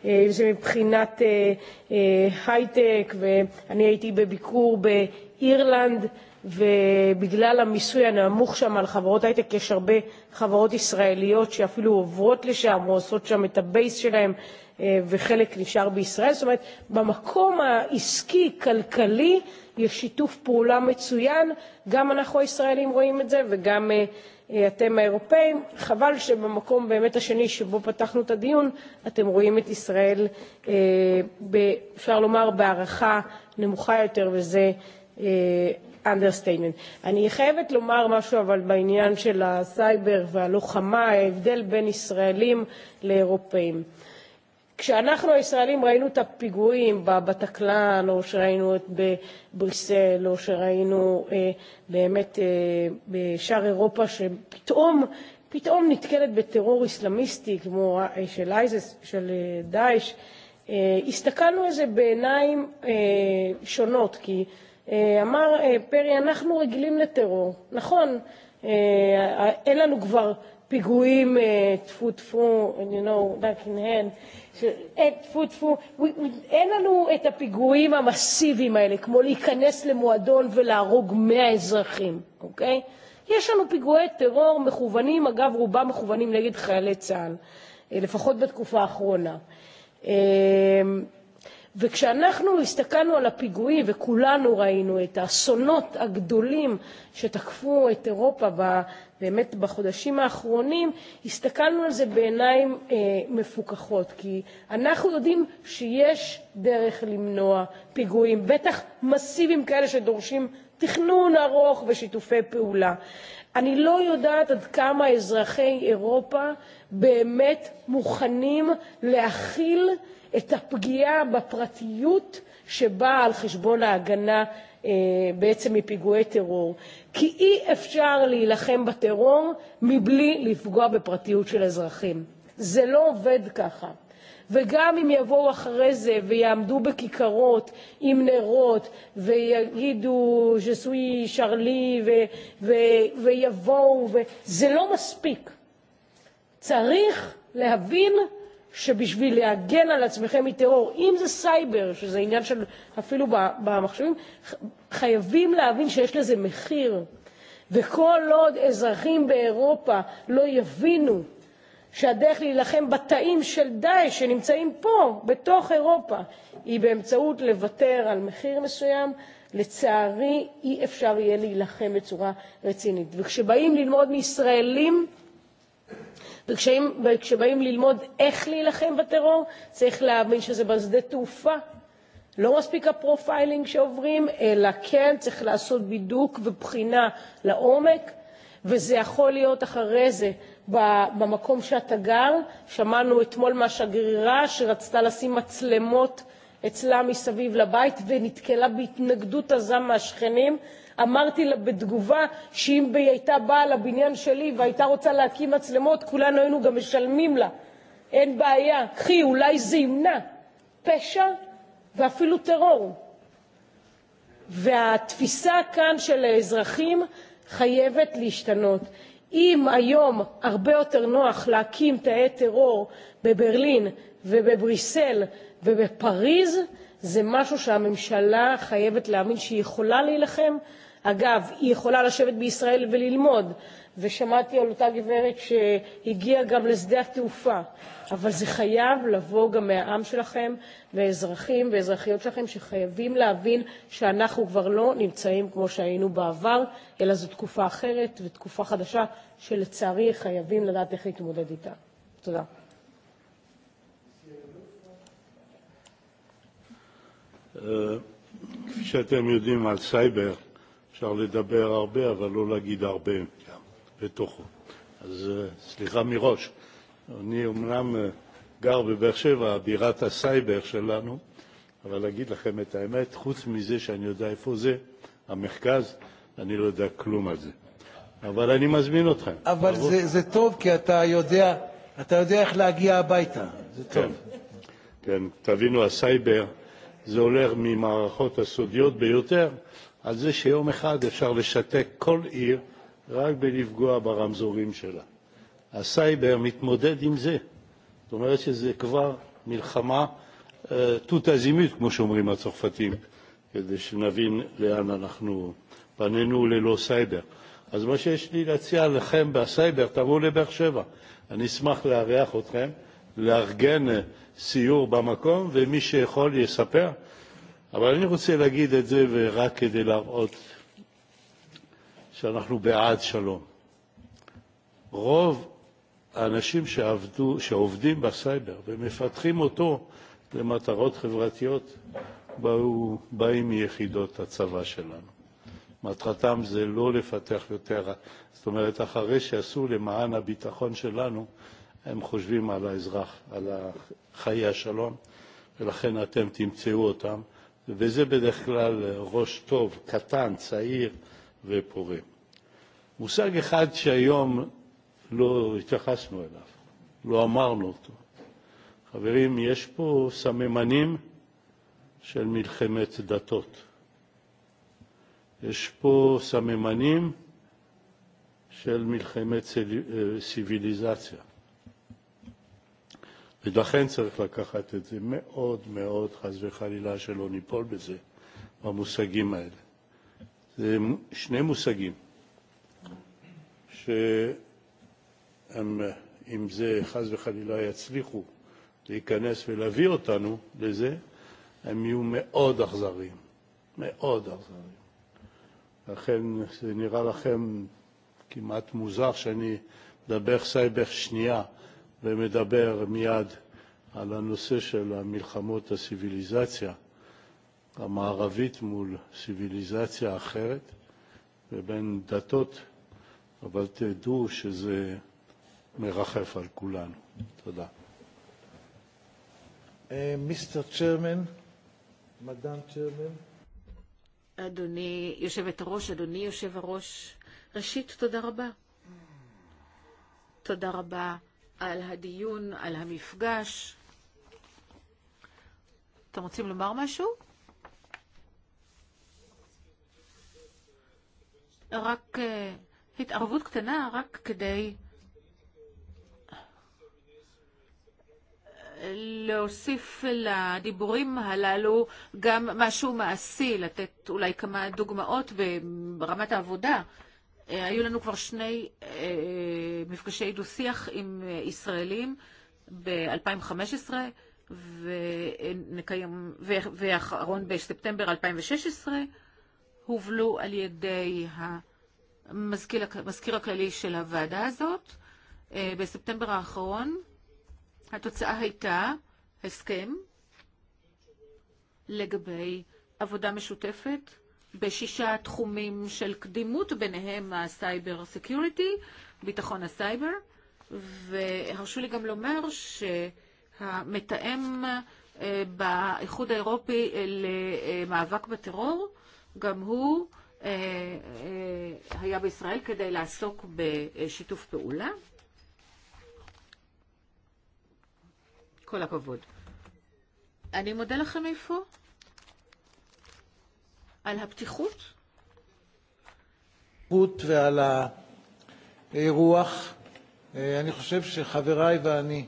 אם זה מבחינת הייטק, ואני הייתי בביקור באירלנד, ובגלל המיסוי הנמוך שם על חברות הייטק יש הרבה חברות ישראליות שאפילו עוברות לשם או עושות שם את הבייס שלהם וחלק נשאר בישראל. זאת אומרת, במקום העסקי-כלכלי יש שיתוף פעולה מצוין, גם אנחנו הישראלים רואים את זה וגם אתם האירופאים. חבל שבמקום באמת השני שבו פתחנו את הדיון, אתם רואים את ישראל, אפשר לומר, בהערכה נמוכה יותר, וזה understatement. אני חייבת לומר משהו אבל בעניין של הסייבר והלוחמה, ההבדל בין ישראלים לאירופאים. כשאנחנו הישראלים ראינו את הפיגועים בבטקלן, או שראינו את בבריסל, או שראינו אה, באמת אה, בשאר אירופה, שפתאום פתאום נתקלת בטרור איסלאמיסטי כמו אה, של אייזס, של אה, דאעש, אה, הסתכלנו על זה בעיניים אה, שונות, כי אמר פרי, אנחנו רגילים לטרור. נכון, אין לנו כבר פיגועים, טפו טפו, you know, back in hand, טפו טפו, אין לנו את הפיגועים המסיביים האלה, כמו להיכנס למועדון ולהרוג 100 אזרחים, אוקיי? יש לנו פיגועי טרור מכוונים, אגב, רובם מכוונים נגד חיילי צה"ל, לפחות בתקופה האחרונה. וכשאנחנו הסתכלנו על הפיגועים, וכולנו ראינו את האסונות הגדולים שתקפו את אירופה באמת בחודשים האחרונים, הסתכלנו על זה בעיניים אה, מפוכחות, כי אנחנו יודעים שיש דרך למנוע פיגועים, בטח מסיביים כאלה שדורשים תכנון ארוך ושיתופי פעולה. אני לא יודעת עד כמה אזרחי אירופה באמת מוכנים להכיל את הפגיעה בפרטיות שבאה על חשבון ההגנה בעצם מפיגועי טרור. כי אי אפשר להילחם בטרור מבלי לפגוע בפרטיות של אזרחים. זה לא עובד ככה. וגם אם יבואו אחרי זה ויעמדו בכיכרות עם נרות ויגידו ז'סוי שרלי ו- ו- ויבואו, ו- זה לא מספיק. צריך להבין שבשביל להגן על עצמכם מטרור, אם זה סייבר, שזה עניין של אפילו במחשבים, חייבים להבין שיש לזה מחיר. וכל עוד אזרחים באירופה לא יבינו שהדרך להילחם בתאים של דאעש שנמצאים פה, בתוך אירופה, היא באמצעות לוותר על מחיר מסוים, לצערי אי אפשר יהיה להילחם בצורה רצינית. וכשבאים ללמוד מישראלים, וכשבאים, וכשבאים ללמוד איך להילחם בטרור, צריך להאמין שזה בשדה תעופה. לא מספיק הפרופיילינג שעוברים, אלא כן צריך לעשות בידוק ובחינה לעומק, וזה יכול להיות אחרי זה במקום שאתה גר. שמענו אתמול מהשגרירה שרצתה לשים מצלמות אצלה מסביב לבית ונתקלה בהתנגדות עזה מהשכנים, אמרתי לה בתגובה שאם היא הייתה באה לבניין שלי והייתה רוצה להקים מצלמות, כולנו היינו גם משלמים לה. אין בעיה, קחי, אולי זה ימנע פשע ואפילו טרור. והתפיסה כאן של האזרחים חייבת להשתנות. אם היום הרבה יותר נוח להקים תאי טרור בברלין ובבריסל ובפריז, זה משהו שהממשלה חייבת להאמין שהיא יכולה להילחם אגב, היא יכולה לשבת בישראל וללמוד, ושמעתי על אותה גברת שהגיעה גם לשדה התעופה, אבל זה חייב לבוא גם מהעם שלכם, ואזרחים ואזרחיות שלכם שחייבים להבין שאנחנו כבר לא נמצאים כמו שהיינו בעבר, אלא זו תקופה אחרת ותקופה חדשה שלצערי חייבים לדעת איך להתמודד איתה. תודה. כפי שאתם יודעים על סייבר, אפשר לדבר הרבה, אבל לא להגיד הרבה גם בתוכו. אז סליחה מראש. אני אומנם גר בבאר שבע, בירת הסייבר שלנו, אבל להגיד לכם את האמת, חוץ מזה שאני יודע איפה זה, המרכז, אני לא יודע כלום על זה. אבל אני מזמין אתכם. אבל זה, זה טוב, כי אתה יודע, אתה יודע איך להגיע הביתה. זה טוב. כן, כן תבינו, הסייבר זה הולך ממערכות הסודיות ביותר על זה שיום אחד אפשר לשתק כל עיר רק בלפגוע ברמזורים שלה. הסייבר מתמודד עם זה. זאת אומרת שזה כבר מלחמה תות הזימית, כמו שאומרים הצרפתים, כדי שנבין לאן אנחנו פנינו ללא סייבר. אז מה שיש לי להציע לכם בסייבר, תבואו לבאר שבע. אני אשמח לארח אתכם, לארגן סיור במקום, ומי שיכול יספר. אבל אני רוצה להגיד את זה ורק כדי להראות שאנחנו בעד שלום. רוב האנשים שעבדו, שעובדים בסייבר ומפתחים אותו למטרות חברתיות באו, באים מיחידות הצבא שלנו. מטרתם זה לא לפתח יותר, זאת אומרת, אחרי שעשו למען הביטחון שלנו, הם חושבים על האזרח, על חיי השלום, ולכן אתם תמצאו אותם וזה בדרך כלל ראש טוב, קטן, צעיר ופורה. מושג אחד שהיום לא התייחסנו אליו, לא אמרנו אותו. חברים, יש פה סממנים של מלחמת דתות. יש פה סממנים של מלחמת סיביליזציה. ולכן צריך לקחת את זה מאוד מאוד, חס וחלילה, שלא ניפול בזה, במושגים האלה. זה שני מושגים, שהם, אם זה חס וחלילה יצליחו להיכנס ולהביא אותנו לזה, הם יהיו מאוד אכזריים, מאוד אכזריים. לכן זה נראה לכם כמעט מוזר שאני מדבר סייבר שנייה ומדבר מיד על הנושא של מלחמות הסיביליזציה המערבית מול סיביליזציה אחרת ובין דתות, אבל תדעו שזה מרחף על כולנו. תודה. מיסטר צ'רמן, מדאם צ'רמן. אדוני יושבת הראש, אדוני יושב הראש, ראשית תודה רבה. תודה רבה על הדיון, על המפגש. אתם רוצים לומר משהו? רק התערבות קטנה, רק כדי להוסיף לדיבורים הללו גם משהו מעשי, לתת אולי כמה דוגמאות ברמת העבודה. היו לנו כבר שני מפגשי דו-שיח עם ישראלים ב-2015 ונקיים, ואחרון בספטמבר 2016 הובלו על ידי המזכיר הכללי של הוועדה הזאת. בספטמבר האחרון התוצאה הייתה הסכם לגבי עבודה משותפת בשישה תחומים של קדימות, ביניהם הסייבר סקיוריטי, ביטחון הסייבר, והרשו לי גם לומר שהמתאם באיחוד האירופי למאבק בטרור, גם הוא היה בישראל כדי לעסוק בשיתוף פעולה. כל הכבוד. אני מודה לכם איפה. על הפתיחות? הפתיחות ועל האירוח. אני חושב שחבריי ואני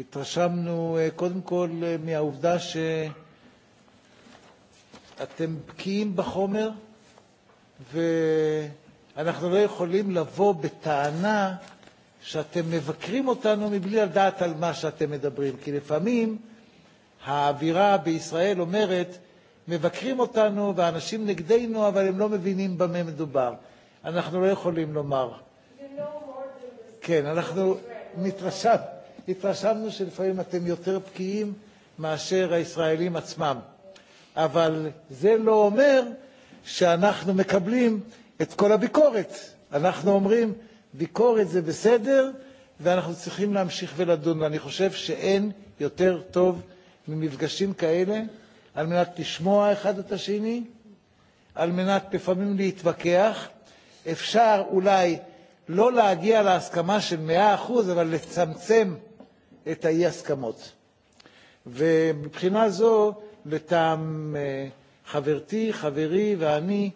התרשמנו קודם כל מהעובדה אתם בקיאים בחומר ואנחנו לא יכולים לבוא בטענה שאתם מבקרים אותנו מבלי לדעת על מה שאתם מדברים, כי לפעמים האווירה בישראל אומרת מבקרים אותנו ואנשים נגדנו, אבל הם לא מבינים במה מדובר. אנחנו לא יכולים לומר. כן, אנחנו מתרשם, התרשמנו שלפעמים אתם יותר בקיאים מאשר הישראלים עצמם. אבל זה לא אומר שאנחנו מקבלים את כל הביקורת. אנחנו אומרים, ביקורת זה בסדר, ואנחנו צריכים להמשיך ולדון. ואני חושב שאין יותר טוב ממפגשים כאלה, על מנת לשמוע אחד את השני, על מנת לפעמים להתווכח. אפשר אולי לא להגיע להסכמה של 100%, אבל לצמצם את האי-הסכמות. ומבחינה זו, לטעם חברתי, חברי ואני,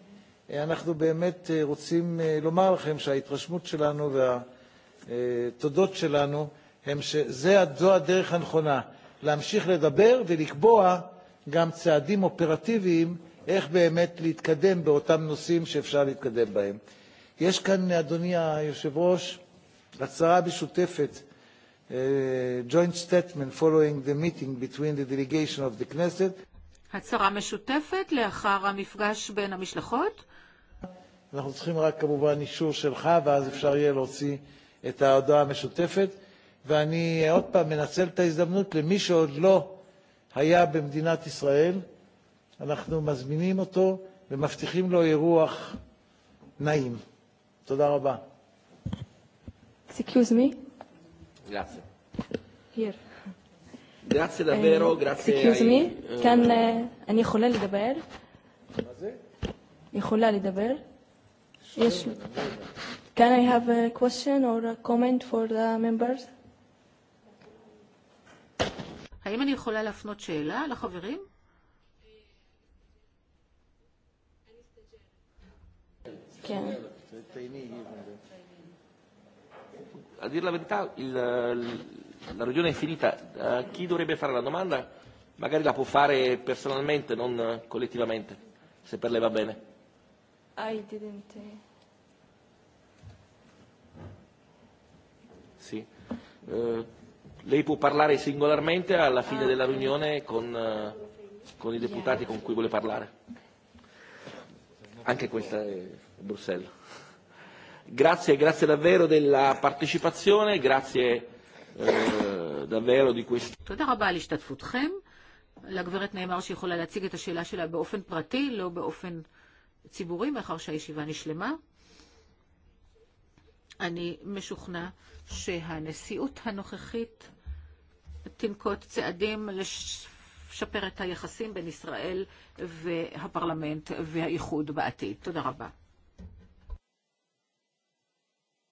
אנחנו באמת רוצים לומר לכם שההתרשמות שלנו והתודות שלנו הם שזו הדרך הנכונה, להמשיך לדבר ולקבוע גם צעדים אופרטיביים איך באמת להתקדם באותם נושאים שאפשר להתקדם בהם. יש כאן, אדוני היושב-ראש, הצהרה משותפת, uh, joint statement following the meeting between the delegation of the Knesset. הצהרה משותפת לאחר המפגש בין המשלחות? אנחנו צריכים רק כמובן אישור שלך, ואז אפשר יהיה להוציא את ההודעה המשותפת. ואני עוד פעם מנצל את ההזדמנות למי שעוד לא היה במדינת ישראל, אנחנו מזמינים אותו ומבטיחים לו אירוח נעים. תודה רבה. Excuse me? Grazie. Here. Grazie davvero, eh, grazie. Excuse me, כאן אני יכולה לדבר? יכולה לדבר? יש Can I have a question or a comment for the members? האם אני יכולה להפנות שאלה לחברים? A dire la verità, il, la ragione è finita. Uh, chi dovrebbe fare la domanda magari la può fare personalmente, non collettivamente, se per lei va bene. I didn't. Eh. Sì. Uh, Lei può parlare singolarmente alla fine ah, della riunione con, eh, con i deputati con cui vuole parlare. Anche questa è Bruxelles. Grazie, grazie davvero della partecipazione, grazie eh, davvero di questo. תודה לגברת נאמר שהיא יכולה להציג את השאלה שלה באופן פרטי, לא באופן ציבורי, מאחר שהישיבה נשלמה. אני משוכנע שהנשיאות הנוכחית תנקוט צעדים לשפר את היחסים בין ישראל והפרלמנט והאיחוד בעתיד. תודה רבה.